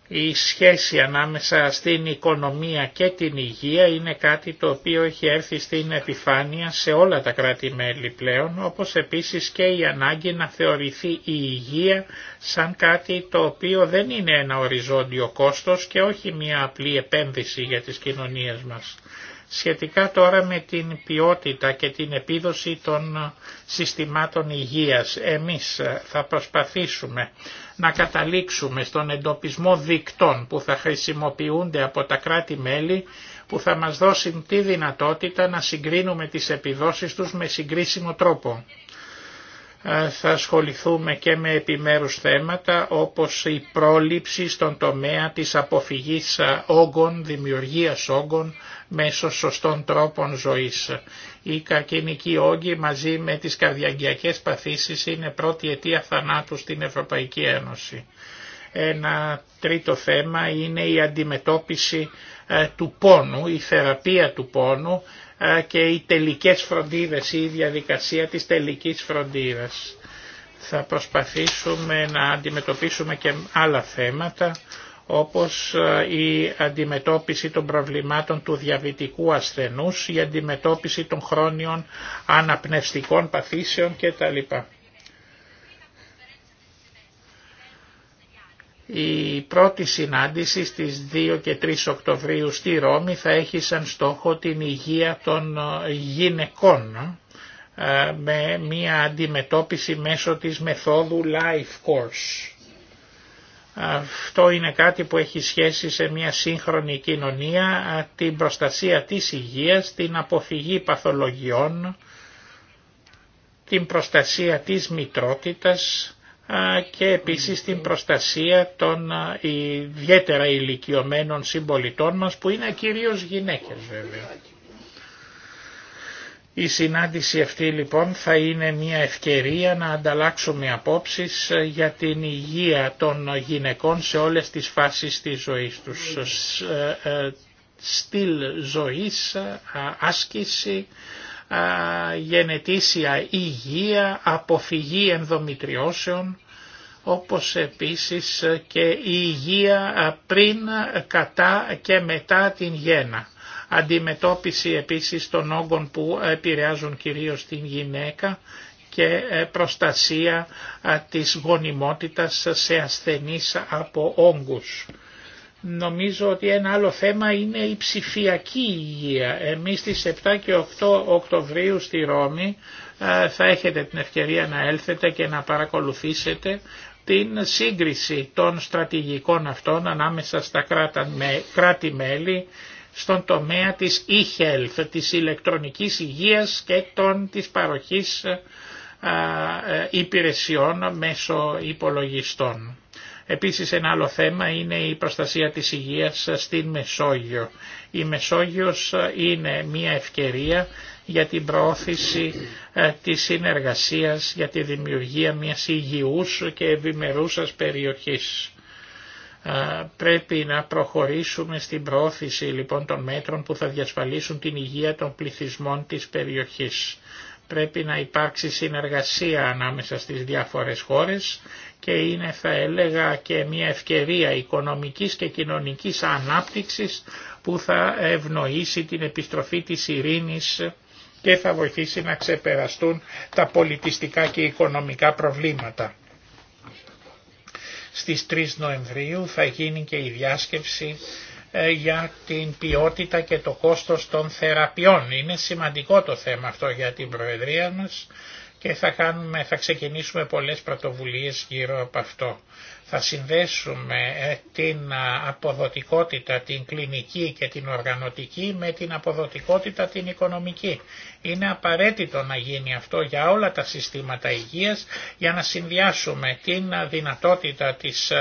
η σχέση ανάμεσα στην οικονομία και την υγεία είναι κάτι το οποίο έχει έρθει στην επιφάνεια σε όλα τα κράτη-μέλη πλέον, όπως επίσης και η ανάγκη να θεωρηθεί η υγεία σαν κάτι το οποίο δεν είναι ένα οριζόντιο κόστος και όχι μια απλή επένδυση για τις κοινωνίες μας. Σχετικά τώρα με την ποιότητα και την επίδοση των συστημάτων υγείας, εμείς ε, θα προσπαθήσουμε να καταλήξουμε στον εντοπισμό δικτών που θα χρησιμοποιούνται από τα κράτη-μέλη που θα μας δώσουν τη δυνατότητα να συγκρίνουμε τις επιδόσεις τους με συγκρίσιμο τρόπο θα ασχοληθούμε και με επιμέρους θέματα όπως η πρόληψη στον τομέα της αποφυγής όγκων, δημιουργίας όγκων μέσω σωστών τρόπων ζωής. Οι καρκινικοί όγκοι μαζί με τις καρδιαγκιακές παθήσεις είναι πρώτη αιτία θανάτου στην Ευρωπαϊκή Ένωση. Ένα τρίτο θέμα είναι η αντιμετώπιση του πόνου, η θεραπεία του πόνου και οι τελικές φροντίδες ή η διαδικασία της τελικής φροντίδας. Θα προσπαθήσουμε να αντιμετωπίσουμε και άλλα θέματα όπως η αντιμετώπιση των προβλημάτων του διαβητικού ασθενούς, η αντιμετώπιση των χρόνιων αναπνευστικών παθήσεων κτλ. Η πρώτη συνάντηση στις 2 και 3 Οκτωβρίου στη Ρώμη θα έχει σαν στόχο την υγεία των ε, γυναικών ε, με μία αντιμετώπιση μέσω της μεθόδου Life Course. Αυτό είναι κάτι που έχει σχέση σε μια σύγχρονη κοινωνία, ε, την προστασία της υγείας, την αποφυγή παθολογιών, την προστασία της μητρότητας, και επίσης την προστασία των ιδιαίτερα ηλικιωμένων συμπολιτών μας που είναι κυρίως γυναίκες βέβαια. Η συνάντηση αυτή λοιπόν θα είναι μια ευκαιρία να ανταλλάξουμε απόψεις για την υγεία των γυναικών σε όλες τις φάσεις της ζωής τους. Στυλ ζωής, άσκηση, γενετήσια υγεία, αποφυγή ενδομητριώσεων, όπως επίσης και η υγεία πριν, κατά και μετά την γένα. Αντιμετώπιση επίσης των όγκων που επηρεάζουν κυρίως την γυναίκα και ε, προστασία της γονιμότητας σε ασθενείς από όγκους. Νομίζω ότι ένα άλλο θέμα είναι η ψηφιακή υγεία. Εμείς στις 7 και 8 Οκτωβρίου στη Ρώμη ε, θα έχετε την ευκαιρία να έλθετε και να παρακολουθήσετε την σύγκριση των στρατηγικών αυτών ανάμεσα στα κράτη-μέλη στον τομέα της e-health, της ηλεκτρονικής υγείας και των, της παροχής ε, ε, υπηρεσιών μέσω υπολογιστών. Επίσης ένα άλλο θέμα είναι η προστασία της υγείας στην Μεσόγειο. Η Μεσόγειος είναι μια ευκαιρία για την προώθηση ε, της συνεργασίας για τη δημιουργία μιας υγιούς και ευημερούσας περιοχής. Ε, πρέπει να προχωρήσουμε στην προώθηση λοιπόν των μέτρων που θα διασφαλίσουν την υγεία των πληθυσμών της περιοχής. Πρέπει να υπάρξει συνεργασία ανάμεσα στις διάφορες χώρες και είναι θα έλεγα και μια ευκαιρία οικονομικής και κοινωνικής ανάπτυξης που θα ευνοήσει την επιστροφή της ειρήνης και θα βοηθήσει να ξεπεραστούν τα πολιτιστικά και οικονομικά προβλήματα. Στις 3 Νοεμβρίου θα γίνει και η διάσκεψη ε, για την ποιότητα και το κόστος των θεραπείων. Είναι σημαντικό το θέμα αυτό για την Προεδρία μας και θα, κάνουμε, θα ξεκινήσουμε πολλές πρωτοβουλίες γύρω από αυτό. Θα συνδέσουμε ε, την αποδοτικότητα την κλινική και την οργανωτική με την αποδοτικότητα την οικονομική. Είναι απαραίτητο να γίνει αυτό για όλα τα συστήματα υγείας για να συνδυάσουμε την δυνατότητα της,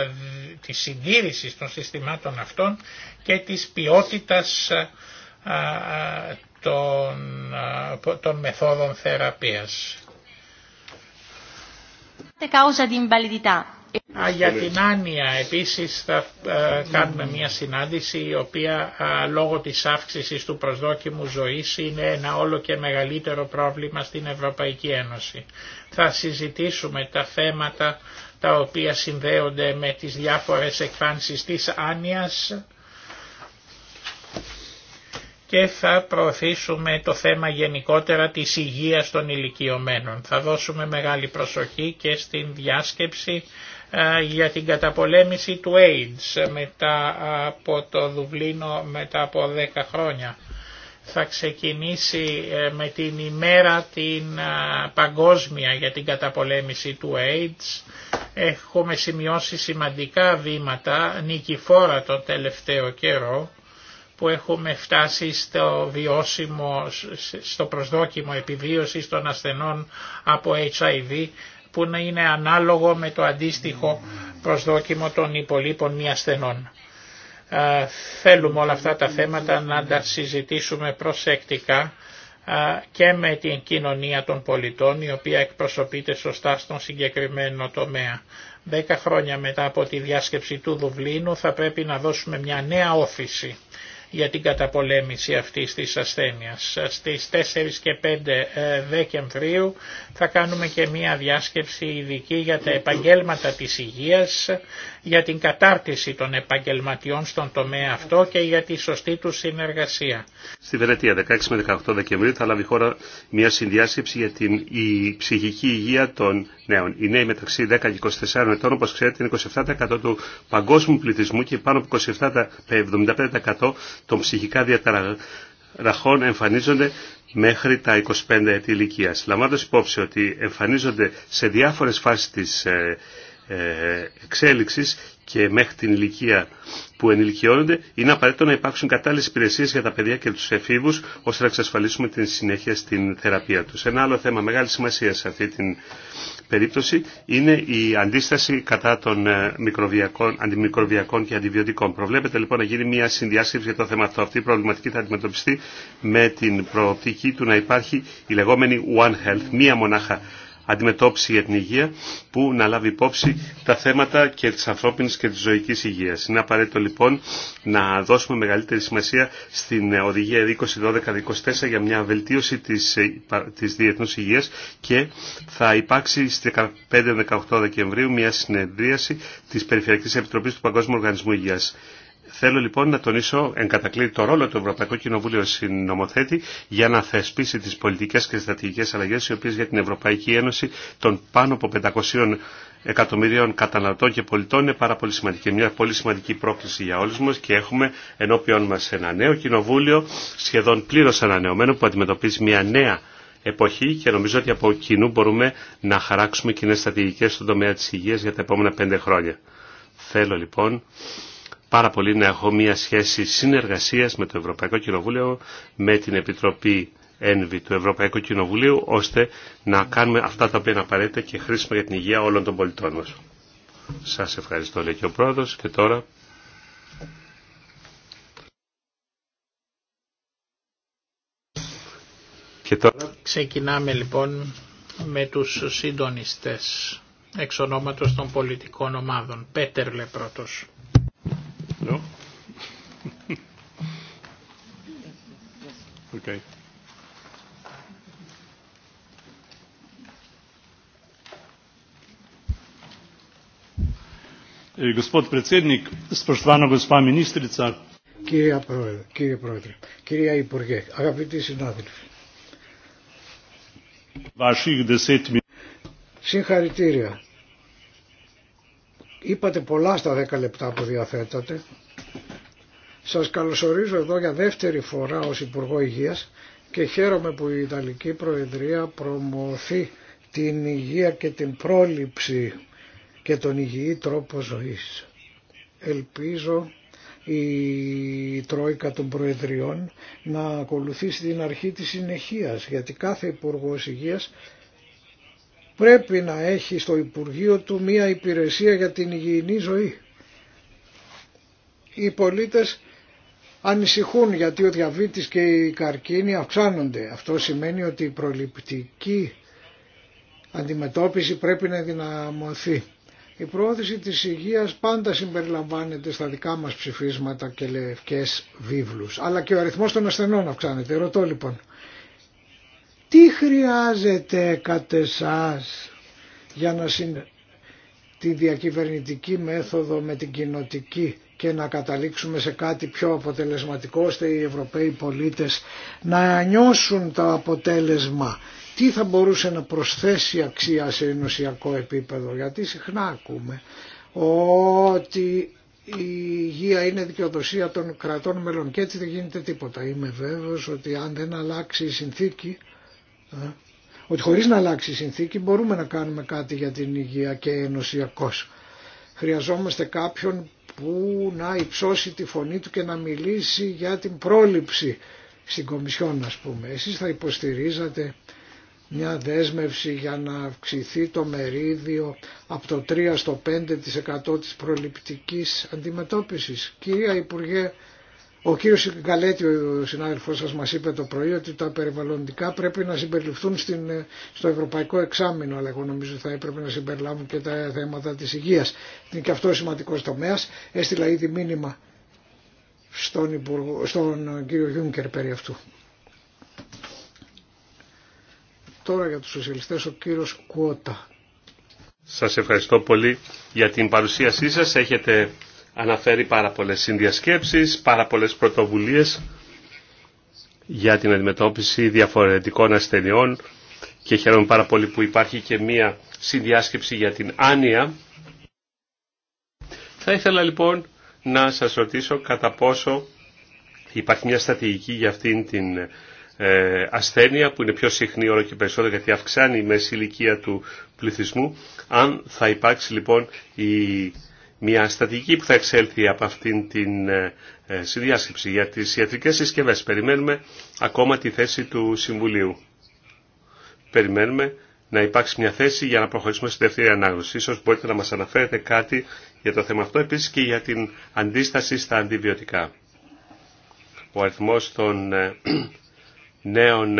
της συντήρησης των συστημάτων αυτών και της ποιότητας των, των μεθόδων θεραπείας για την άνοια επίσης θα ε, κάνουμε μια συνάντηση η οποία λόγω της αύξησης του προσδόκιμου ζωής είναι ένα όλο και μεγαλύτερο πρόβλημα στην Ευρωπαϊκή Ένωση. Θα συζητήσουμε τα θέματα τα οποία συνδέονται με τις διάφορες εκφάνσεις της άνοιας και θα προωθήσουμε το θέμα γενικότερα της υγείας των ηλικιωμένων. Θα δώσουμε μεγάλη προσοχή και στην διάσκεψη για την καταπολέμηση του AIDS μετά από το Δουβλίνο μετά από 10 χρόνια. Θα ξεκινήσει ε, με την ημέρα την παγκόσμια για την καταπολέμηση του AIDS. Έχουμε σημειώσει σημαντικά βήματα νικηφόρα το τελευταίο καιρό που έχουμε φτάσει στο βιώσιμο, στο προσδόκιμο επιβίωσης των ασθενών από HIV που να είναι ανάλογο με το αντίστοιχο προσδόκιμο των υπολείπων μη ασθενών. Ε, θέλουμε όλα αυτά τα θέματα να τα συζητήσουμε προσεκτικά ε, και με την κοινωνία των πολιτών η οποία εκπροσωπείται σωστά στον συγκεκριμένο τομέα. Δέκα χρόνια μετά από τη διάσκεψη του Δουβλίνου θα πρέπει να δώσουμε μια νέα όφηση για την καταπολέμηση αυτής της ασθένειας. Στις 4 και 5 ε, Δεκεμβρίου θα κάνουμε και μία διάσκεψη ειδική για τα επαγγέλματα της υγείας, για την κατάρτιση των επαγγελματιών στον τομέα αυτό και για τη σωστή του συνεργασία. Στη Βελετία 16 με 18 Δεκεμβρίου θα λάβει χώρα μία συνδιάσκεψη για την η ψυχική υγεία των νέων. Οι νέοι μεταξύ 10 και 24 ετών, όπως ξέρετε, είναι 27% του παγκόσμιου πληθυσμού και πάνω από 27, 75% των ψυχικά διαταραχών εμφανίζονται μέχρι τα 25 έτη ηλικία. Λαμβάνοντα υπόψη ότι εμφανίζονται σε διάφορε φάσει τη ε, ε, εξέλιξη και μέχρι την ηλικία που ενηλικιώνονται, είναι απαραίτητο να υπάρξουν κατάλληλε υπηρεσίε για τα παιδιά και του εφήβου, ώστε να εξασφαλίσουμε την συνέχεια στην θεραπεία του. Ένα άλλο θέμα μεγάλη σημασία σε αυτή την περίπτωση είναι η αντίσταση κατά των ε, μικροβιακών, αντιμικροβιακών και αντιβιωτικών. Προβλέπεται λοιπόν να γίνει μια συνδιάσκεψη για το θέμα αυτό. Αυτή η προβληματική θα αντιμετωπιστεί με την προοπτική του να υπάρχει η λεγόμενη One Health, μία μονάχα αντιμετώπιση για την υγεία που να λάβει υπόψη τα θέματα και της ανθρώπινης και της ζωικής υγείας. Είναι απαραίτητο λοιπόν να δώσουμε μεγαλύτερη σημασία στην οδηγία 2012-2024 για μια βελτίωση της, της διεθνούς υγείας και θα υπάρξει στις 15-18 Δεκεμβρίου μια συνεδρίαση της Περιφερειακής Επιτροπής του Παγκόσμιου Οργανισμού Υγείας. Θέλω λοιπόν να τονίσω εν κατακλείδη το ρόλο του Ευρωπαϊκού Κοινοβούλιο συνομοθέτη για να θεσπίσει τις πολιτικές και στρατηγικές αλλαγές οι οποίες για την Ευρωπαϊκή Ένωση των πάνω από 500 εκατομμυρίων καταναλωτών και πολιτών είναι πάρα πολύ σημαντική. Μια πολύ σημαντική πρόκληση για όλους μας και έχουμε ενώπιον μας ένα νέο κοινοβούλιο σχεδόν πλήρως ανανεωμένο που αντιμετωπίζει μια νέα εποχή και νομίζω ότι από κοινού μπορούμε να χαράξουμε κοινέ στρατηγικές στον τομέα της υγείας για τα επόμενα πέντε χρόνια. Θέλω λοιπόν πάρα πολύ να έχω μια σχέση συνεργασίας με το Ευρωπαϊκό Κοινοβούλιο, με την Επιτροπή Ένβη του Ευρωπαϊκού Κοινοβουλίου, ώστε να κάνουμε αυτά τα οποία είναι απαραίτητα και χρήσιμα για την υγεία όλων των πολιτών μας. Σας ευχαριστώ, λέει και ο Πρόεδρος. Και τώρα... τώρα... Ξεκινάμε λοιπόν με τους συντονιστές εξ ονόματος των πολιτικών ομάδων. Πέτερλε πρώτος. Κύριε Πρόεδρε, κύριε Υπουργέ, αγαπητοί συνάδελφοι. Συγχαρητήρια. Είπατε πολλά στα 10 λεπτά που διαθέτατε. Σας καλωσορίζω εδώ για δεύτερη φορά ως Υπουργό Υγείας και χαίρομαι που η Ιταλική Προεδρία προμοθεί την υγεία και την πρόληψη και τον υγιή τρόπο ζωής. Ελπίζω η Τρόικα των Προεδριών να ακολουθήσει την αρχή της συνεχείας γιατί κάθε Υπουργός Υγείας πρέπει να έχει στο Υπουργείο του μία υπηρεσία για την υγιεινή ζωή. Οι πολίτες ανησυχούν γιατί ο διαβήτης και οι καρκίνοι αυξάνονται. Αυτό σημαίνει ότι η προληπτική αντιμετώπιση πρέπει να δυναμωθεί. Η προώθηση της υγείας πάντα συμπεριλαμβάνεται στα δικά μας ψηφίσματα και λευκές βίβλους. Αλλά και ο αριθμός των ασθενών αυξάνεται. Ρωτώ λοιπόν, τι χρειάζεται κατ' για να συν τη διακυβερνητική μέθοδο με την κοινοτική και να καταλήξουμε σε κάτι πιο αποτελεσματικό ώστε οι Ευρωπαίοι πολίτες να νιώσουν το αποτέλεσμα. Τι θα μπορούσε να προσθέσει αξία σε ενωσιακό επίπεδο γιατί συχνά ακούμε ότι η υγεία είναι δικαιοδοσία των κρατών μελών και έτσι δεν γίνεται τίποτα. Είμαι βέβαιος ότι αν δεν αλλάξει η συνθήκη ε, ότι χωρίς να αλλάξει η συνθήκη μπορούμε να κάνουμε κάτι για την υγεία και ενωσιακός. Χρειαζόμαστε κάποιον που να υψώσει τη φωνή του και να μιλήσει για την πρόληψη στην Κομισιόν ας πούμε. Εσείς θα υποστηρίζατε μια δέσμευση για να αυξηθεί το μερίδιο από το 3 στο 5% της προληπτικής αντιμετώπισης. Κυρία Υπουργέ ο κύριος Γκαλέτη, ο συνάδελφός σας, μας είπε το πρωί ότι τα περιβαλλοντικά πρέπει να συμπεριληφθούν στην, στο ευρωπαϊκό εξάμεινο, αλλά εγώ νομίζω θα έπρεπε να συμπεριλάβουν και τα θέματα της υγείας. Είναι και αυτό σημαντικός τομέας. Έστειλα ήδη μήνυμα στον, κύριο Γιούνκερ περί αυτού. Τώρα για τους σοσιαλιστές ο κύριος Κουότα. Σας ευχαριστώ πολύ για την παρουσίασή σας. Έχετε αναφέρει πάρα πολλές συνδιασκέψεις, πάρα πολλές πρωτοβουλίες για την αντιμετώπιση διαφορετικών ασθενειών και χαίρομαι πάρα πολύ που υπάρχει και μία συνδιάσκεψη για την άνοια. Θα ήθελα λοιπόν να σας ρωτήσω κατά πόσο υπάρχει μια στρατηγική για αυτήν την ε, ασθένεια που είναι πιο συχνή όλο και περισσότερο γιατί αυξάνει η μέση ηλικία του πληθυσμού. Αν θα υπάρξει λοιπόν η μια στατική που θα εξέλθει από αυτήν την ε, ε, συνδιάσκεψη για τις ιατρικές συσκευές. Περιμένουμε ακόμα τη θέση του Συμβουλίου. Περιμένουμε να υπάρξει μια θέση για να προχωρήσουμε στη δεύτερη ανάγνωση. Ίσως μπορείτε να μας αναφέρετε κάτι για το θέμα αυτό, επίσης και για την αντίσταση στα αντιβιωτικά. Ο αριθμός των ε, νέων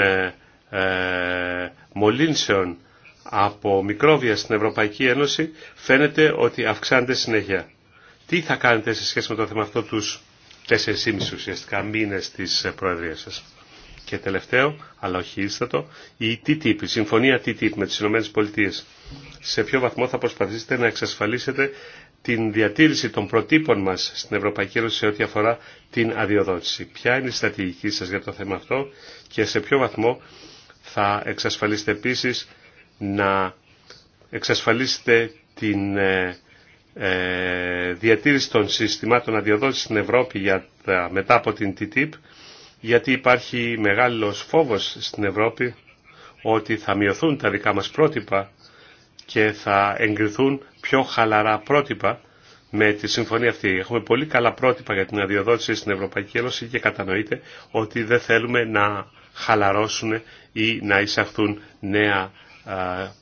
μολύνσεων από μικρόβια στην Ευρωπαϊκή Ένωση φαίνεται ότι αυξάνεται συνέχεια. Τι θα κάνετε σε σχέση με το θέμα αυτό τους 4,5 ουσιαστικά μήνες της Προεδρίας σας. Και τελευταίο, αλλά όχι ίστατο, η TTIP, η συμφωνία TTIP με τις ΗΠΑ Σε ποιο βαθμό θα προσπαθήσετε να εξασφαλίσετε την διατήρηση των προτύπων μας στην Ευρωπαϊκή Ένωση σε ό,τι αφορά την αδειοδότηση. Ποια είναι η στρατηγική σας για το θέμα αυτό και σε ποιο βαθμό θα εξασφαλίσετε επίσης να εξασφαλίσετε την ε, ε, διατήρηση των συστημάτων αδειοδότησης στην Ευρώπη για μετά από την TTIP, γιατί υπάρχει μεγάλος φόβος στην Ευρώπη ότι θα μειωθούν τα δικά μας πρότυπα και θα εγκριθούν πιο χαλαρά πρότυπα με τη συμφωνία αυτή. Έχουμε πολύ καλά πρότυπα για την αδειοδότηση στην Ευρωπαϊκή Ένωση και κατανοείται ότι δεν θέλουμε να χαλαρώσουν ή να εισαχθούν νέα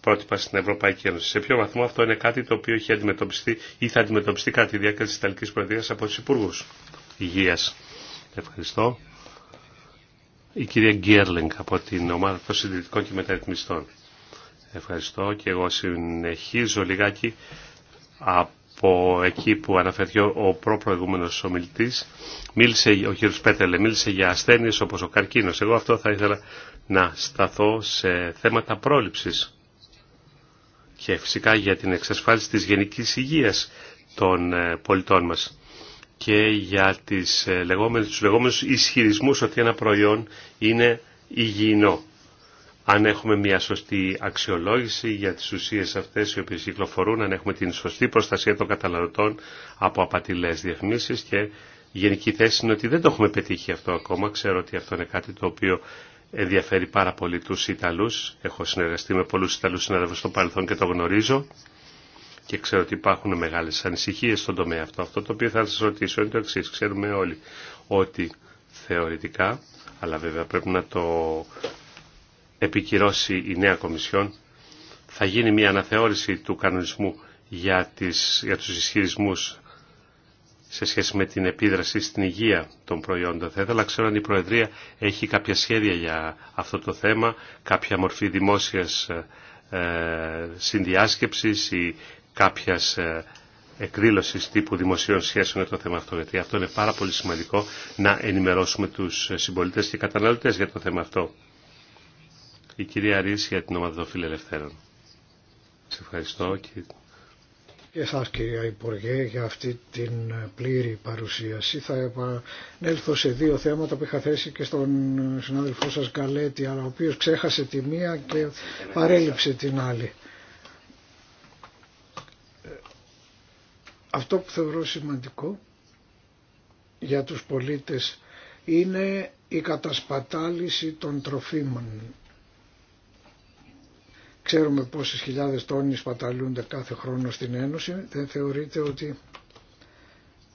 πρότυπα στην Ευρωπαϊκή Ένωση. Σε ποιο βαθμό αυτό είναι κάτι το οποίο έχει αντιμετωπιστεί ή θα αντιμετωπιστεί κατά τη διάρκεια της Ιταλικής Προεδρίας από τους Υπουργούς Υγείας. Ευχαριστώ. Η κυρία Γκέρλινγκ από την ομάδα των συντηρητικών και μεταρρυθμιστών. Ευχαριστώ και εγώ συνεχίζω λιγάκι από εκεί που αναφέρθηκε ο προπροηγούμενος ομιλητής. Μίλησε, ο κύριος Πέτρελε μίλησε για ασθένειες όπως ο καρκίνος. Εγώ αυτό θα αντιμετωπιστει κατα τη διαρκεια της ιταλικης προεδριας απο τους υπουργους υγειας ευχαριστω η κυρια γκερλινγκ απο την ομαδα των συντηρητικων και μεταρρυθμιστων ευχαριστω και εγω συνεχιζω λιγακι απο εκει που αναφερθηκε ο προπροηγουμενος ομιλητης μιλησε ο κυριος Πέτελε μιλησε για ασθενειες οπως ο καρκινος εγω αυτο θα ηθελα να σταθώ σε θέματα πρόληψης και φυσικά για την εξασφάλιση της γενικής υγείας των ε, πολιτών μας και για τις ε, λεγόμενες, τους λεγόμενους ισχυρισμούς ότι ένα προϊόν είναι υγιεινό. Αν έχουμε μια σωστή αξιολόγηση για τις ουσίες αυτές οι οποίες κυκλοφορούν, αν έχουμε την σωστή προστασία των καταναλωτών από απατηλές διαφημίσεις και η γενική θέση είναι ότι δεν το έχουμε πετύχει αυτό ακόμα. Ξέρω ότι αυτό είναι κάτι το οποίο ενδιαφέρει πάρα πολύ τους Ιταλούς. Έχω συνεργαστεί με πολλούς Ιταλούς συναδελφούς στο παρελθόν και το γνωρίζω και ξέρω ότι υπάρχουν μεγάλες ανησυχίες στον τομέα αυτό. Αυτό το οποίο θα σας ρωτήσω είναι το εξή. Ξέρουμε όλοι ότι θεωρητικά, αλλά βέβαια πρέπει να το επικυρώσει η νέα Κομισιόν, θα γίνει μια αναθεώρηση του κανονισμού για, τις, για τους ισχυρισμούς σε σχέση με την επίδραση στην υγεία των προϊόντων. Θα ήθελα να ξέρω αν η Προεδρία έχει κάποια σχέδια για αυτό το θέμα, κάποια μορφή δημόσιας ε, ε συνδιάσκεψης ή κάποιας ε, τύπου δημοσίων σχέσεων για το θέμα αυτό, γιατί αυτό είναι πάρα πολύ σημαντικό να ενημερώσουμε τους συμπολίτες και καταναλωτές για το θέμα αυτό. Η κυρία Ρίση για την ομάδα των φιλελευθέρων. Σε ευχαριστώ και εσάς κυρία Υπουργέ για αυτή την πλήρη παρουσίαση. Θα επανέλθω σε δύο θέματα που είχα θέσει και στον συνάδελφό σας Καλέτη, αλλά ο οποίος ξέχασε τη μία και παρέλειψε την άλλη. Αυτό που θεωρώ σημαντικό για τους πολίτες είναι η κατασπατάληση των τροφίμων Ξέρουμε πόσες χιλιάδες τόνοι σπαταλούνται κάθε χρόνο στην Ένωση. Δεν θεωρείτε ότι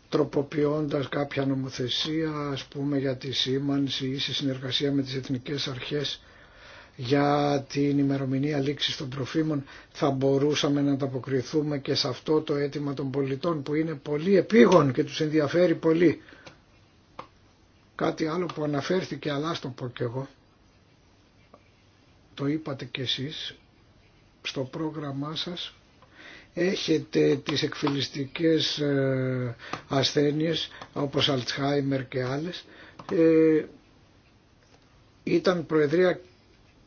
τροποποιώντας κάποια νομοθεσία, ας πούμε για τη σήμανση ή σε συνεργασία με τις εθνικές αρχές για την ημερομηνία λήξης των τροφίμων, θα μπορούσαμε να ανταποκριθούμε και σε αυτό το αίτημα των πολιτών που είναι πολύ επίγον και τους ενδιαφέρει πολύ. Κάτι άλλο που αναφέρθηκε αλλά στο πω και εγώ, το είπατε κι εσείς, στο πρόγραμμά σας έχετε τις εκφυλιστικές ε, ασθένειες όπως Αλτσχάιμερ και άλλες ε, ήταν, προεδρία,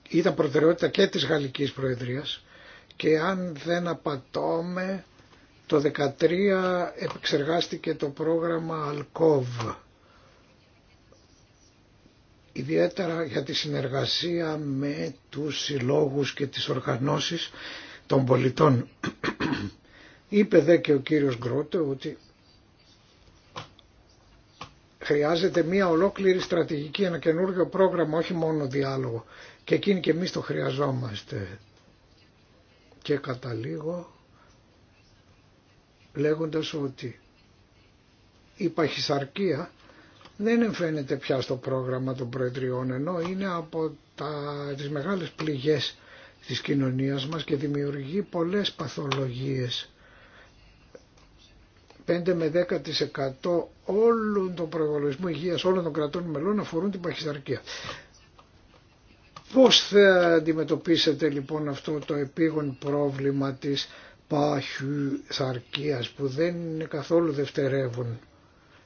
ήταν προτεραιότητα και της Γαλλικής Προεδρίας και αν δεν απατώμε το 2013 επεξεργάστηκε το πρόγραμμα Αλκόβ ιδιαίτερα για τη συνεργασία με τους συλλόγους και τις οργανώσεις των πολιτών. Είπε δε και ο κύριος Γκρότε ότι χρειάζεται μια ολόκληρη στρατηγική, ένα καινούργιο πρόγραμμα, όχι μόνο διάλογο. Και εκείνοι και εμείς το χρειαζόμαστε. Και καταλήγω λέγοντας ότι η παχυσαρκία δεν εμφαίνεται πια στο πρόγραμμα των προεδριών ενώ είναι από τα, τις μεγάλες πληγές της κοινωνίας μας και δημιουργεί πολλές παθολογίες. 5 με 10% όλων των προϋπολογισμών υγεία όλων των κρατών μελών αφορούν την παχυσαρκία. Πώς θα αντιμετωπίσετε λοιπόν αυτό το επίγον πρόβλημα της παχυσαρκίας που δεν είναι καθόλου δευτερεύουν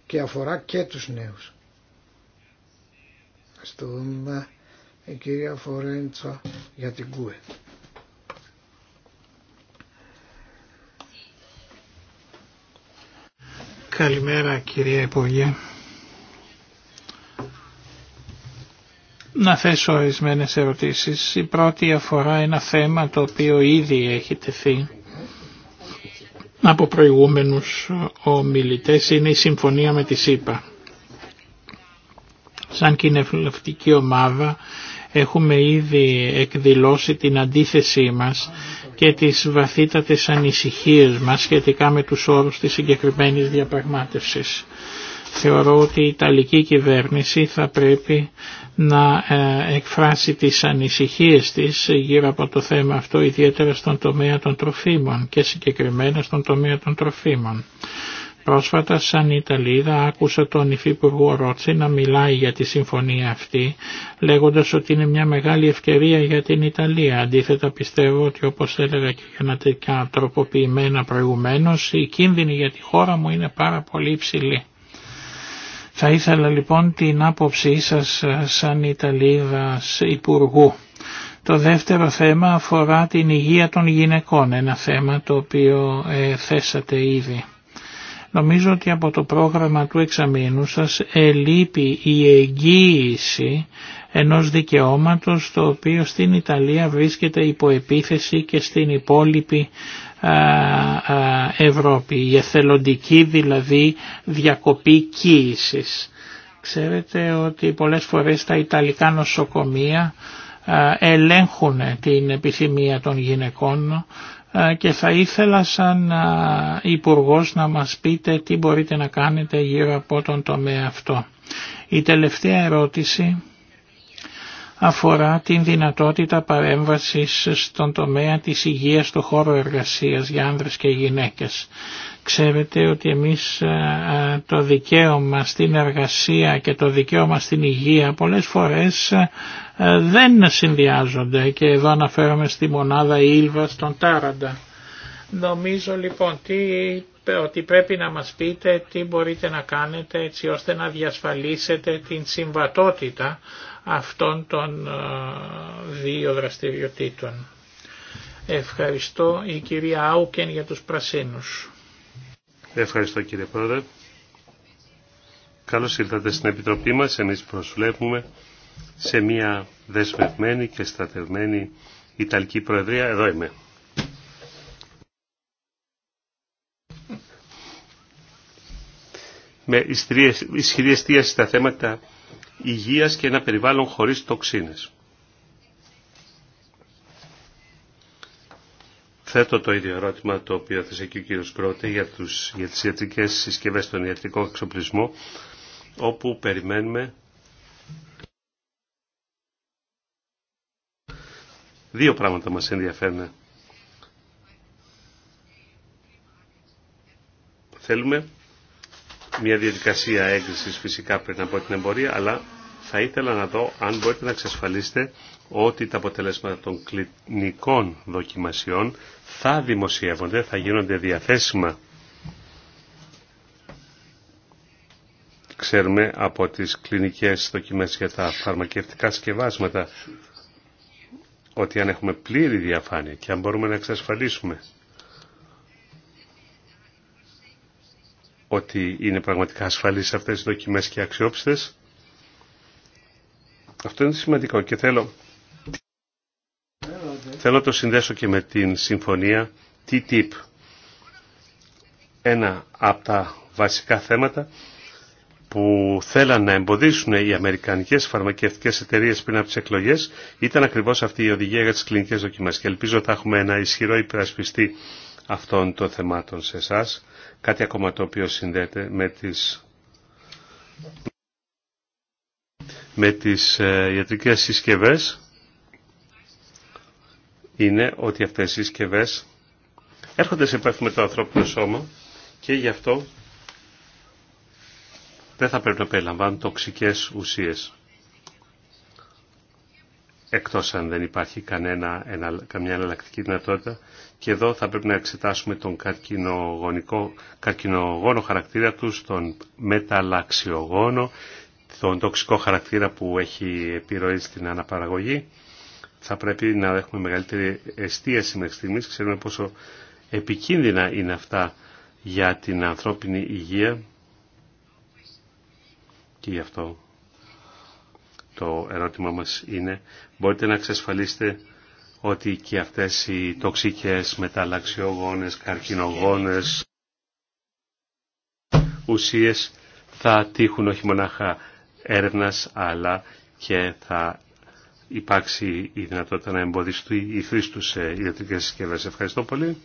και αφορά και τους νέους. Ας το δούμε η κυρία Φορέντσα για την ΚΟΕ. Καλημέρα κυρία Υπουργέ. Να θέσω ορισμένε ερωτήσεις. Η πρώτη αφορά ένα θέμα το οποίο ήδη έχει τεθεί από προηγούμενους ομιλητές είναι η συμφωνία με τη ΣΥΠΑ. Σαν κοινευτική ομάδα έχουμε ήδη εκδηλώσει την αντίθεσή μας και τις βαθύτατες ανησυχίες μας σχετικά με τους όρους της συγκεκριμένη διαπραγμάτευσης. Θεωρώ ότι η Ιταλική κυβέρνηση θα πρέπει να ε, εκφράσει τις ανησυχίες της γύρω από το θέμα αυτό ιδιαίτερα στον τομέα των τροφίμων και συγκεκριμένα στον τομέα των τροφίμων. Πρόσφατα σαν Ιταλίδα άκουσα τον Υφυπουργό Ρότσι να μιλάει για τη συμφωνία αυτή λέγοντας ότι είναι μια μεγάλη ευκαιρία για την Ιταλία. Αντίθετα πιστεύω ότι όπως έλεγα και γενετικά τροποποιημένα προηγουμένως η κίνδυνη για τη χώρα μου είναι πάρα πολύ υψηλή. Θα ήθελα λοιπόν την άποψή σας ε, σαν Ιταλίδα Υπουργού. Το δεύτερο θέμα αφορά την υγεία των γυναικών, ένα θέμα το οποίο ε, θέσατε ήδη. Νομίζω ότι από το πρόγραμμα του εξαμήνου σας ελείπει η εγγύηση ενός δικαιώματος το οποίο στην Ιταλία βρίσκεται υπό επίθεση και στην υπόλοιπη Ευρώπη, η εθελοντική δηλαδή διακοπή κοίησης. Ξέρετε ότι πολλές φορές τα Ιταλικά νοσοκομεία ελέγχουν την επιθυμία των γυναικών και θα ήθελα σαν υπουργό να μας πείτε τι μπορείτε να κάνετε γύρω από τον τομέα αυτό. Η τελευταία ερώτηση αφορά την δυνατότητα παρέμβασης στον τομέα της υγείας στο χώρο εργασίας για άνδρες και γυναίκες. Ξέρετε ότι εμείς ε, ε, το δικαίωμα στην εργασία και το δικαίωμα στην υγεία πολλές φορές ε, δεν συνδυάζονται και εδώ αναφέρομαι στη μονάδα Ήλβα στον Τάραντα. Νομίζω λοιπόν τι, ότι πρέπει να μας πείτε τι μπορείτε να κάνετε έτσι ώστε να διασφαλίσετε την συμβατότητα αυτών των ε, δύο δραστηριοτήτων. Ευχαριστώ η κυρία Άουκεν για τους πρασίνους. Ευχαριστώ κύριε Πρόεδρε. Καλώς ήρθατε στην Επιτροπή μας. Εμείς προσβλέπουμε σε μια δεσμευμένη και στρατευμένη Ιταλική Προεδρία. Εδώ είμαι. Με ισχυρή στα θέματα υγείας και ένα περιβάλλον χωρίς τοξίνες. Θέτω το ίδιο ερώτημα το οποίο θέσε και ο κύριος Κρότη για, τους, για τις ιατρικές συσκευές, των ιατρικό εξοπλισμό, όπου περιμένουμε δύο πράγματα μας ενδιαφέρουν. Θέλουμε μια διαδικασία έγκρισης φυσικά πριν από την εμπορία, αλλά θα ήθελα να δω αν μπορείτε να εξασφαλίσετε ότι τα αποτελέσματα των κλινικών δοκιμασιών θα δημοσιεύονται, θα γίνονται διαθέσιμα. Ξέρουμε από τις κλινικές δοκιμές για τα φαρμακευτικά σκευάσματα ότι αν έχουμε πλήρη διαφάνεια και αν μπορούμε να εξασφαλίσουμε ότι είναι πραγματικά ασφαλείς αυτές οι δοκιμές και αξιόπιστες, αυτό είναι σημαντικό και θέλω, θέλω το συνδέσω και με την συμφωνία TTIP. Ένα από τα βασικά θέματα που θέλαν να εμποδίσουν οι αμερικανικές φαρμακευτικές εταιρείες πριν από τις εκλογές ήταν ακριβώς αυτή η οδηγία για τις κλινικές δοκιμάσεις. και ελπίζω ότι θα έχουμε ένα ισχυρό υπερασπιστή αυτών των θεμάτων σε εσά. Κάτι ακόμα το οποίο συνδέεται με τις με τις ε, ιατρικές συσκευές είναι ότι αυτές οι συσκευές έρχονται σε επαφή με το ανθρώπινο σώμα και γι' αυτό δεν θα πρέπει να περιλαμβάνουν τοξικές ουσίες. Εκτός αν δεν υπάρχει κανένα, καμιά εναλλακτική δυνατότητα και εδώ θα πρέπει να εξετάσουμε τον καρκινογόνο χαρακτήρα τους, τον μεταλλαξιογόνο, τον τοξικό χαρακτήρα που έχει επιρροή στην αναπαραγωγή. Θα πρέπει να έχουμε μεγαλύτερη εστίαση μέχρι στιγμή. Ξέρουμε πόσο επικίνδυνα είναι αυτά για την ανθρώπινη υγεία και γι' αυτό το ερώτημα μας είναι μπορείτε να εξασφαλίσετε ότι και αυτές οι τοξικές μεταλλαξιογόνες, καρκινογόνες ουσίες θα τύχουν όχι μονάχα έρευνας αλλά και θα υπάρξει η δυνατότητα να εμποδιστεί η χρήση του σε ηλεκτρικές συσκευές. Ευχαριστώ πολύ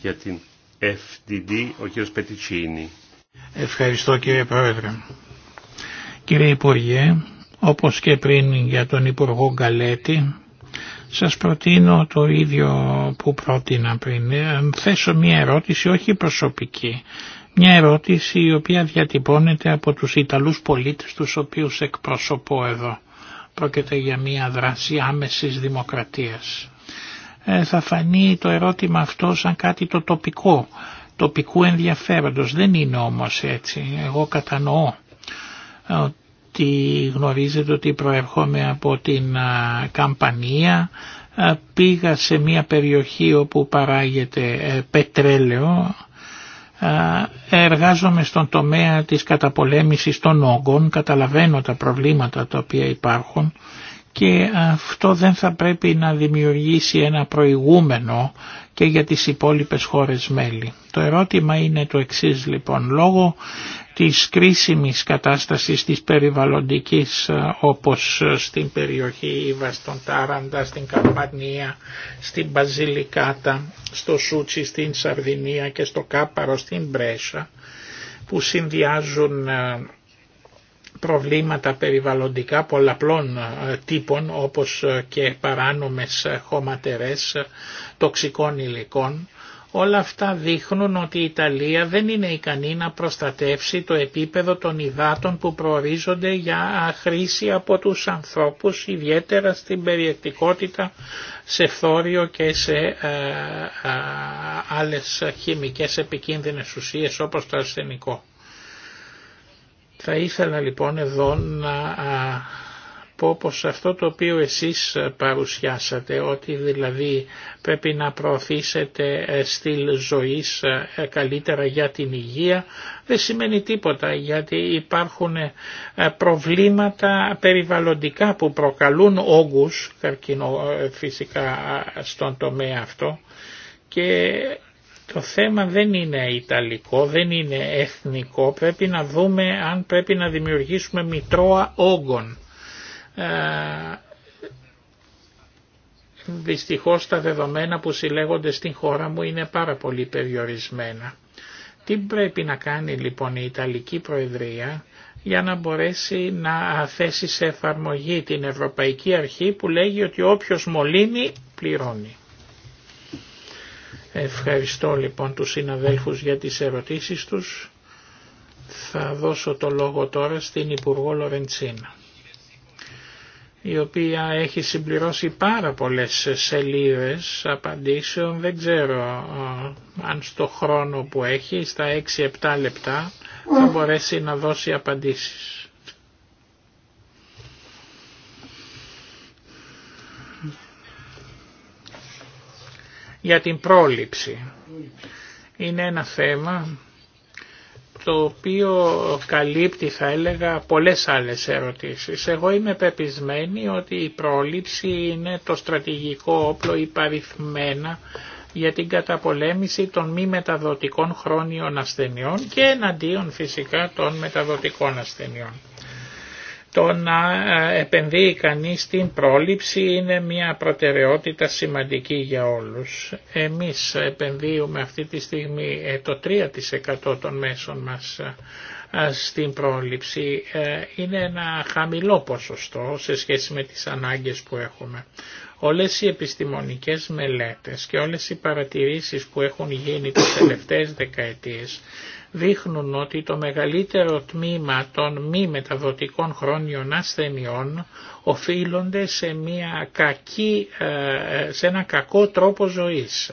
για την FDD ο κ. Πετιτσίνη. Ευχαριστώ κύριε Πρόεδρε. Κύριε Υπουργέ, όπως και πριν για τον Υπουργό Γκαλέτη, σας προτείνω το ίδιο που πρότεινα πριν. Ε, θέσω μία ερώτηση όχι προσωπική. Μια ερώτηση η οποία διατυπώνεται από τους Ιταλούς πολίτες τους οποίους εκπροσωπώ εδώ. Πρόκειται για μια δράση άμεσης δημοκρατίας. Ε, θα φανεί το ερώτημα αυτό σαν κάτι το τοπικό, τοπικού ενδιαφέροντος. Δεν είναι όμως έτσι. Εγώ κατανοώ ότι γνωρίζετε ότι προερχόμαι από την Καμπανία, πήγα σε μια περιοχή όπου παράγεται ε, πετρέλαιο εργάζομαι στον τομέα της καταπολέμησης των όγκων, καταλαβαίνω τα προβλήματα τα οποία υπάρχουν και αυτό δεν θα πρέπει να δημιουργήσει ένα προηγούμενο και για τις υπόλοιπες χώρες μέλη. Το ερώτημα είναι το εξής λοιπόν, λόγω της κρίσιμης κατάστασης της περιβαλλοντικής ε, όπως ε, στην περιοχή Ήβα, στον Τάραντα, στην Καμπανία, στην Μπαζιλικάτα, στο Σούτσι, στην Σαρδινία και στο Κάπαρο, στην Μπρέσα που συνδυάζουν ε, προβλήματα περιβαλλοντικά πολλαπλών τύπων όπως και παράνομες χωματερές τοξικών υλικών Όλα αυτά δείχνουν ότι η Ιταλία δεν είναι ικανή να προστατεύσει το επίπεδο των υδάτων που προορίζονται για χρήση από τους ανθρώπους, ιδιαίτερα στην περιεκτικότητα σε φθόριο και σε ε, ε άλλες χημικές επικίνδυνες ουσίες όπως το ασθενικό. Θα ήθελα λοιπόν εδώ να πω πως αυτό το οποίο εσείς ε, παρουσιάσατε, ότι δηλαδή πρέπει να προωθήσετε ε, στυλ ζωής ε, καλύτερα για την υγεία, δεν σημαίνει τίποτα γιατί υπάρχουν προβλήματα περιβαλλοντικά που προκαλούν όγκους, φυσικά στον τομέα αυτό, και το θέμα δεν είναι ιταλικό, δεν είναι εθνικό, πρέπει να δούμε αν πρέπει να δημιουργήσουμε μητρώα όγκων. Ε, δυστυχώς τα δεδομένα που συλλέγονται στην χώρα μου είναι πάρα πολύ περιορισμένα. Τι πρέπει να κάνει λοιπόν η Ιταλική Προεδρία για να μπορέσει να θέσει σε εφαρμογή την Ευρωπαϊκή Αρχή που λέγει ότι όποιος μολύνει πληρώνει. Ευχαριστώ λοιπόν τους συναδέλφους για τις ερωτήσεις τους. Θα δώσω το λόγο τώρα στην Υπουργό Λορεντσίνα η οποία έχει συμπληρώσει πάρα πολλές σελίδες απαντήσεων, δεν ξέρω αν στο χρόνο που έχει, στα 6-7 λεπτά, θα μπορέσει να δώσει απαντήσεις. Για την πρόληψη. Είναι ένα θέμα το οποίο καλύπτει θα έλεγα πολλές άλλες ερωτήσεις. Εγώ είμαι πεπισμένη ότι η πρόληψη είναι το στρατηγικό όπλο υπαριθμένα για την καταπολέμηση των μη μεταδοτικών χρόνιων ασθενειών και εναντίον φυσικά των μεταδοτικών ασθενειών το να ε, επενδύει κανείς στην πρόληψη είναι μια προτεραιότητα σημαντική για όλους. Εμείς επενδύουμε αυτή τη στιγμή ε, το 3% των μέσων μας ε, στην πρόληψη. Είναι ένα χαμηλό ποσοστό σε σχέση με τις ανάγκες που έχουμε. Όλες οι επιστημονικές μελέτες και όλες οι παρατηρήσεις που έχουν γίνει τις τελευταίες δεκαετίες δείχνουν ότι το μεγαλύτερο τμήμα των μη μεταδοτικών χρόνιων ασθενειών οφείλονται σε, μια κακή, ε, σε ένα κακό τρόπο ζωής.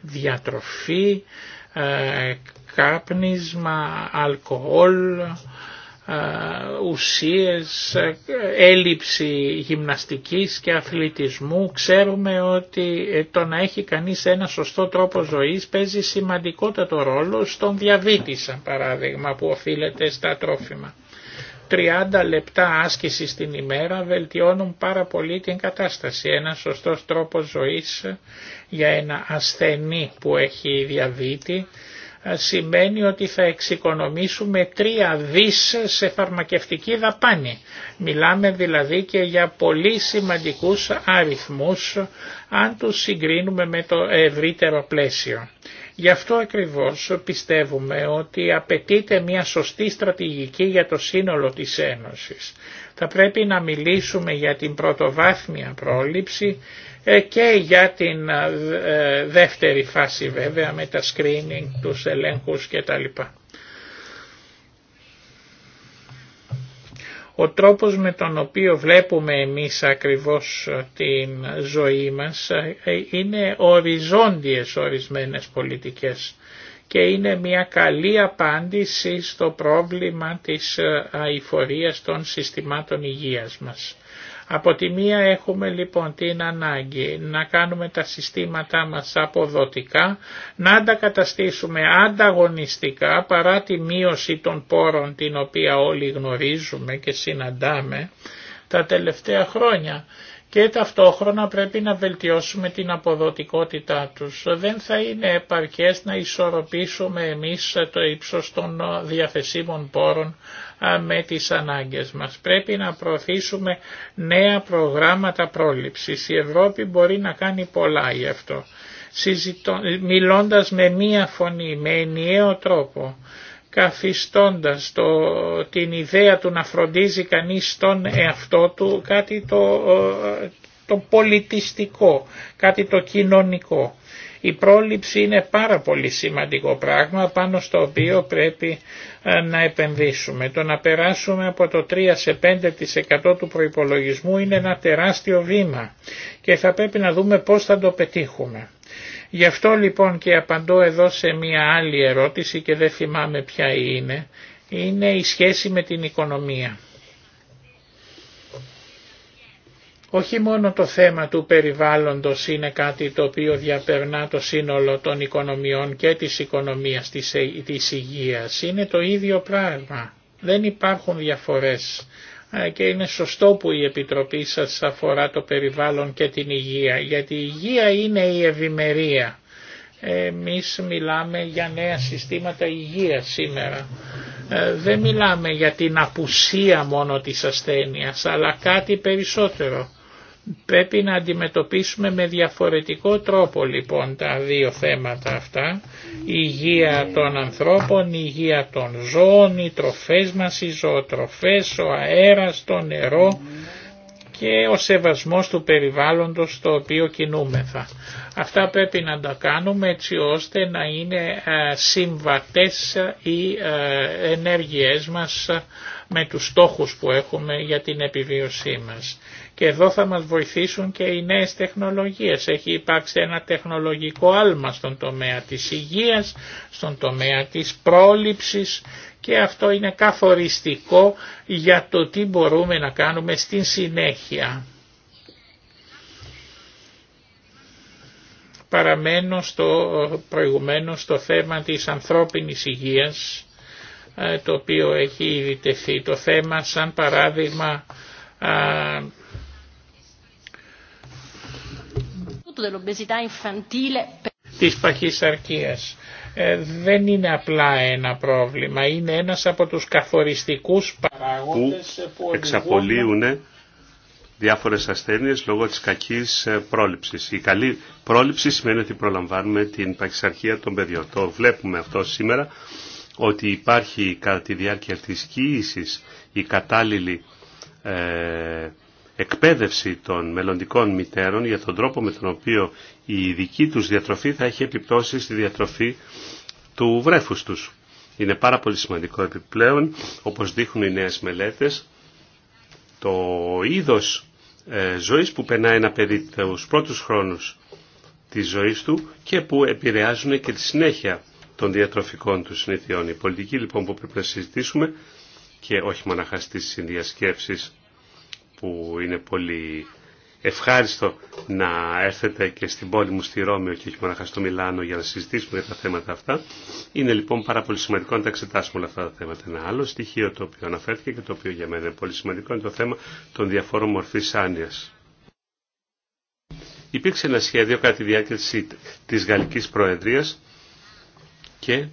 Διατροφή, ε, κάπνισμα, αλκοόλ, ε, ουσίες, ε, έλλειψη γυμναστικής και αθλητισμού. Ξέρουμε ότι ε, το να έχει κανείς ένα σωστό τρόπο ζωής παίζει σημαντικότατο ρόλο στον διαβήτη σαν παράδειγμα που οφείλεται στα τρόφιμα. 30 λεπτά άσκηση την ημέρα βελτιώνουν πάρα πολύ την κατάσταση. Ένα σωστός τρόπος ζωής για ένα ασθενή που έχει διαβήτη ε, σημαίνει ότι θα εξοικονομήσουμε τρία δις σε φαρμακευτική δαπάνη. Μιλάμε δηλαδή και για πολύ σημαντικούς αριθμούς αν τους συγκρίνουμε με το ευρύτερο πλαίσιο. Γι' αυτό ακριβώς πιστεύουμε ότι απαιτείται μια σωστή στρατηγική για το σύνολο της Ένωσης. Θα πρέπει να μιλήσουμε για την πρωτοβάθμια πρόληψη ε, και για την ε, ε, δεύτερη φάση βέβαια με τα screening, τους ελέγχους κτλ. Ο τρόπος με τον οποίο βλέπουμε εμείς ακριβώς την ζωή μας είναι οριζόντιες ορισμένες πολιτικές και είναι μια καλή απάντηση στο πρόβλημα της αηφορίας των συστημάτων υγείας μας. Από τη μία έχουμε λοιπόν την ανάγκη να κάνουμε τα συστήματά μας αποδοτικά, να αντακαταστήσουμε ανταγωνιστικά παρά τη μείωση των πόρων την οποία όλοι γνωρίζουμε και συναντάμε τα τελευταία χρόνια και ταυτόχρονα πρέπει να βελτιώσουμε την αποδοτικότητά τους. Δεν θα είναι επαρκές να ισορροπήσουμε εμείς το ύψος των διαθεσίμων πόρων με τις ανάγκες μας. Πρέπει να προωθήσουμε νέα προγράμματα πρόληψης. Η Ευρώπη μπορεί να κάνει πολλά γι' αυτό. Συζητώ, μιλώντας με μία φωνή, με ενιαίο τρόπο, καθιστώντας το, την ιδέα του να φροντίζει κανείς τον εαυτό του κάτι το, ε, το πολιτιστικό, κάτι το κοινωνικό. Η πρόληψη είναι πάρα πολύ σημαντικό πράγμα πάνω στο οποίο πρέπει ε, να επενδύσουμε. Το να περάσουμε από το 3 σε 5% του προϋπολογισμού είναι ένα τεράστιο βήμα και θα πρέπει να δούμε πώς θα το πετύχουμε. Γι' αυτό λοιπόν και απαντώ εδώ σε μια άλλη ερώτηση και δεν θυμάμαι ποια είναι, είναι η σχέση με την οικονομία. Όχι μόνο το θέμα του περιβάλλοντος είναι κάτι το οποίο διαπερνά το σύνολο των οικονομιών και της οικονομίας της υγείας. Είναι το ίδιο πράγμα. Δεν υπάρχουν διαφορές και είναι σωστό που η Επιτροπή σας αφορά το περιβάλλον και την υγεία, γιατί η υγεία είναι η ευημερία. Εμείς μιλάμε για νέα συστήματα υγείας σήμερα. Ε, δεν μιλάμε για την απουσία μόνο της ασθένειας, αλλά κάτι περισσότερο. Πρέπει να αντιμετωπίσουμε με διαφορετικό τρόπο λοιπόν τα δύο θέματα αυτά, η υγεία των ανθρώπων, η υγεία των ζώων, οι τροφές μας, οι ζωοτροφές, ο αέρας, το νερό και ο σεβασμός του περιβάλλοντος στο οποίο κινούμεθα. Αυτά πρέπει να τα κάνουμε έτσι ώστε να είναι ε, συμβατές οι ε, ενέργειές μας με τους στόχους που έχουμε για την επιβίωσή μας. Και εδώ θα μας βοηθήσουν και οι νέες τεχνολογίες. Έχει υπάρξει ένα τεχνολογικό άλμα στον τομέα της υγείας, στον τομέα της πρόληψης και αυτό είναι καθοριστικό για το τι μπορούμε να κάνουμε στην συνέχεια. Παραμένω στο προηγουμένο στο θέμα της ανθρώπινης υγείας, ε, το οποίο έχει ήδη Το θέμα σαν παράδειγμα soprattutto dell'obesità infantile. Της παχυσαρκίας. Ε, δεν είναι απλά ένα πρόβλημα, είναι ένας από τους καθοριστικούς παράγοντες που, που εξαπολύουν διάφορες ασθένειες λόγω της κακής ε, πρόληψης. Η καλή πρόληψη σημαίνει ότι προλαμβάνουμε την παχυσαρκία των παιδιών. Το βλέπουμε αυτό σήμερα ότι υπάρχει κατά τη διάρκεια της κοίησης η κατάλληλη ε, εκπαίδευση των μελλοντικών μητέρων για τον τρόπο με τον οποίο η δική τους διατροφή θα έχει επιπτώσει στη διατροφή του βρέφους τους. Είναι πάρα πολύ σημαντικό επιπλέον, όπως δείχνουν οι νέες μελέτες, το είδος ε, ζωής που περνάει ένα παιδί τους πρώτους χρόνους της ζωής του και που επηρεάζουν και τη συνέχεια των διατροφικών του συνήθειών. Η πολιτική λοιπόν που πρέπει να συζητήσουμε και όχι μοναχά στις που είναι πολύ ευχάριστο να έρθετε και στην πόλη μου στη Ρώμη και όχι μόνο στο Μιλάνο για να συζητήσουμε για τα θέματα αυτά. Είναι λοιπόν πάρα πολύ σημαντικό να τα εξετάσουμε όλα αυτά τα θέματα. Ένα άλλο στοιχείο το οποίο αναφέρθηκε και το οποίο για μένα είναι πολύ σημαντικό είναι το θέμα των διαφόρων μορφή άνοια. Υπήρξε ένα σχέδιο κατά τη διάρκεια τη γαλλική προεδρία και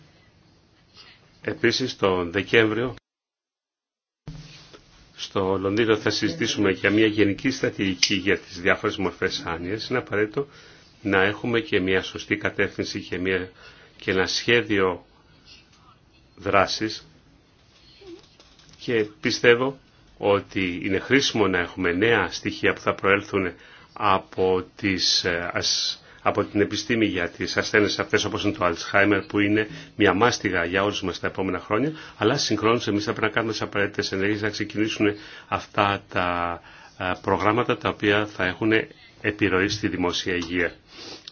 επίσης τον Δεκέμβριο στο Λονδίνο θα συζητήσουμε για μια γενική στρατηγική για τις διάφορες μορφές άνοιες, είναι απαραίτητο να έχουμε και μια σωστή κατεύθυνση και, μια, και ένα σχέδιο δράσης και πιστεύω ότι είναι χρήσιμο να έχουμε νέα στοιχεία που θα προέλθουν από τις ε, από την επιστήμη για τις ασθένειες αυτές όπως είναι το Alzheimer που είναι μια μάστιγα για όλους μας τα επόμενα χρόνια αλλά συγχρόνως εμείς θα πρέπει να κάνουμε τις απαραίτητες ενέργειες να ξεκινήσουν αυτά τα ε, προγράμματα τα οποία θα έχουν επιρροή στη δημόσια υγεία.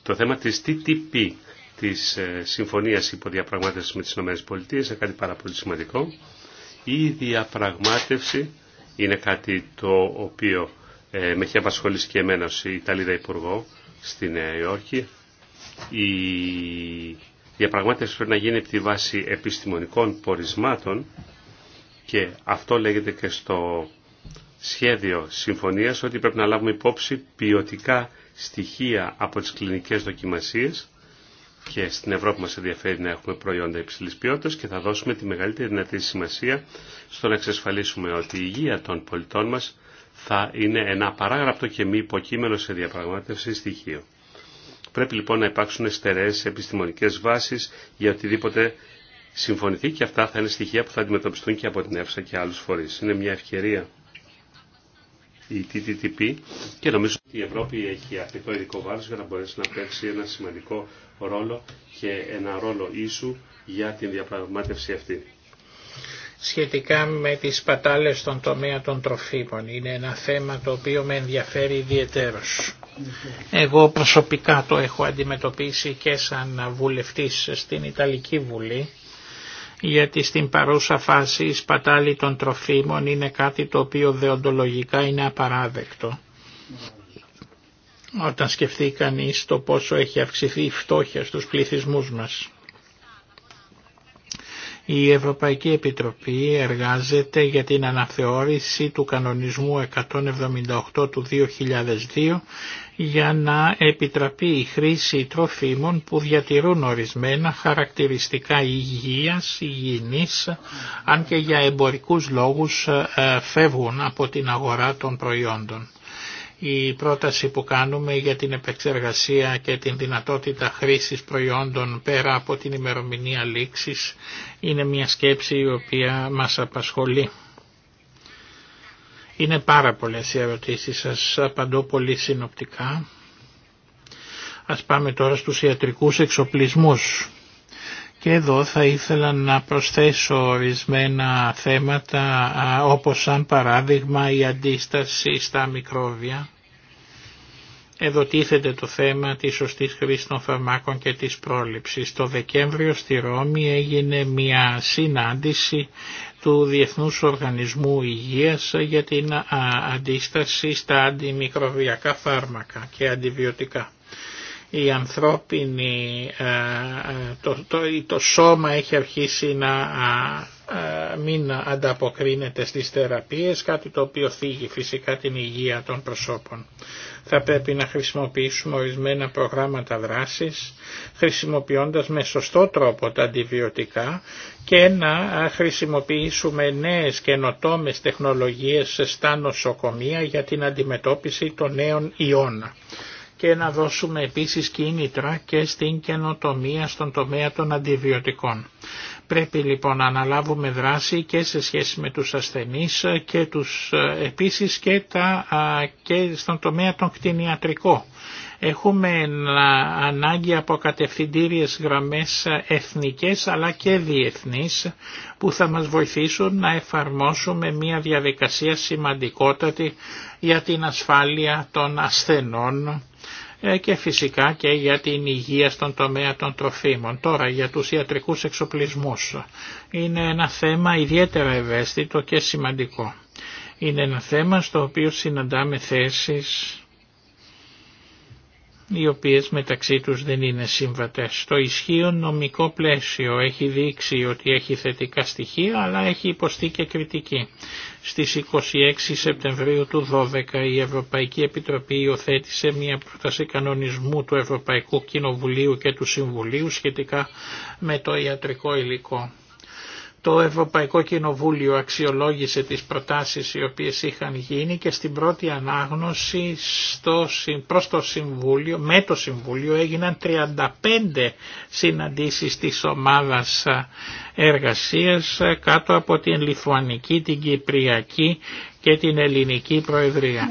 Το θέμα της TTP της ε, συμφωνίας υποδιαπραγμάτευσης με τις ΗΠΑ είναι κάτι πάρα πολύ σημαντικό. Η διαπραγμάτευση είναι κάτι το οποίο ε, με έχει απασχολήσει και εμένα ως Ιταλίδα Υπουργό στη Νέα Υόρκη. Η διαπραγμάτευση πρέπει να γίνει επί τη βάση επιστημονικών πορισμάτων και αυτό λέγεται και στο σχέδιο συμφωνίας ότι πρέπει να λάβουμε υπόψη ποιοτικά στοιχεία από τις κλινικές δοκιμασίες και στην Ευρώπη μας ενδιαφέρει να έχουμε προϊόντα υψηλής ποιότητας και θα δώσουμε τη μεγαλύτερη δυνατή σημασία στο να εξασφαλίσουμε ότι η υγεία των πολιτών μας θα είναι ένα παράγραπτο και μη υποκείμενο σε διαπραγμάτευση στοιχείο. Πρέπει λοιπόν να υπάρξουν στερεές επιστημονικές βάσεις για οτιδήποτε συμφωνηθεί και αυτά θα είναι στοιχεία που θα αντιμετωπιστούν και από την ΕΦΣΑ και άλλους φορείς. Είναι μια ευκαιρία η TTTP και νομίζω ότι η Ευρώπη έχει το ειδικό βάρος για να μπορέσει να παίξει ένα σημαντικό ρόλο και ένα ρόλο ίσου για την διαπραγμάτευση αυτή σχετικά με τις πατάλες στον τομέα των τροφίμων. Είναι ένα θέμα το οποίο με ενδιαφέρει ιδιαιτέρως. Εγώ προσωπικά το έχω αντιμετωπίσει και σαν βουλευτής στην Ιταλική Βουλή γιατί στην παρούσα φάση η σπατάλη των τροφίμων είναι κάτι το οποίο δεοντολογικά είναι απαράδεκτο. Όταν σκεφτεί κανείς το πόσο έχει αυξηθεί η φτώχεια στους πληθυσμούς μας. Η Ευρωπαϊκή Επιτροπή εργάζεται για την αναθεώρηση του κανονισμού 178 του 2002 για να επιτραπεί η χρήση τροφίμων που διατηρούν ορισμένα χαρακτηριστικά υγείας, υγιεινής, αν και για εμπορικούς λόγους ε, ε, φεύγουν από την αγορά των προϊόντων η πρόταση που κάνουμε για την επεξεργασία και την δυνατότητα χρήσης προϊόντων πέρα από την ημερομηνία λήξης είναι μια σκέψη η οποία μας απασχολεί. Είναι πάρα πολλές οι ερωτήσεις σας, απαντώ πολύ συνοπτικά. Ας πάμε τώρα στους ιατρικούς εξοπλισμούς. Και εδώ θα ήθελα να προσθέσω ορισμένα θέματα όπως σαν παράδειγμα η αντίσταση στα μικρόβια Εδωτίθεται το θέμα της σωστής χρήσης των φαρμάκων και της πρόληψης. Το Δεκέμβριο στη Ρώμη έγινε μια συνάντηση του Διεθνούς Οργανισμού Υγείας για την αντίσταση στα αντιμικροβιακά φάρμακα και αντιβιωτικά. Η ανθρώπινη, το, το σώμα έχει αρχίσει να μην ανταποκρίνεται στις θεραπείες, κάτι το οποίο θίγει φυσικά την υγεία των προσώπων. Θα πρέπει να χρησιμοποιήσουμε ορισμένα προγράμματα δράσης, χρησιμοποιώντας με σωστό τρόπο τα αντιβιωτικά και να χρησιμοποιήσουμε νέες καινοτόμες τεχνολογίες στα νοσοκομεία για την αντιμετώπιση των νέων ιών και να δώσουμε επίσης κίνητρα και στην καινοτομία στον τομέα των αντιβιωτικών. Πρέπει λοιπόν να αναλάβουμε δράση και σε σχέση με τους ασθενείς και τους, ε, επίσης και, τα, και στον τομέα των κτηνιατρικό. Έχουμε ανάγκη από κατευθυντήριες γραμμές εθνικές αλλά και διεθνείς που θα μας βοηθήσουν να εφαρμόσουμε μια διαδικασία σημαντικότατη για την ασφάλεια των ασθενών ε, και φυσικά και για την υγεία στον τομέα των τροφίμων. Τώρα για τους ιατρικούς εξοπλισμούς. Είναι ένα θέμα ιδιαίτερα ευαίσθητο και σημαντικό. Είναι ένα θέμα στο οποίο συναντάμε θέσεις οι οποίες μεταξύ τους δεν είναι συμβατές. Το ισχύον νομικό πλαίσιο έχει δείξει ότι έχει θετικά στοιχεία, αλλά έχει υποστεί και κριτική. Στις 26 Σεπτεμβρίου του 2012 η Ευρωπαϊκή Επιτροπή υιοθέτησε μια πρόταση κανονισμού του Ευρωπαϊκού Κοινοβουλίου και του Συμβουλίου σχετικά με το ιατρικό υλικό. Το Ευρωπαϊκό Κοινοβούλιο αξιολόγησε τις προτάσεις οι οποίες είχαν γίνει και στην πρώτη ανάγνωση στο, προς το Συμβούλιο, με το Συμβούλιο έγιναν 35 συναντήσεις της ομάδας εργασίας ε, κάτω από την Λιθουανική, την Κυπριακή και την ελληνική προεδρία.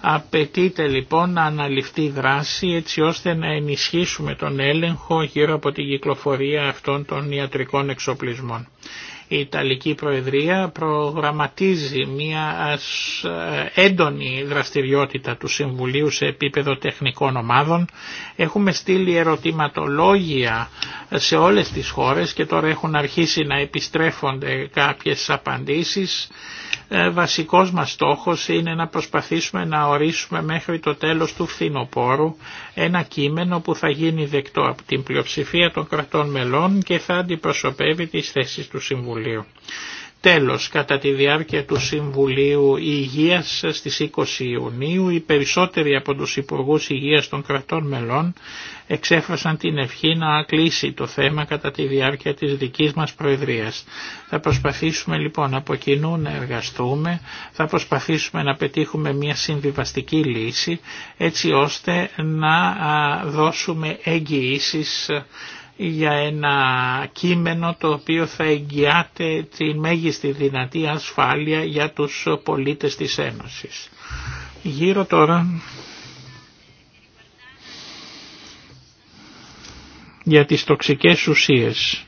Απαιτείται λοιπόν να αναλυφθεί δράση έτσι ώστε να ενισχύσουμε τον έλεγχο γύρω από την κυκλοφορία αυτών των ιατρικών εξοπλισμών. Η Ιταλική Προεδρία προγραμματίζει μια ε, έντονη δραστηριότητα του Συμβουλίου σε επίπεδο τεχνικών ομάδων. Έχουμε στείλει ερωτηματολόγια σε όλες τις χώρες και τώρα έχουν αρχίσει να επιστρέφονται κάποιες απαντήσεις. Ε, βασικός μας στόχος είναι να προσπαθήσουμε να ορίσουμε μέχρι το τέλος του φθινοπόρου ένα κείμενο που θα γίνει δεκτό από την πλειοψηφία των κρατών μελών και θα αντιπροσωπεύει τις θέσεις του Συμβουλίου. Τέλος, κατά τη διάρκεια του Συμβουλίου Υγείας στις 20 Ιουνίου, οι περισσότεροι από τους Υπουργούς Υγείας των κρατών μελών εξέφρασαν την ευχή να κλείσει το θέμα κατά τη διάρκεια της δικής μας Προεδρίας. Θα προσπαθήσουμε λοιπόν από κοινού να εργαστούμε, θα προσπαθήσουμε να πετύχουμε μια συμβιβαστική λύση έτσι ώστε να δώσουμε εγγυήσεις για ένα κείμενο το οποίο θα εγγυάται τη μέγιστη δυνατή ασφάλεια για τους πολίτες της Ένωσης. Γύρω τώρα για τις τοξικές ουσίες.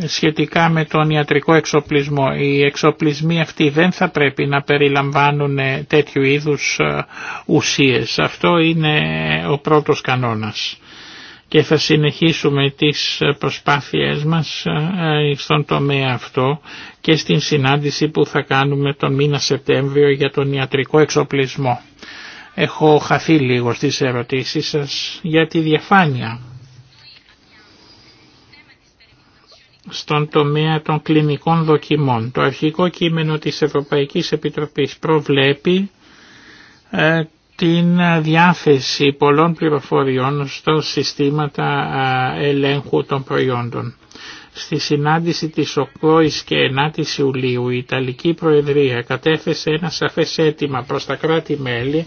σχετικά με τον ιατρικό εξοπλισμό. Οι εξοπλισμοί αυτοί δεν θα πρέπει να περιλαμβάνουν ε, τέτοιου είδους ε, ουσίες. Αυτό είναι ε, ο πρώτος κανόνας. Και θα συνεχίσουμε τις προσπάθειές μας στον τομέα αυτό και στην συνάντηση που θα κάνουμε τον μήνα Σεπτέμβριο για τον ιατρικό εξοπλισμό. Έχω χαθεί λίγο στις ερωτήσεις σας για τη διαφάνεια στον τομέα των κλινικών δοκιμών. Το αρχικό κείμενο της Ευρωπαϊκής Επιτροπής προβλέπει ε, την διάθεση πολλών πληροφοριών στο συστήματα ε, ελέγχου των προϊόντων. Στη συνάντηση της 8 η και 9ης Ιουλίου η Ιταλική Προεδρία κατέθεσε ένα σαφές αίτημα προς τα κράτη-μέλη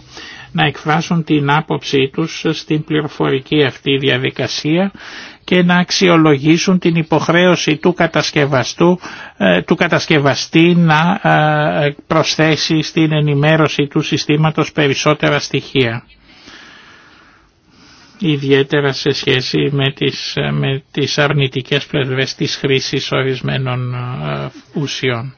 να εκφράσουν την άποψή τους στην πληροφορική αυτή διαδικασία και να αξιολογήσουν την υποχρέωση του, κατασκευαστού, ε, του κατασκευαστή να ε, προσθέσει στην ενημέρωση του συστήματος περισσότερα στοιχεία ιδιαίτερα σε σχέση με τις, ε, με τις αρνητικές πλευρές της χρήσης ορισμένων ουσιών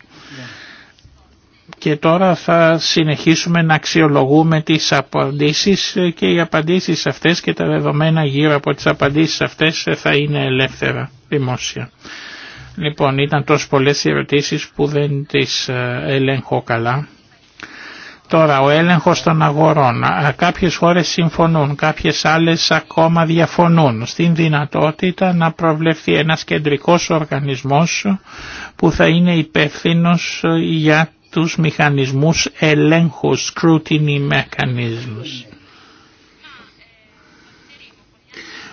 και τώρα θα συνεχίσουμε να αξιολογούμε τις απαντήσεις και οι απαντήσεις αυτές και τα δεδομένα γύρω από τις απαντήσεις αυτές θα είναι ελεύθερα δημόσια. Λοιπόν, ήταν τόσο πολλές ερωτήσεις που δεν τις ε, ελέγχω καλά. Τώρα, ο έλεγχος των αγορών. Κάποιες χώρες συμφωνούν, κάποιες άλλες ακόμα διαφωνούν στην δυνατότητα να προβλεφθεί ένας κεντρικός οργανισμός που θα είναι υπεύθυνος για τους μηχανισμούς ελέγχου, scrutiny mechanisms.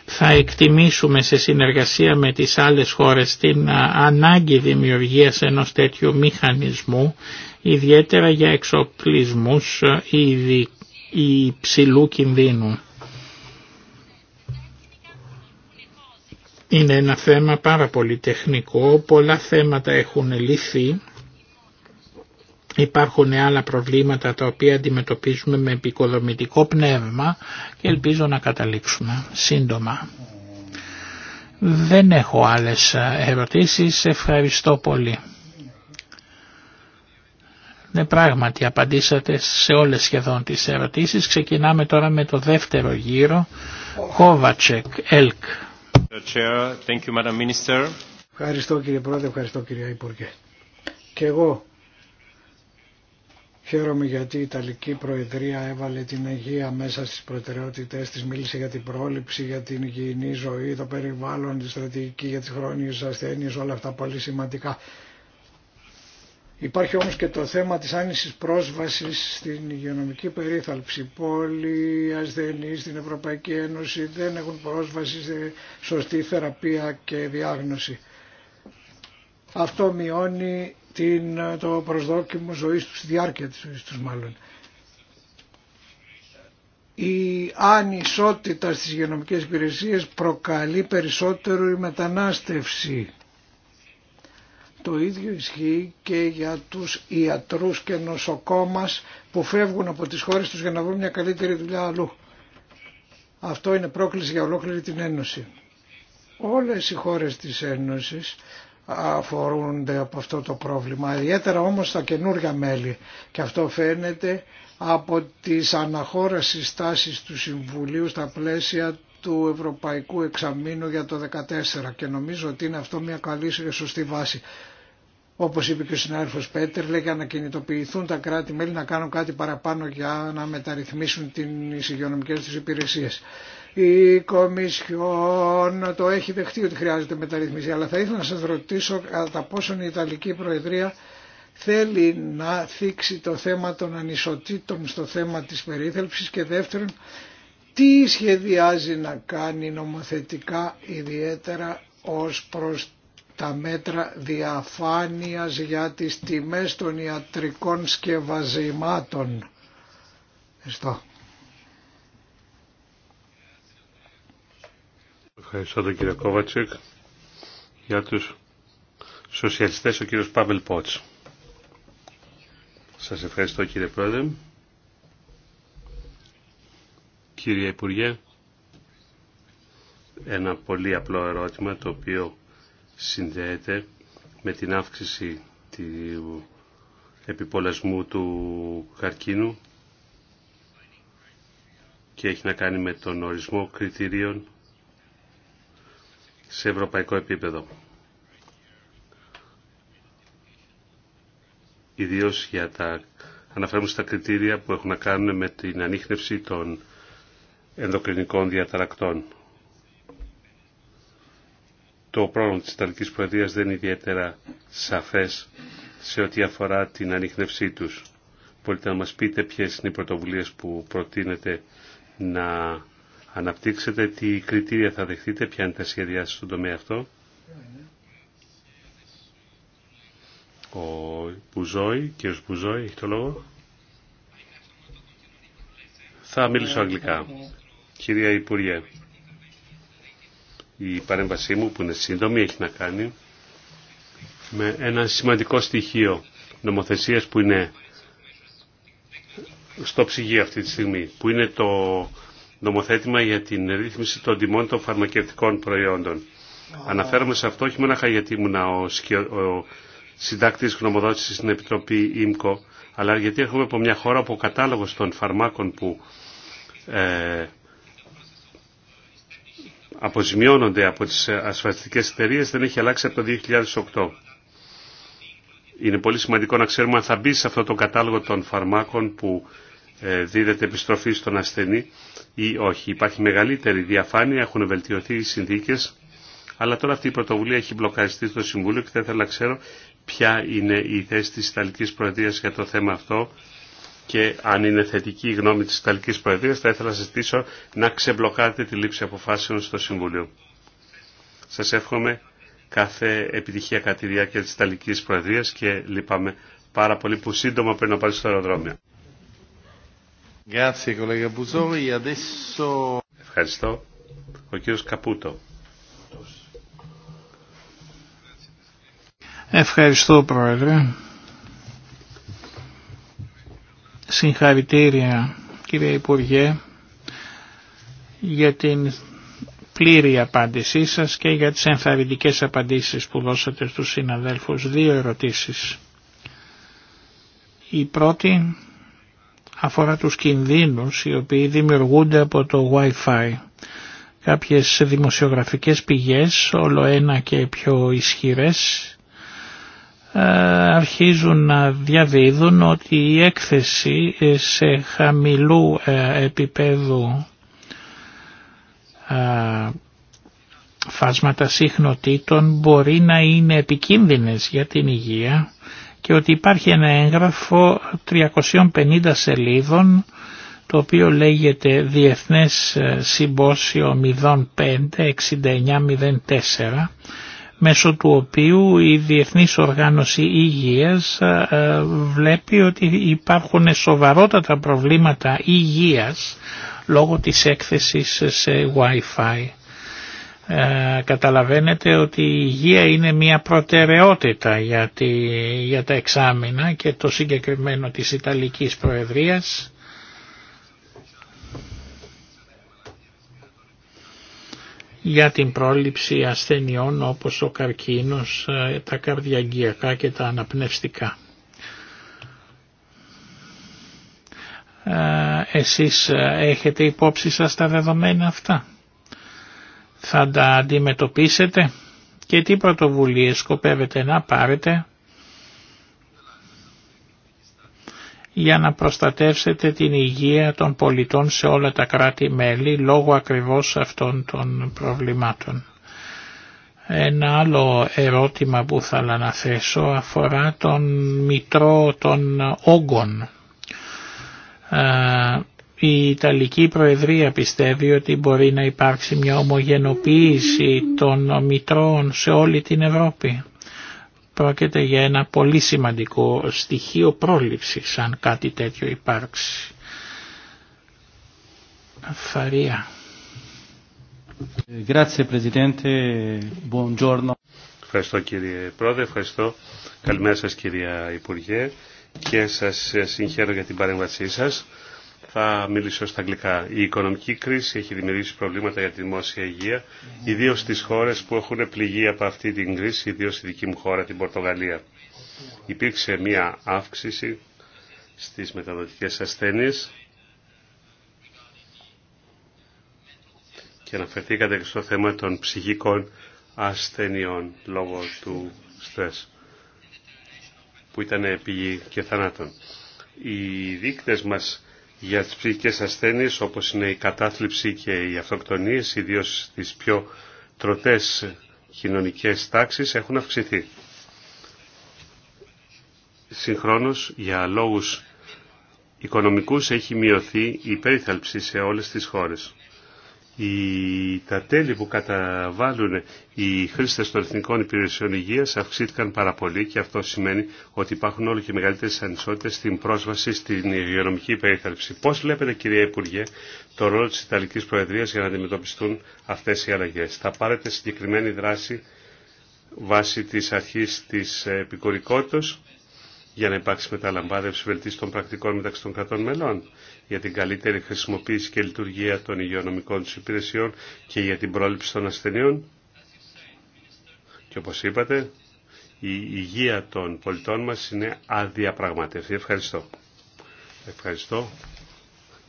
Θα εκτιμήσουμε σε συνεργασία με τις άλλες χώρες την ανάγκη δημιουργίας ενός τέτοιου μηχανισμού, ιδιαίτερα για εξοπλισμούς υψηλού κινδύνου. Είναι ένα θέμα πάρα πολύ τεχνικό, πολλά θέματα έχουν λυθεί Υπάρχουν άλλα προβλήματα τα οποία αντιμετωπίζουμε με επικοδομητικό πνεύμα και ελπίζω να καταλήξουμε σύντομα. Δεν έχω άλλες ερωτήσεις, ευχαριστώ πολύ. Ναι πράγματι απαντήσατε σε όλες σχεδόν τις ερωτήσεις. Ξεκινάμε τώρα με το δεύτερο γύρο. Κόβατσεκ, ΕΛΚ. Ευχαριστώ κύριε Πρόεδρε, ευχαριστώ κύριε Υπουργέ. Και εγώ Χαίρομαι γιατί η Ιταλική Προεδρία έβαλε την υγεία μέσα στις προτεραιότητες της, μίλησε για την πρόληψη, για την υγιεινή ζωή, το περιβάλλον, τη στρατηγική για τις χρόνιες ασθένειες, όλα αυτά πολύ σημαντικά. Υπάρχει όμως και το θέμα της άνησης πρόσβασης στην υγειονομική περίθαλψη. πόλοι ασθενείς στην Ευρωπαϊκή Ένωση δεν έχουν πρόσβαση σε σωστή θεραπεία και διάγνωση. Αυτό μειώνει την, ε, το προσδόκιμο ζωής τους, τη διάρκεια της ζωής τους μάλλον. Η ανισότητα στις υγειονομικές υπηρεσίες προκαλεί περισσότερο η μετανάστευση. Το ίδιο ισχύει και για τους ιατρούς και νοσοκόμας που φεύγουν από τις χώρες τους για να βρουν μια καλύτερη δουλειά αλλού. Αυτό είναι πρόκληση για ολόκληρη την Ένωση. Όλες οι χώρες της Ένωσης αφορούνται από αυτό το πρόβλημα. Ιδιαίτερα όμως τα καινούργια μέλη και αυτό φαίνεται από τις αναχώρασεις στάσεις του Συμβουλίου στα πλαίσια του Ευρωπαϊκού Εξαμήνου για το 2014 και νομίζω ότι είναι αυτό μια καλή και σωστή βάση. Όπως είπε και ο συνάδελφος λέει για να κινητοποιηθούν τα κράτη-μέλη να κάνουν κάτι παραπάνω για να μεταρρυθμίσουν τις υγειονομικές τους υπηρεσίες. Η Κομισιόν το έχει δεχτεί ότι χρειάζεται μεταρρύθμιση, αλλά θα ήθελα να σας ρωτήσω κατά πόσον η Ιταλική Προεδρία θέλει να θίξει το θέμα των ανισοτήτων στο θέμα της περίθαλψης και δεύτερον τι σχεδιάζει να κάνει νομοθετικά ιδιαίτερα ως προς τα μέτρα διαφάνειας για τις τιμές των ιατρικών σκευαζημάτων. Ευχαριστώ. Ευχαριστώ τον κύριο Κόβατσεκ. Για τους σοσιαλιστές ο κύριος Παύλ Πότς. Σας ευχαριστώ κύριε Πρόεδρε. Κύριε Υπουργέ, ένα πολύ απλό ερώτημα το οποίο συνδέεται με την αύξηση του επιπολασμού του καρκίνου και έχει να κάνει με τον ορισμό κριτηρίων σε ευρωπαϊκό επίπεδο. Ιδίως για τα αναφέρουμε στα κριτήρια που έχουν να κάνουν με την ανείχνευση των ενδοκρινικών διαταρακτών. Το πρόγραμμα της Ιταλικής Προεδρίας δεν είναι ιδιαίτερα σαφές σε ό,τι αφορά την ανείχνευσή τους. Μπορείτε να μας πείτε ποιες είναι οι πρωτοβουλίες που προτείνετε να αναπτύξετε τι κριτήρια θα δεχτείτε, ποια είναι τα σχέδιά σας στον τομέα αυτό. Ο Μπουζόη, κύριος Μπουζόη, έχει το λόγο. Θα μιλήσω αγγλικά. Κυρία Υπουργέ, η παρέμβασή μου που είναι σύντομη έχει να κάνει με ένα σημαντικό στοιχείο νομοθεσίας που είναι στο ψυγείο αυτή τη στιγμή, που είναι το νομοθέτημα για την ρύθμιση των τιμών των φαρμακευτικών προϊόντων. Oh. Αναφέρομαι σε αυτό όχι μόνο γιατί ήμουν ο, ο συντάκτης γνωμοδότησης στην Επιτροπή ΙΜΚΟ, αλλά γιατί έρχομαι από μια χώρα που ο κατάλογος των φαρμάκων που ε, αποζημιώνονται από τις ασφαλιστικές εταιρείε δεν έχει αλλάξει από το 2008. Είναι πολύ σημαντικό να ξέρουμε αν θα μπει σε αυτό το κατάλογο των φαρμάκων που ε, δίδεται επιστροφή στον ασθενή ή όχι. Υπάρχει μεγαλύτερη διαφάνεια, έχουν βελτιωθεί οι συνθήκες, αλλά τώρα αυτή η πρωτοβουλία έχει μπλοκαριστεί στο Συμβούλιο και θα ήθελα να ξέρω ποια είναι η θέση της Ιταλικής Προεδρίας για το θέμα αυτό και αν είναι θετική η γνώμη της Ιταλικής Προεδρίας θα ήθελα να ζητήσω να ξεμπλοκάρετε τη λήψη αποφάσεων στο Συμβούλιο. Σας εύχομαι κάθε επιτυχία κατά τη διάρκεια της Ιταλικής Προεδρίας και λυπάμαι πάρα πολύ που σύντομα πρέπει να πάρει στο αεροδρόμιο. Ευχαριστώ. Ο κύριος Καπούτο. Ευχαριστώ Πρόεδρε. Συγχαρητήρια κύριε Υπουργέ για την πλήρη απάντησή σας και για τις ενθαρρυντικές απαντήσεις που δώσατε στους συναδέλφους. Δύο ερωτήσεις. Η πρώτη αφορά τους κινδύνους οι οποίοι δημιουργούνται από το Wi-Fi. Κάποιες δημοσιογραφικές πηγές, όλο ένα και πιο ισχυρές, ε, αρχίζουν να διαδίδουν ότι η έκθεση σε χαμηλού ε, επίπεδου ε, φάσματα συχνοτήτων μπορεί να είναι επικίνδυνες για την υγεία και ότι υπάρχει ένα έγγραφο 350 σελίδων το οποίο λέγεται Διεθνές ε, Συμπόσιο Συμπόσιο 05-6904, μέσω του οποίου η Διεθνής Οργάνωση Υγείας ε, ε, βλέπει ότι υπάρχουν σοβαρότατα προβλήματα υγείας λόγω της έκθεσης σε Wi-Fi. Ε, καταλαβαίνετε ότι η υγεία είναι μια προτεραιότητα για, για τα εξάμεινα και το συγκεκριμένο της Ιταλικής Προεδρίας για την πρόληψη ασθενειών όπως ο καρκίνος, ε, τα καρδιαγγειακά και τα αναπνευστικά. Ε, εσείς έχετε υπόψη σας τα δεδομένα αυτά θα τα αντιμετωπίσετε και τι πρωτοβουλίες σκοπεύετε να πάρετε για να προστατεύσετε την υγεία των πολιτών σε όλα τα κράτη-μέλη λόγω ακριβώς αυτών των προβλημάτων. Ένα άλλο ερώτημα που θα αναθέσω αφορά τον μητρό των όγκων. Ε, η Ιταλική Προεδρία πιστεύει ότι μπορεί να υπάρξει μια ομογενοποίηση των μητρών σε όλη την Ευρώπη. Πρόκειται για ένα πολύ σημαντικό στοιχείο πρόληψης αν κάτι τέτοιο υπάρξει. Φαρία. Ευχαριστώ κύριε Πρόεδρε, ευχαριστώ. Καλημέρα σας κυρία Υπουργέ και σας συγχαίρω για την παρέμβασή σας. Θα μιλήσω στα αγγλικά. Η οικονομική κρίση έχει δημιουργήσει προβλήματα για τη δημόσια υγεία, ιδίω στι χώρε που έχουν πληγεί από αυτή την κρίση, ιδίω στη δική μου χώρα, την Πορτογαλία. Υπήρξε μία αύξηση στις μεταδοτικές ασθένειες και αναφερθήκατε στο θέμα των ψυχικών ασθενειών λόγω του στρες που ήταν πηγή και θανάτων. Οι δείκτες μας για τις ψυχικές ασθένειες όπως είναι η κατάθλιψη και οι αυτοκτονίες, ιδίως στις πιο τροτές κοινωνικές τάξεις έχουν αυξηθεί. Συγχρόνως, για λόγους οικονομικούς έχει μειωθεί η περίθαλψη σε όλες τις χώρες οι, τα τέλη που καταβάλουν οι χρήστες των εθνικών υπηρεσιών υγείας αυξήθηκαν πάρα πολύ και αυτό σημαίνει ότι υπάρχουν όλο και μεγαλύτερες ανισότητες στην πρόσβαση στην υγειονομική περίθαλψη. Πώς βλέπετε κυρία Υπουργέ το ρόλο της Ιταλικής Προεδρίας για να αντιμετωπιστούν αυτές οι αλλαγές. Θα πάρετε συγκεκριμένη δράση βάσει της αρχής της επικορικότητας για να υπάρξει μεταλαμβάνευση βελτίστων των πρακτικών μεταξύ των κρατών μελών για την καλύτερη χρησιμοποίηση και λειτουργία των υγειονομικών τους υπηρεσιών και για την πρόληψη των ασθενείων. Και όπως είπατε, η υγεία των πολιτών μας είναι αδιαπραγματεύτη. Ευχαριστώ. Ευχαριστώ.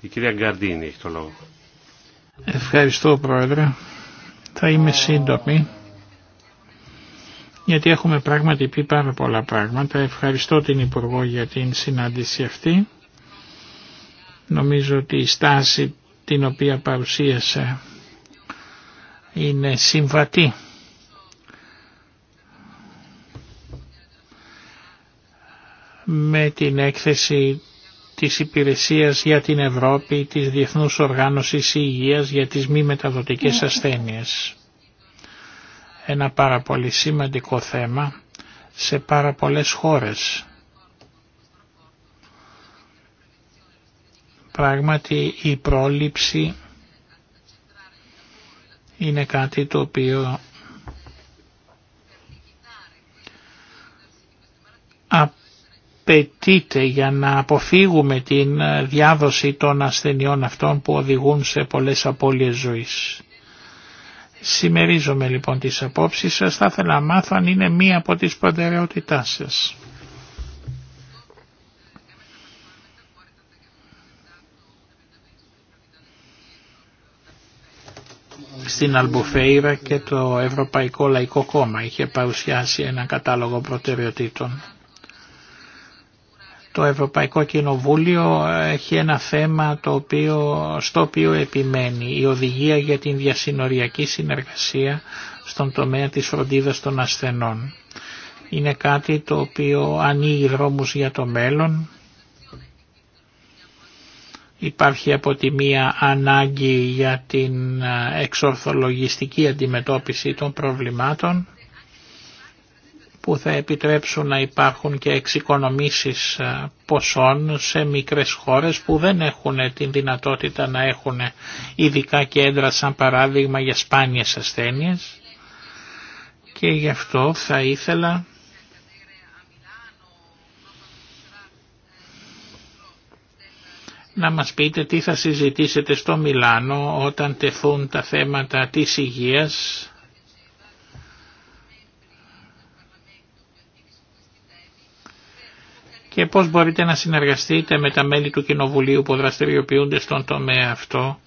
Η κυρία Γκαρντίνη έχει το λόγο. Ευχαριστώ Πρόεδρε. Θα είμαι σύντομη γιατί έχουμε πράγματι πει πάρα πολλά πράγματα. Ευχαριστώ την Υπουργό για την συνάντηση αυτή. Νομίζω ότι η στάση την οποία παρουσίασε είναι συμβατή. με την έκθεση της Υπηρεσίας για την Ευρώπη της Διεθνούς Οργάνωσης Υγείας για τις μη μεταδοτικές ασθένειες. Ένα πάρα πολύ σημαντικό θέμα σε πάρα πολλές χώρες. Πράγματι η πρόληψη είναι κάτι το οποίο απαιτείται για να αποφύγουμε την διάδοση των ασθενειών αυτών που οδηγούν σε πολλές απώλειες ζωής. Σημερίζομαι λοιπόν τις απόψεις σας, θα ήθελα να μάθω αν είναι μία από τις προτεραιότητάς σας. στην Αλμπουφέιρα και το Ευρωπαϊκό Λαϊκό Κόμμα είχε παρουσιάσει ένα κατάλογο προτεραιοτήτων. Το Ευρωπαϊκό Κοινοβούλιο έχει ένα θέμα το οποίο, στο οποίο επιμένει η οδηγία για την διασυνοριακή συνεργασία στον τομέα της φροντίδας των ασθενών. Είναι κάτι το οποίο ανοίγει δρόμους για το μέλλον Υπάρχει από τη μία ανάγκη για την εξορθολογιστική αντιμετώπιση των προβλημάτων που θα επιτρέψουν να υπάρχουν και εξοικονομήσεις ποσών σε μικρές χώρες που δεν έχουν την δυνατότητα να έχουν ειδικά κέντρα σαν παράδειγμα για σπάνιες ασθένειες και γι' αυτό θα ήθελα να μας πείτε τι θα συζητήσετε στο Μιλάνο όταν τεθούν τα θέματα της υγείας και πώς μπορείτε να συνεργαστείτε με τα μέλη του Κοινοβουλίου που δραστηριοποιούνται στον τομέα αυτό,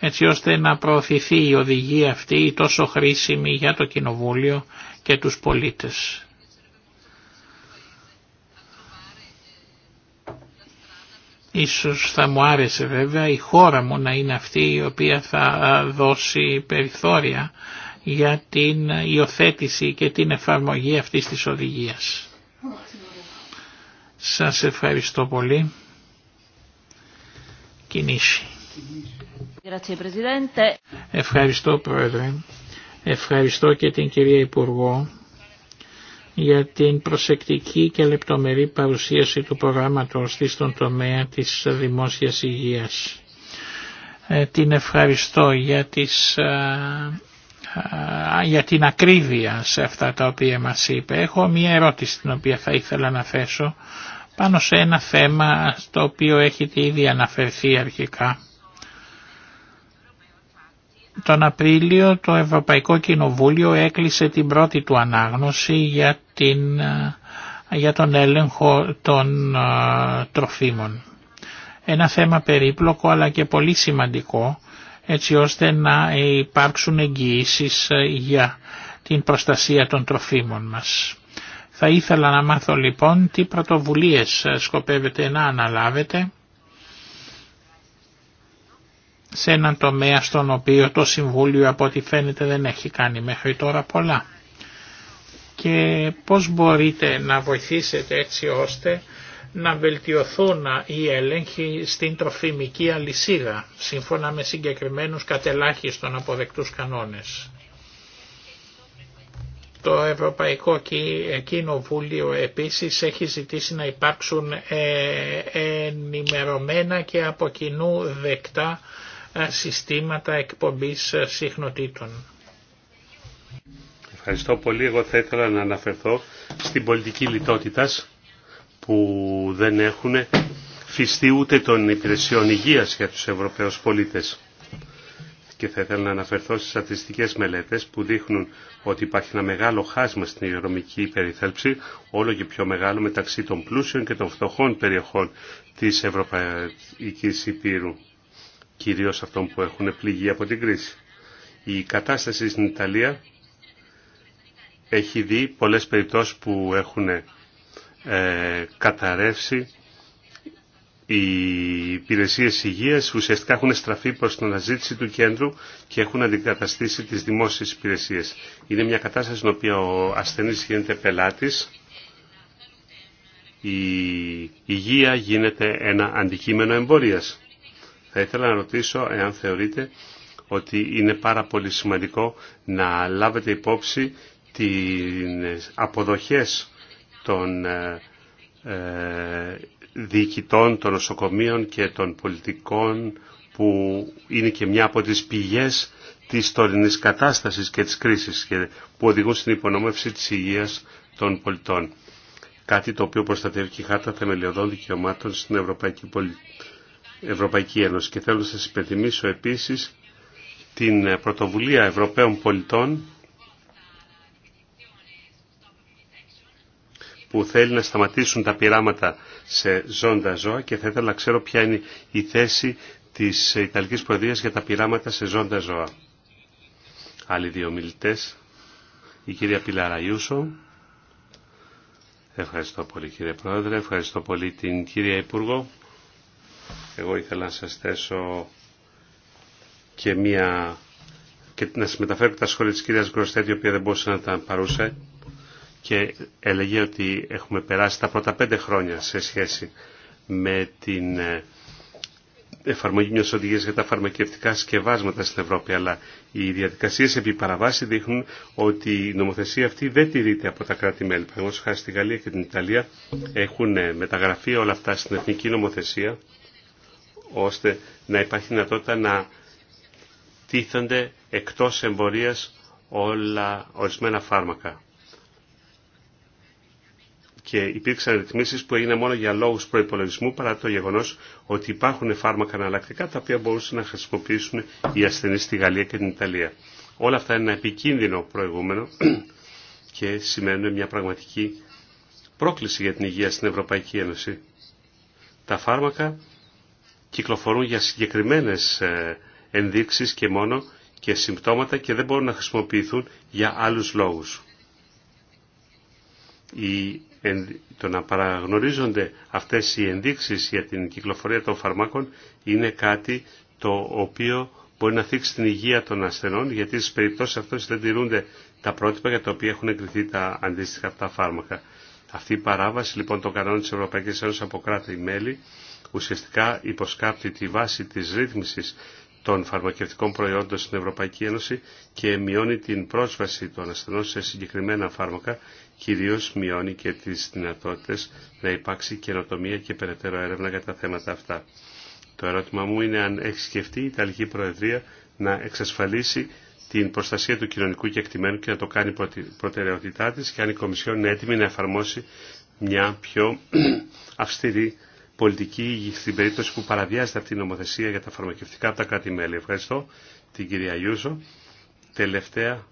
έτσι ώστε να προωθηθεί η οδηγία αυτή τόσο χρήσιμη για το Κοινοβούλιο και τους πολίτες. Ίσως θα μου άρεσε βέβαια η χώρα μου να είναι αυτή η οποία θα δώσει περιθώρια για την υιοθέτηση και την εφαρμογή αυτής της οδηγίας. Σας ευχαριστώ πολύ. Κινήσει. Ευχαριστώ Πρόεδρε. Ευχαριστώ και την κυρία Υπουργό για την προσεκτική και λεπτομερή παρουσίαση του προγράμματος της στον τομέα της δημόσιας υγείας. Ε, την ευχαριστώ για, ε, ε, για την ακρίβεια σε αυτά τα οποία μας είπε. Έχω μία ερώτηση την οποία θα ήθελα να θέσω πάνω σε ένα θέμα στο οποίο έχετε ήδη αναφερθεί αρχικά τον Απρίλιο το Ευρωπαϊκό Κοινοβούλιο έκλεισε την πρώτη του ανάγνωση για, την, ε, για τον έλεγχο των ε, τροφίμων. Ένα θέμα περίπλοκο αλλά και πολύ σημαντικό έτσι ώστε να υπάρξουν εγγυήσει ε, για την προστασία των τροφίμων μας. Θα ήθελα να μάθω λοιπόν τι πρωτοβουλίες σκοπεύετε να αναλάβετε σε έναν τομέα στον οποίο το Συμβούλιο από ό,τι φαίνεται δεν έχει κάνει μέχρι τώρα πολλά. Και πώς μπορείτε να βοηθήσετε έτσι ώστε να βελτιωθούν οι έλεγχοι στην τροφιμική αλυσίδα, σύμφωνα με συγκεκριμένους κατελάχιστον αποδεκτούς κανόνες. Το Ευρωπαϊκό Κοινοβούλιο επίσης έχει ζητήσει να υπάρξουν ε, ενημερωμένα και από κοινού δεκτά συστήματα εκπομπής συχνοτήτων. Ευχαριστώ πολύ. Εγώ θα ήθελα να αναφερθώ στην πολιτική λιτότητας που δεν έχουν φυστεί ούτε των υπηρεσιών υγείας για τους Ευρωπαίους πολίτες. Και θα ήθελα να αναφερθώ στις στατιστικές μελέτες που δείχνουν ότι υπάρχει ένα μεγάλο χάσμα στην υγειονομική περιθέλψη, όλο και πιο μεγάλο μεταξύ των πλούσιων και των φτωχών περιοχών της Ευρωπαϊκής Υπήρου κυρίως αυτών που έχουν πληγεί από την κρίση. Η κατάσταση στην Ιταλία έχει δει πολλές περιπτώσεις που έχουν ε, καταρρεύσει οι υπηρεσίε υγεία ουσιαστικά έχουν στραφεί προ την αναζήτηση του κέντρου και έχουν αντικαταστήσει τι δημόσιε υπηρεσίε. Είναι μια κατάσταση στην οποία ο ασθενή γίνεται πελάτη. Η υγεία γίνεται ένα αντικείμενο εμπορία. Θα ήθελα να ρωτήσω εάν θεωρείτε ότι είναι πάρα πολύ σημαντικό να λάβετε υπόψη τις αποδοχές των ε, ε, διοικητών των νοσοκομείων και των πολιτικών που είναι και μια από τις πηγές της τωρινής κατάστασης και της κρίσης και που οδηγούν στην υπονόμευση της υγείας των πολιτών. Κάτι το οποίο προστατεύει και η Χάρτα Θεμελιωδών Δικαιωμάτων στην Ευρωπαϊκή Ευρωπαϊκή Ένωση. Και θέλω να σας υπενθυμίσω επίσης την ε, πρωτοβουλία Ευρωπαίων πολιτών που θέλει να σταματήσουν τα πειράματα σε ζώντα ζώα και θα ήθελα να ξέρω ποια είναι η θέση της Ιταλικής Προεδρίας για τα πειράματα σε ζώντα ζώα. Άλλοι δύο μιλητές, η κυρία Ιούσο. Ευχαριστώ πολύ κύριε Πρόεδρε, ευχαριστώ πολύ την κυρία Υπουργό. Εγώ ήθελα να σας θέσω και μία και να σας μεταφέρω τα σχόλια της κυρίας Γκροστέτη η οποία δεν μπορούσε να τα παρούσε και έλεγε ότι έχουμε περάσει τα πρώτα πέντε χρόνια σε σχέση με την ε, εφαρμογή μιας οδηγίας για τα φαρμακευτικά σκευάσματα στην Ευρώπη, αλλά οι διαδικασίες επί παραβάση δείχνουν ότι η νομοθεσία αυτή δεν τηρείται από τα κράτη-μέλη. Παραγωγός χάρη στη Γαλλία και την Ιταλία έχουν ε, μεταγραφεί όλα αυτά στην εθνική νομοθεσία ώστε να υπάρχει δυνατότητα να τίθενται εκτός εμπορίας όλα ορισμένα φάρμακα. Και υπήρξαν ρυθμίσει που έγιναν μόνο για λόγου προπολογισμού παρά το γεγονό ότι υπάρχουν φάρμακα αναλλακτικά τα οποία μπορούσαν να χρησιμοποιήσουν οι ασθενεί στη Γαλλία και την Ιταλία. Όλα αυτά είναι ένα επικίνδυνο προηγούμενο και σημαίνουν μια πραγματική πρόκληση για την υγεία στην Ευρωπαϊκή Ένωση. Τα φάρμακα κυκλοφορούν για συγκεκριμένες ε, ενδείξεις και μόνο και συμπτώματα και δεν μπορούν να χρησιμοποιηθούν για άλλους λόγους. το να παραγνωρίζονται αυτές οι ενδείξεις για την κυκλοφορία των φαρμάκων είναι κάτι το οποίο μπορεί να θίξει την υγεία των ασθενών γιατί στις περιπτώσεις αυτές δεν τηρούνται τα πρότυπα για τα οποία έχουν εγκριθεί τα αντίστοιχα αυτά φάρμακα. Αυτή η παράβαση λοιπόν των κανόνων της Ευρωπαϊκής Ένωσης από κράτη-μέλη ουσιαστικά υποσκάπτει τη βάση της ρύθμισης των φαρμακευτικών προϊόντων στην Ευρωπαϊκή Ένωση και μειώνει την πρόσβαση των ασθενών σε συγκεκριμένα φάρμακα, κυρίως μειώνει και τις δυνατότητες να υπάρξει καινοτομία και περαιτέρω έρευνα για τα θέματα αυτά. Το ερώτημα μου είναι αν έχει σκεφτεί η Ιταλική Προεδρία να εξασφαλίσει την προστασία του κοινωνικού κεκτημένου και να το κάνει προτεραιότητά της και αν η Κομισιόν είναι έτοιμη να εφαρμόσει μια πιο αυστηρή πολιτική στην περίπτωση που παραβιάζεται αυτή η νομοθεσία για τα φαρμακευτικά από τα κράτη-μέλη. Ευχαριστώ την κυρία Ιούζο. Τελευταία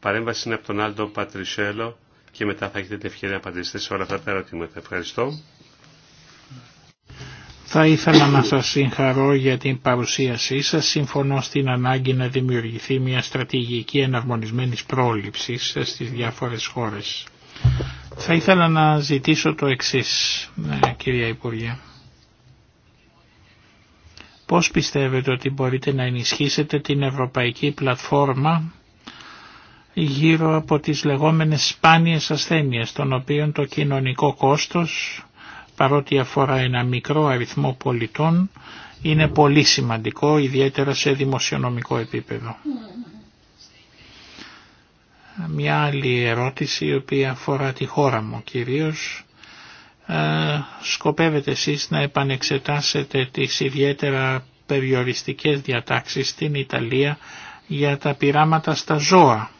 παρέμβαση είναι από τον Άλτο Πατρισέλο και μετά θα έχετε την ευκαιρία να απαντήσετε σε όλα αυτά τα ερωτήματα. Ευχαριστώ. Θα ήθελα να σας συγχαρώ για την παρουσίασή σας. Συμφωνώ στην ανάγκη να δημιουργηθεί μια στρατηγική εναρμονισμένης πρόληψης στις διάφορες χώρες. Θα ήθελα να ζητήσω το εξής, ε, κυρία Υπουργέ. Πώς πιστεύετε ότι μπορείτε να ενισχύσετε την ευρωπαϊκή πλατφόρμα γύρω από τις λεγόμενες σπάνιες ασθένειες, των οποίων το κοινωνικό κόστος, παρότι αφορά ένα μικρό αριθμό πολιτών, είναι πολύ σημαντικό, ιδιαίτερα σε δημοσιονομικό επίπεδο. Μια άλλη ερώτηση η οποία αφορά τη χώρα μου κυρίως. Ε, σκοπεύετε εσείς να επανεξετάσετε τις ιδιαίτερα περιοριστικές διατάξεις στην Ιταλία για τα πειράματα στα ζώα.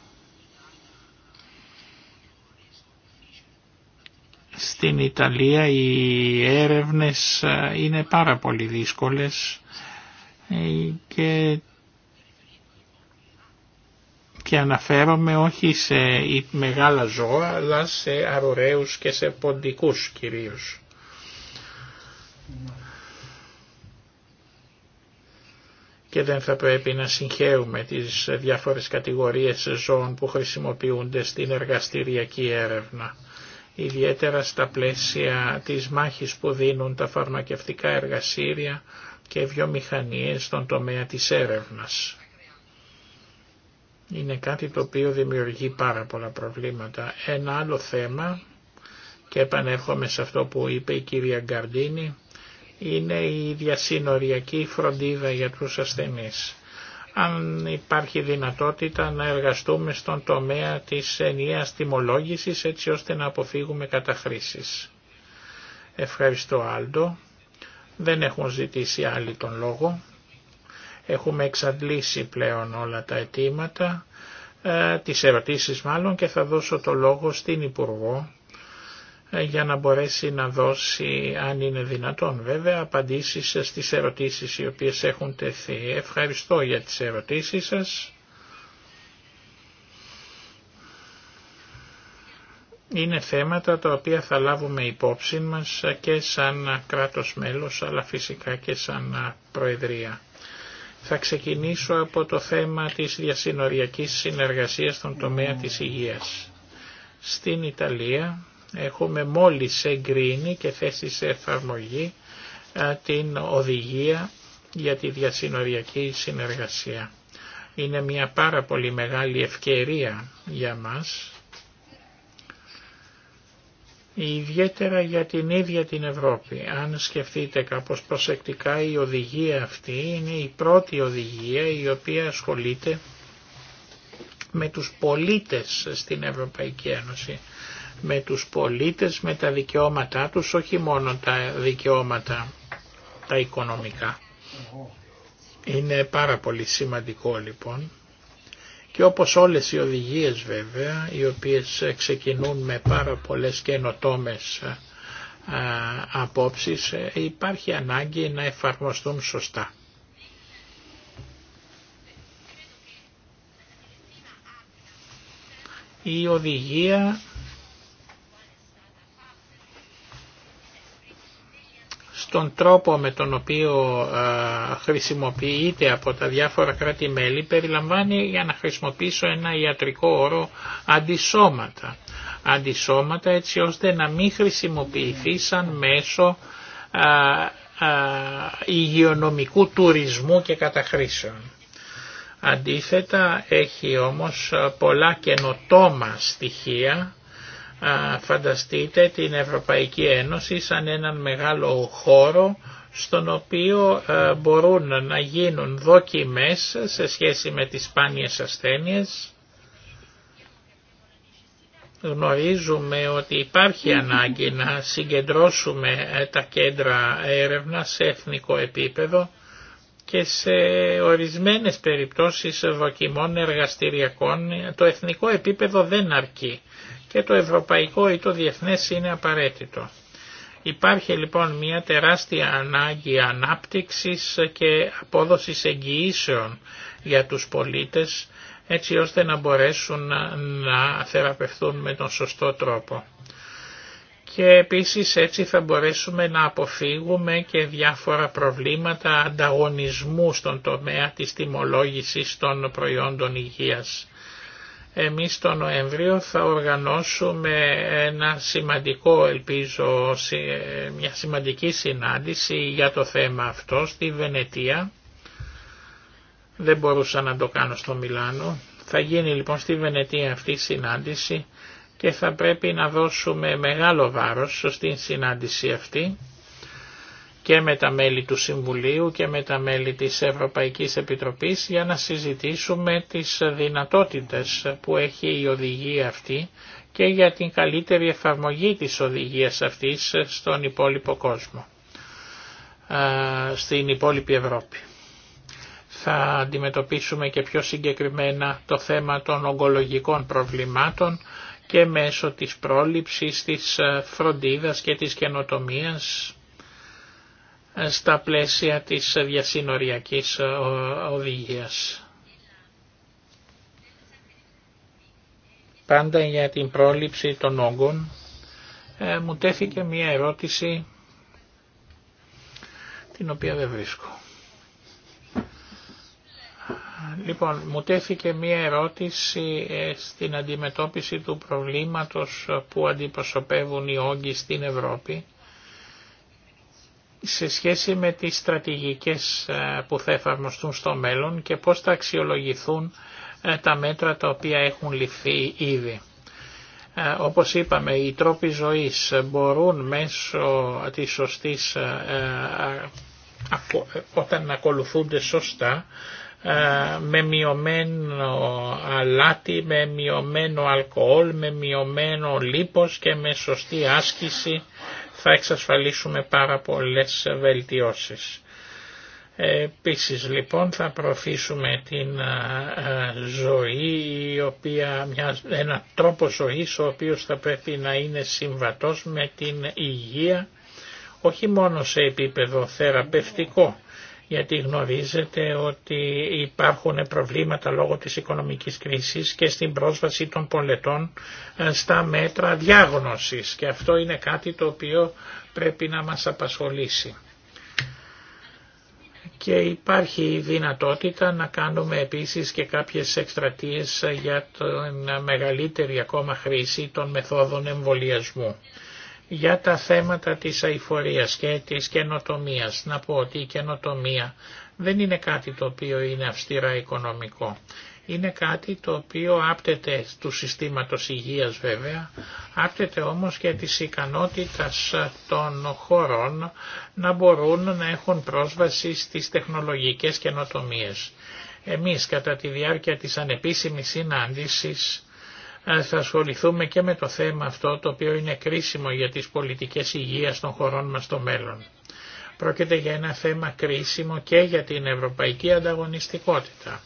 Στην Ιταλία οι έρευνες ε, είναι πάρα πολύ δύσκολες ε, και και αναφέρομαι όχι σε μεγάλα ζώα αλλά σε αρωραίους και σε ποντικούς κυρίως. Και δεν θα πρέπει να συγχαίουμε τις διάφορες κατηγορίες ζώων που χρησιμοποιούνται στην εργαστηριακή έρευνα. Ιδιαίτερα στα πλαίσια της μάχης που δίνουν τα φαρμακευτικά εργαστήρια και βιομηχανίες στον τομέα της έρευνας είναι κάτι το οποίο δημιουργεί πάρα πολλά προβλήματα. Ένα άλλο θέμα, και επανέρχομαι σε αυτό που είπε η κυρία Γκαρντίνη, είναι η διασύνοριακή φροντίδα για τους ασθενείς. Αν υπάρχει δυνατότητα να εργαστούμε στον τομέα της ενιαίας τιμολόγησης έτσι ώστε να αποφύγουμε καταχρήσεις. Ευχαριστώ Άλντο. Δεν έχουν ζητήσει άλλοι τον λόγο. Έχουμε εξαντλήσει πλέον όλα τα αιτήματα, ε, τις ερωτήσεις μάλλον και θα δώσω το λόγο στην Υπουργό ε, για να μπορέσει να δώσει, αν είναι δυνατόν βέβαια, απαντήσεις στις ερωτήσεις οι οποίες έχουν τεθεί. Ευχαριστώ για τις ερωτήσεις σας. Είναι θέματα τα οποία θα λάβουμε υπόψη μας και σαν κράτος μέλος αλλά φυσικά και σαν Προεδρία. Θα ξεκινήσω από το θέμα της διασυνοριακής συνεργασίας στον τομέα της υγείας. Στην Ιταλία έχουμε μόλις εγκρίνει και θέσει εφαρμογή την οδηγία για τη διασυνοριακή συνεργασία. Είναι μια πάρα πολύ μεγάλη ευκαιρία για μας ιδιαίτερα για την ίδια την Ευρώπη. Αν σκεφτείτε κάπως προσεκτικά η οδηγία αυτή είναι η πρώτη οδηγία η οποία ασχολείται με τους πολίτες στην Ευρωπαϊκή Ένωση. Με τους πολίτες, με τα δικαιώματά τους, όχι μόνο τα δικαιώματα τα οικονομικά. Είναι πάρα πολύ σημαντικό λοιπόν και όπως όλες οι οδηγίες βέβαια, οι οποίες ξεκινούν με πάρα πολλές καινοτόμες ε, απόψεις, ε, υπάρχει ανάγκη να εφαρμοστούν σωστά. Η οδηγία στον τρόπο με τον οποίο χρησιμοποιείται από τα διάφορα κράτη-μέλη περιλαμβάνει για να χρησιμοποιήσω ένα ιατρικό όρο αντισώματα. Αντισώματα έτσι ώστε να μην χρησιμοποιηθεί σαν μέσο υγειονομικού τουρισμού και καταχρήσεων. Αντίθετα έχει όμως πολλά καινοτόμα στοιχεία φανταστείτε την Ευρωπαϊκή Ένωση σαν έναν μεγάλο χώρο στον οποίο ε, μπορούν να γίνουν δοκιμές σε σχέση με τις σπάνιες ασθένειες. Γνωρίζουμε ότι υπάρχει ανάγκη να συγκεντρώσουμε ε, τα κέντρα έρευνα σε εθνικό επίπεδο και σε ορισμένες περιπτώσεις δοκιμών εργαστηριακών το εθνικό επίπεδο δεν αρκεί και το ευρωπαϊκό ή το διεθνές είναι απαραίτητο. Υπάρχει λοιπόν μια τεράστια ανάγκη ανάπτυξης και απόδοσης εγγυήσεων για τους πολίτες έτσι ώστε να μπορέσουν να θεραπευθούν με τον σωστό τρόπο. Και επίσης έτσι θα μπορέσουμε να αποφύγουμε και διάφορα προβλήματα ανταγωνισμού στον τομέα της τιμολόγησης των προϊόντων υγείας. Εμείς το Νοέμβριο θα οργανώσουμε ένα σημαντικό, ελπίζω, μια σημαντική συνάντηση για το θέμα αυτό στη Βενετία. Δεν μπορούσα να το κάνω στο Μιλάνο. Θα γίνει λοιπόν στη Βενετία αυτή η συνάντηση και θα πρέπει να δώσουμε μεγάλο βάρος στην συνάντηση αυτή και με τα μέλη του Συμβουλίου και με τα μέλη της Ευρωπαϊκής Επιτροπής για να συζητήσουμε τις δυνατότητες που έχει η οδηγία αυτή και για την καλύτερη εφαρμογή της οδηγίας αυτής στον υπόλοιπο κόσμο, στην υπόλοιπη Ευρώπη. Θα αντιμετωπίσουμε και πιο συγκεκριμένα το θέμα των ογκολογικών προβλημάτων και μέσω της πρόληψης, της φροντίδας και της καινοτομίας στα πλαίσια της διασυνοριακής ε, οδηγίας. Πάντα για την πρόληψη των όγκων ε, μου τέθηκε μία ερώτηση την οποία δεν βρίσκω. Λοιπόν, μου τέθηκε μία ερώτηση ε, στην αντιμετώπιση του προβλήματος που αντιπροσωπεύουν οι όγκοι στην Ευρώπη σε σχέση με τις στρατηγικές ε, που θα εφαρμοστούν στο μέλλον και πώς θα αξιολογηθούν ε, τα μέτρα τα οποία έχουν ληφθεί ήδη. Ε, όπως είπαμε, οι τρόποι ζωής μπορούν μέσω της σωστής, όταν ακολουθούνται σωστά, με μειωμένο αλάτι, με μειωμένο αλκοόλ, με μειωμένο λίπος και με σωστή άσκηση θα εξασφαλίσουμε πάρα πολλές βελτιώσεις. Επίσης λοιπόν θα προωθήσουμε την ζωή, η μια, ένα τρόπο ζωής ο οποίος θα πρέπει να είναι συμβατός με την υγεία, όχι μόνο σε επίπεδο θεραπευτικό, γιατί γνωρίζετε ότι υπάρχουν προβλήματα λόγω της οικονομικής κρίσης και στην πρόσβαση των πολετών ε, στα μέτρα διάγνωσης και αυτό είναι κάτι το οποίο πρέπει να μας απασχολήσει. Και υπάρχει η δυνατότητα να κάνουμε επίσης και κάποιες εκστρατείες για την μεγαλύτερη ακόμα χρήση των μεθόδων εμβολιασμού για τα θέματα της αηφορίας και της καινοτομίας. Να πω ότι η καινοτομία δεν είναι κάτι το οποίο είναι αυστηρά οικονομικό. Είναι κάτι το οποίο άπτεται του συστήματος υγείας βέβαια, άπτεται όμως και της ικανότητας των χωρών να μπορούν να έχουν πρόσβαση στις τεχνολογικές καινοτομίες. Εμείς κατά τη διάρκεια της ανεπίσημης συνάντησης θα ασχοληθούμε και με το θέμα αυτό το οποίο είναι κρίσιμο για τις πολιτικές υγείας των χωρών μας στο μέλλον. Πρόκειται για ένα θέμα κρίσιμο και για την ευρωπαϊκή ανταγωνιστικότητα.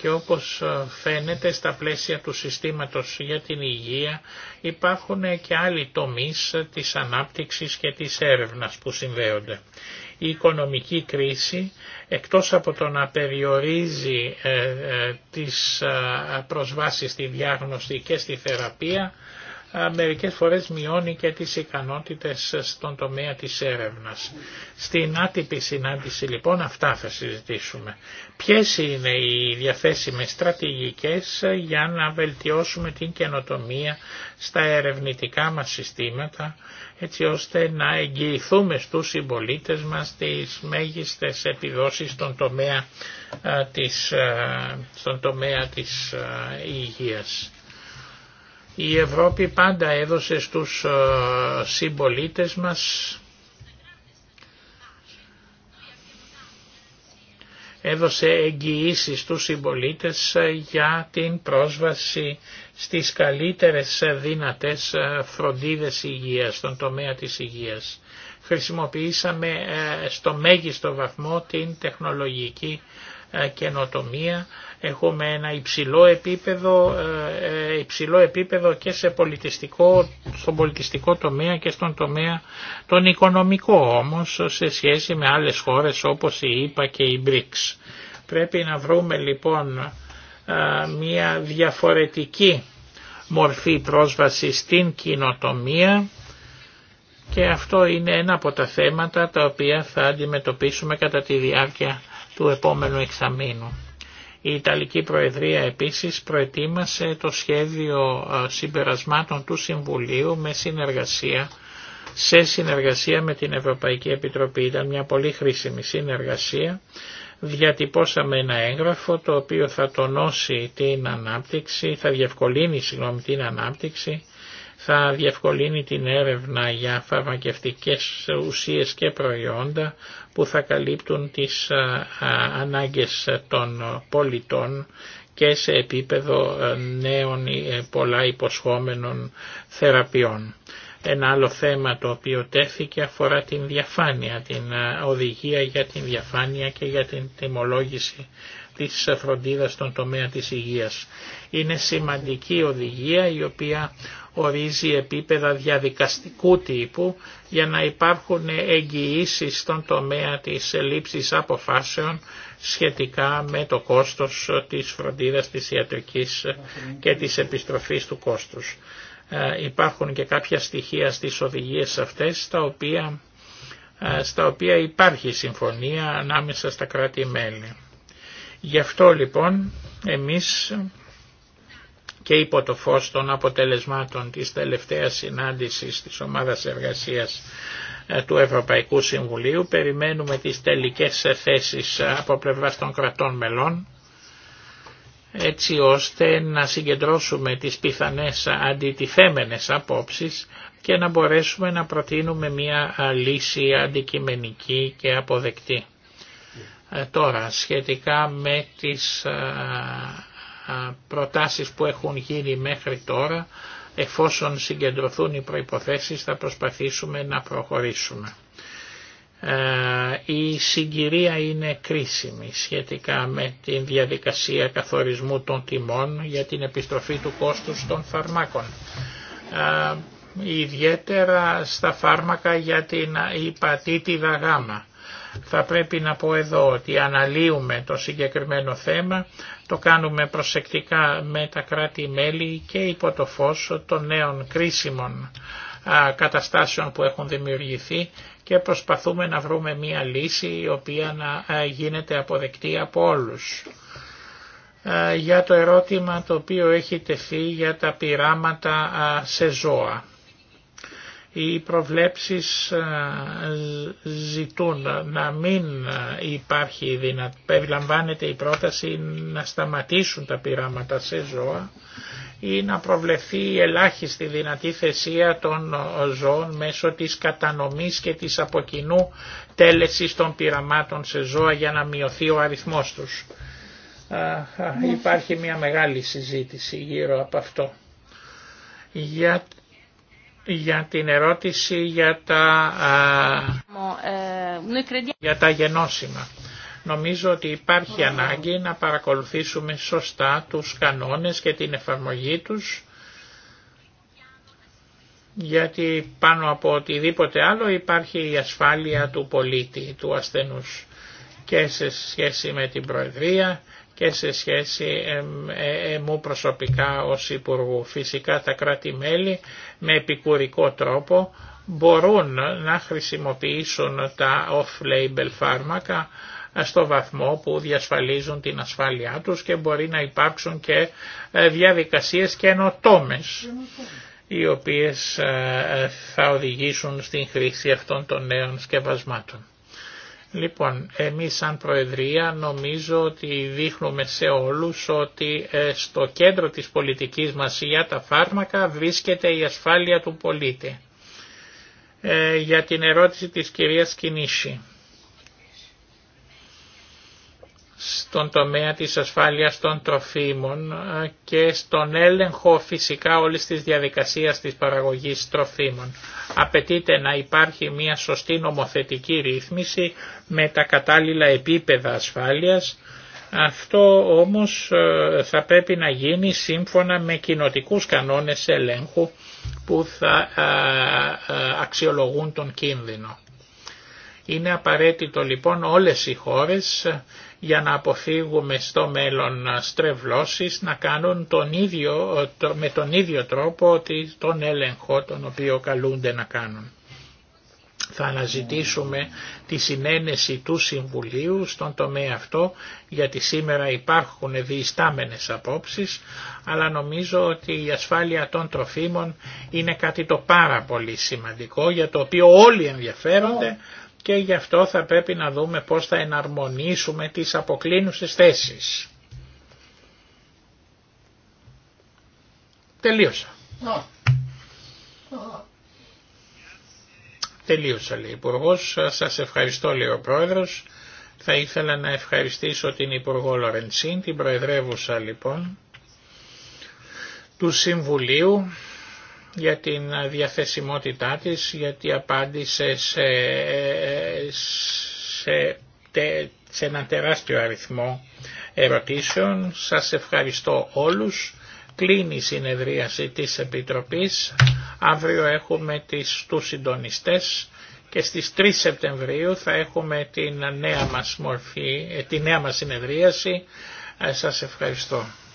Και όπως φαίνεται στα πλαίσια του συστήματος για την υγεία υπάρχουν και άλλοι τομείς της ανάπτυξης και της έρευνας που συνδέονται η οικονομική κρίση εκτός από το να περιορίζει ε, ε, τις ε, προσβάσεις στη διάγνωση και στη θεραπεία μερικές φορές μειώνει και τις ικανότητες στον τομέα της έρευνας. Στην άτυπη συνάντηση λοιπόν αυτά θα συζητήσουμε. Ποιες είναι οι διαθέσιμες στρατηγικές για να βελτιώσουμε την καινοτομία στα ερευνητικά μας συστήματα έτσι ώστε να εγγυηθούμε στους συμπολίτε μας τις μέγιστες επιδόσεις στον τομέα της, στον τομέα της υγείας. Η Ευρώπη πάντα έδωσε στους συμπολίτε μας έδωσε εγγυήσει στους συμπολίτε ε, για την πρόσβαση στις καλύτερες ε, δυνατές ε, φροντίδες υγείας, στον τομέα της υγείας. Χρησιμοποιήσαμε στο μέγιστο βαθμό την τεχνολογική ε, καινοτομία, έχουμε ένα υψηλό επίπεδο, ε, ε, υψηλό επίπεδο και σε πολιτιστικό, στον πολιτιστικό τομέα και στον τομέα τον οικονομικό όμως σε σχέση με άλλες χώρες όπως η ΕΠΑ και η BRICS. Πρέπει να βρούμε λοιπόν μια διαφορετική μορφή πρόσβαση στην κοινοτομία και αυτό είναι ένα από τα θέματα τα οποία θα αντιμετωπίσουμε κατά τη διάρκεια του επόμενου εξαμήνου. Η Ιταλική Προεδρία επίσης προετοίμασε το σχέδιο συμπερασμάτων του Συμβουλίου με συνεργασία, σε συνεργασία με την Ευρωπαϊκή Επιτροπή. Ήταν μια πολύ χρήσιμη συνεργασία. Διατυπώσαμε ένα έγγραφο το οποίο θα τονώσει την ανάπτυξη, θα διευκολύνει συγγνώμη, την ανάπτυξη, θα διευκολύνει την έρευνα για φαρμακευτικές ουσίες και προϊόντα, που θα καλύπτουν τις ανάγκες των πολιτών και σε επίπεδο νέων ε, πολλά υποσχόμενων θεραπείων. Ένα άλλο θέμα το οποίο τέθηκε αφορά την διαφάνεια, την οδηγία για την διαφάνεια και για την τιμολόγηση της φροντίδας στον τομέα της υγείας. Είναι σημαντική οδηγία η οποία ορίζει επίπεδα διαδικαστικού τύπου για να υπάρχουν εγγυήσεις στον τομέα της λήψης αποφάσεων σχετικά με το κόστος της φροντίδας της ιατρικής και της επιστροφής του κόστους. Ε, υπάρχουν και κάποια στοιχεία στις οδηγίες αυτές τα οποία, ε, στα οποία υπάρχει συμφωνία ανάμεσα στα κράτη-μέλη. Γι' αυτό λοιπόν εμείς και υπό το φως των αποτελεσμάτων της τελευταίας συνάντησης της ομάδας εργασίας ε, του Ευρωπαϊκού Συμβουλίου. Περιμένουμε τις τελικές θέσεις ε, από πλευράς των κρατών μελών έτσι ώστε να συγκεντρώσουμε τις πιθανές αντιτιθέμενες απόψεις και να μπορέσουμε να προτείνουμε μια ε, λύση αντικειμενική και αποδεκτή. Τώρα, σχετικά με τις προτάσεις που έχουν γίνει μέχρι τώρα, εφόσον συγκεντρωθούν οι προϋποθέσεις θα προσπαθήσουμε να προχωρήσουμε. Ε, η συγκυρία είναι κρίσιμη σχετικά με την διαδικασία καθορισμού των τιμών για την επιστροφή του κόστους των φαρμάκων. Ε, ιδιαίτερα στα φάρμακα για την υπατήτηδα γάμα. Θα πρέπει να πω εδώ ότι αναλύουμε το συγκεκριμένο θέμα το κάνουμε προσεκτικά με τα κράτη-μέλη και υπό το φως των νέων κρίσιμων καταστάσεων που έχουν δημιουργηθεί και προσπαθούμε να βρούμε μία λύση η οποία να γίνεται αποδεκτή από όλους. Για το ερώτημα το οποίο έχει τεθεί για τα πειράματα σε ζώα. Οι προβλέψεις ε, ζητούν να μην ε, υπάρχει δυνατότητα, περιλαμβάνεται η πρόταση να σταματήσουν τα πειράματα σε ζώα ή να προβλεφθεί η ελάχιστη δυνατή θεσία των ε, ζώων μέσω της κατανομής και της αποκοινού τέλεσης των πειραμάτων σε ζώα για να μειωθεί ο αριθμός τους. Ναι. Υπάρχει μια μεγάλη συζήτηση γύρω από αυτό. Για για την ερώτηση για τα, για τα γενώσιμα. Νομίζω ότι υπάρχει ανάγκη να παρακολουθήσουμε σωστά τους κανόνες και την εφαρμογή τους γιατί πάνω από οτιδήποτε άλλο υπάρχει η ασφάλεια του πολίτη, του ασθενούς και σε σχέση με την Προεδρία και σε σχέση ε, ε, μου προσωπικά ως Υπουργού. Φυσικά τα κράτη-μέλη με επικουρικό τρόπο μπορούν να χρησιμοποιήσουν τα off-label φάρμακα στο βαθμό που διασφαλίζουν την ασφάλειά τους και μπορεί να υπάρξουν και ε, διαδικασίες καινοτόμε οι οποίες θα οδηγήσουν στην χρήση αυτών των νέων σκευασμάτων. Λοιπόν, εμείς σαν Προεδρία νομίζω ότι δείχνουμε σε όλους ότι ε, στο κέντρο της πολιτικής μας για τα φάρμακα βρίσκεται η ασφάλεια του πολίτη. Ε, για την ερώτηση της κυρίας Κινίση. Στον τομέα της ασφάλειας των τροφίμων ε, και στον έλεγχο φυσικά όλης της διαδικασίας της παραγωγής τροφίμων απαιτείται να υπάρχει μια σωστή νομοθετική ρύθμιση με τα κατάλληλα επίπεδα ασφάλειας. Αυτό όμως ε, θα πρέπει να γίνει σύμφωνα με κοινοτικούς κανόνες ελέγχου που θα ε, ε, αξιολογούν τον κίνδυνο. Είναι απαραίτητο λοιπόν όλες οι χώρες για να αποφύγουμε στο μέλλον στρεβλώσεις να κάνουν τον ίδιο, με τον ίδιο τρόπο ότι τον έλεγχο τον οποίο καλούνται να κάνουν. Θα αναζητήσουμε τη συνένεση του Συμβουλίου στον τομέα αυτό, γιατί σήμερα υπάρχουν διιστάμενες απόψεις, αλλά νομίζω ότι η ασφάλεια των τροφίμων είναι κάτι το πάρα πολύ σημαντικό, για το οποίο όλοι ενδιαφέρονται, και γι' αυτό θα πρέπει να δούμε πώς θα εναρμονίσουμε τις αποκλίνουσες θέσεις. Τελείωσα. Τελείωσα λέει υπουργό. Σας ευχαριστώ λέει ο Πρόεδρος. Θα ήθελα να ευχαριστήσω την Υπουργό Λορεντσίν, την Προεδρεύουσα λοιπόν του Συμβουλίου για την ε, διαθεσιμότητά της, γιατί απάντησε σε, ε, σε, ένα τεράστιο αριθμό ερωτήσεων. Σας ευχαριστώ όλους. Κλείνει η συνεδρίαση της Επιτροπής. Αύριο έχουμε τις, τους συντονιστές και στις 3 Σεπτεμβρίου θα έχουμε την νέα μας μορφή, ε, τη νέα μας συνεδρίαση. Σας ευχαριστώ.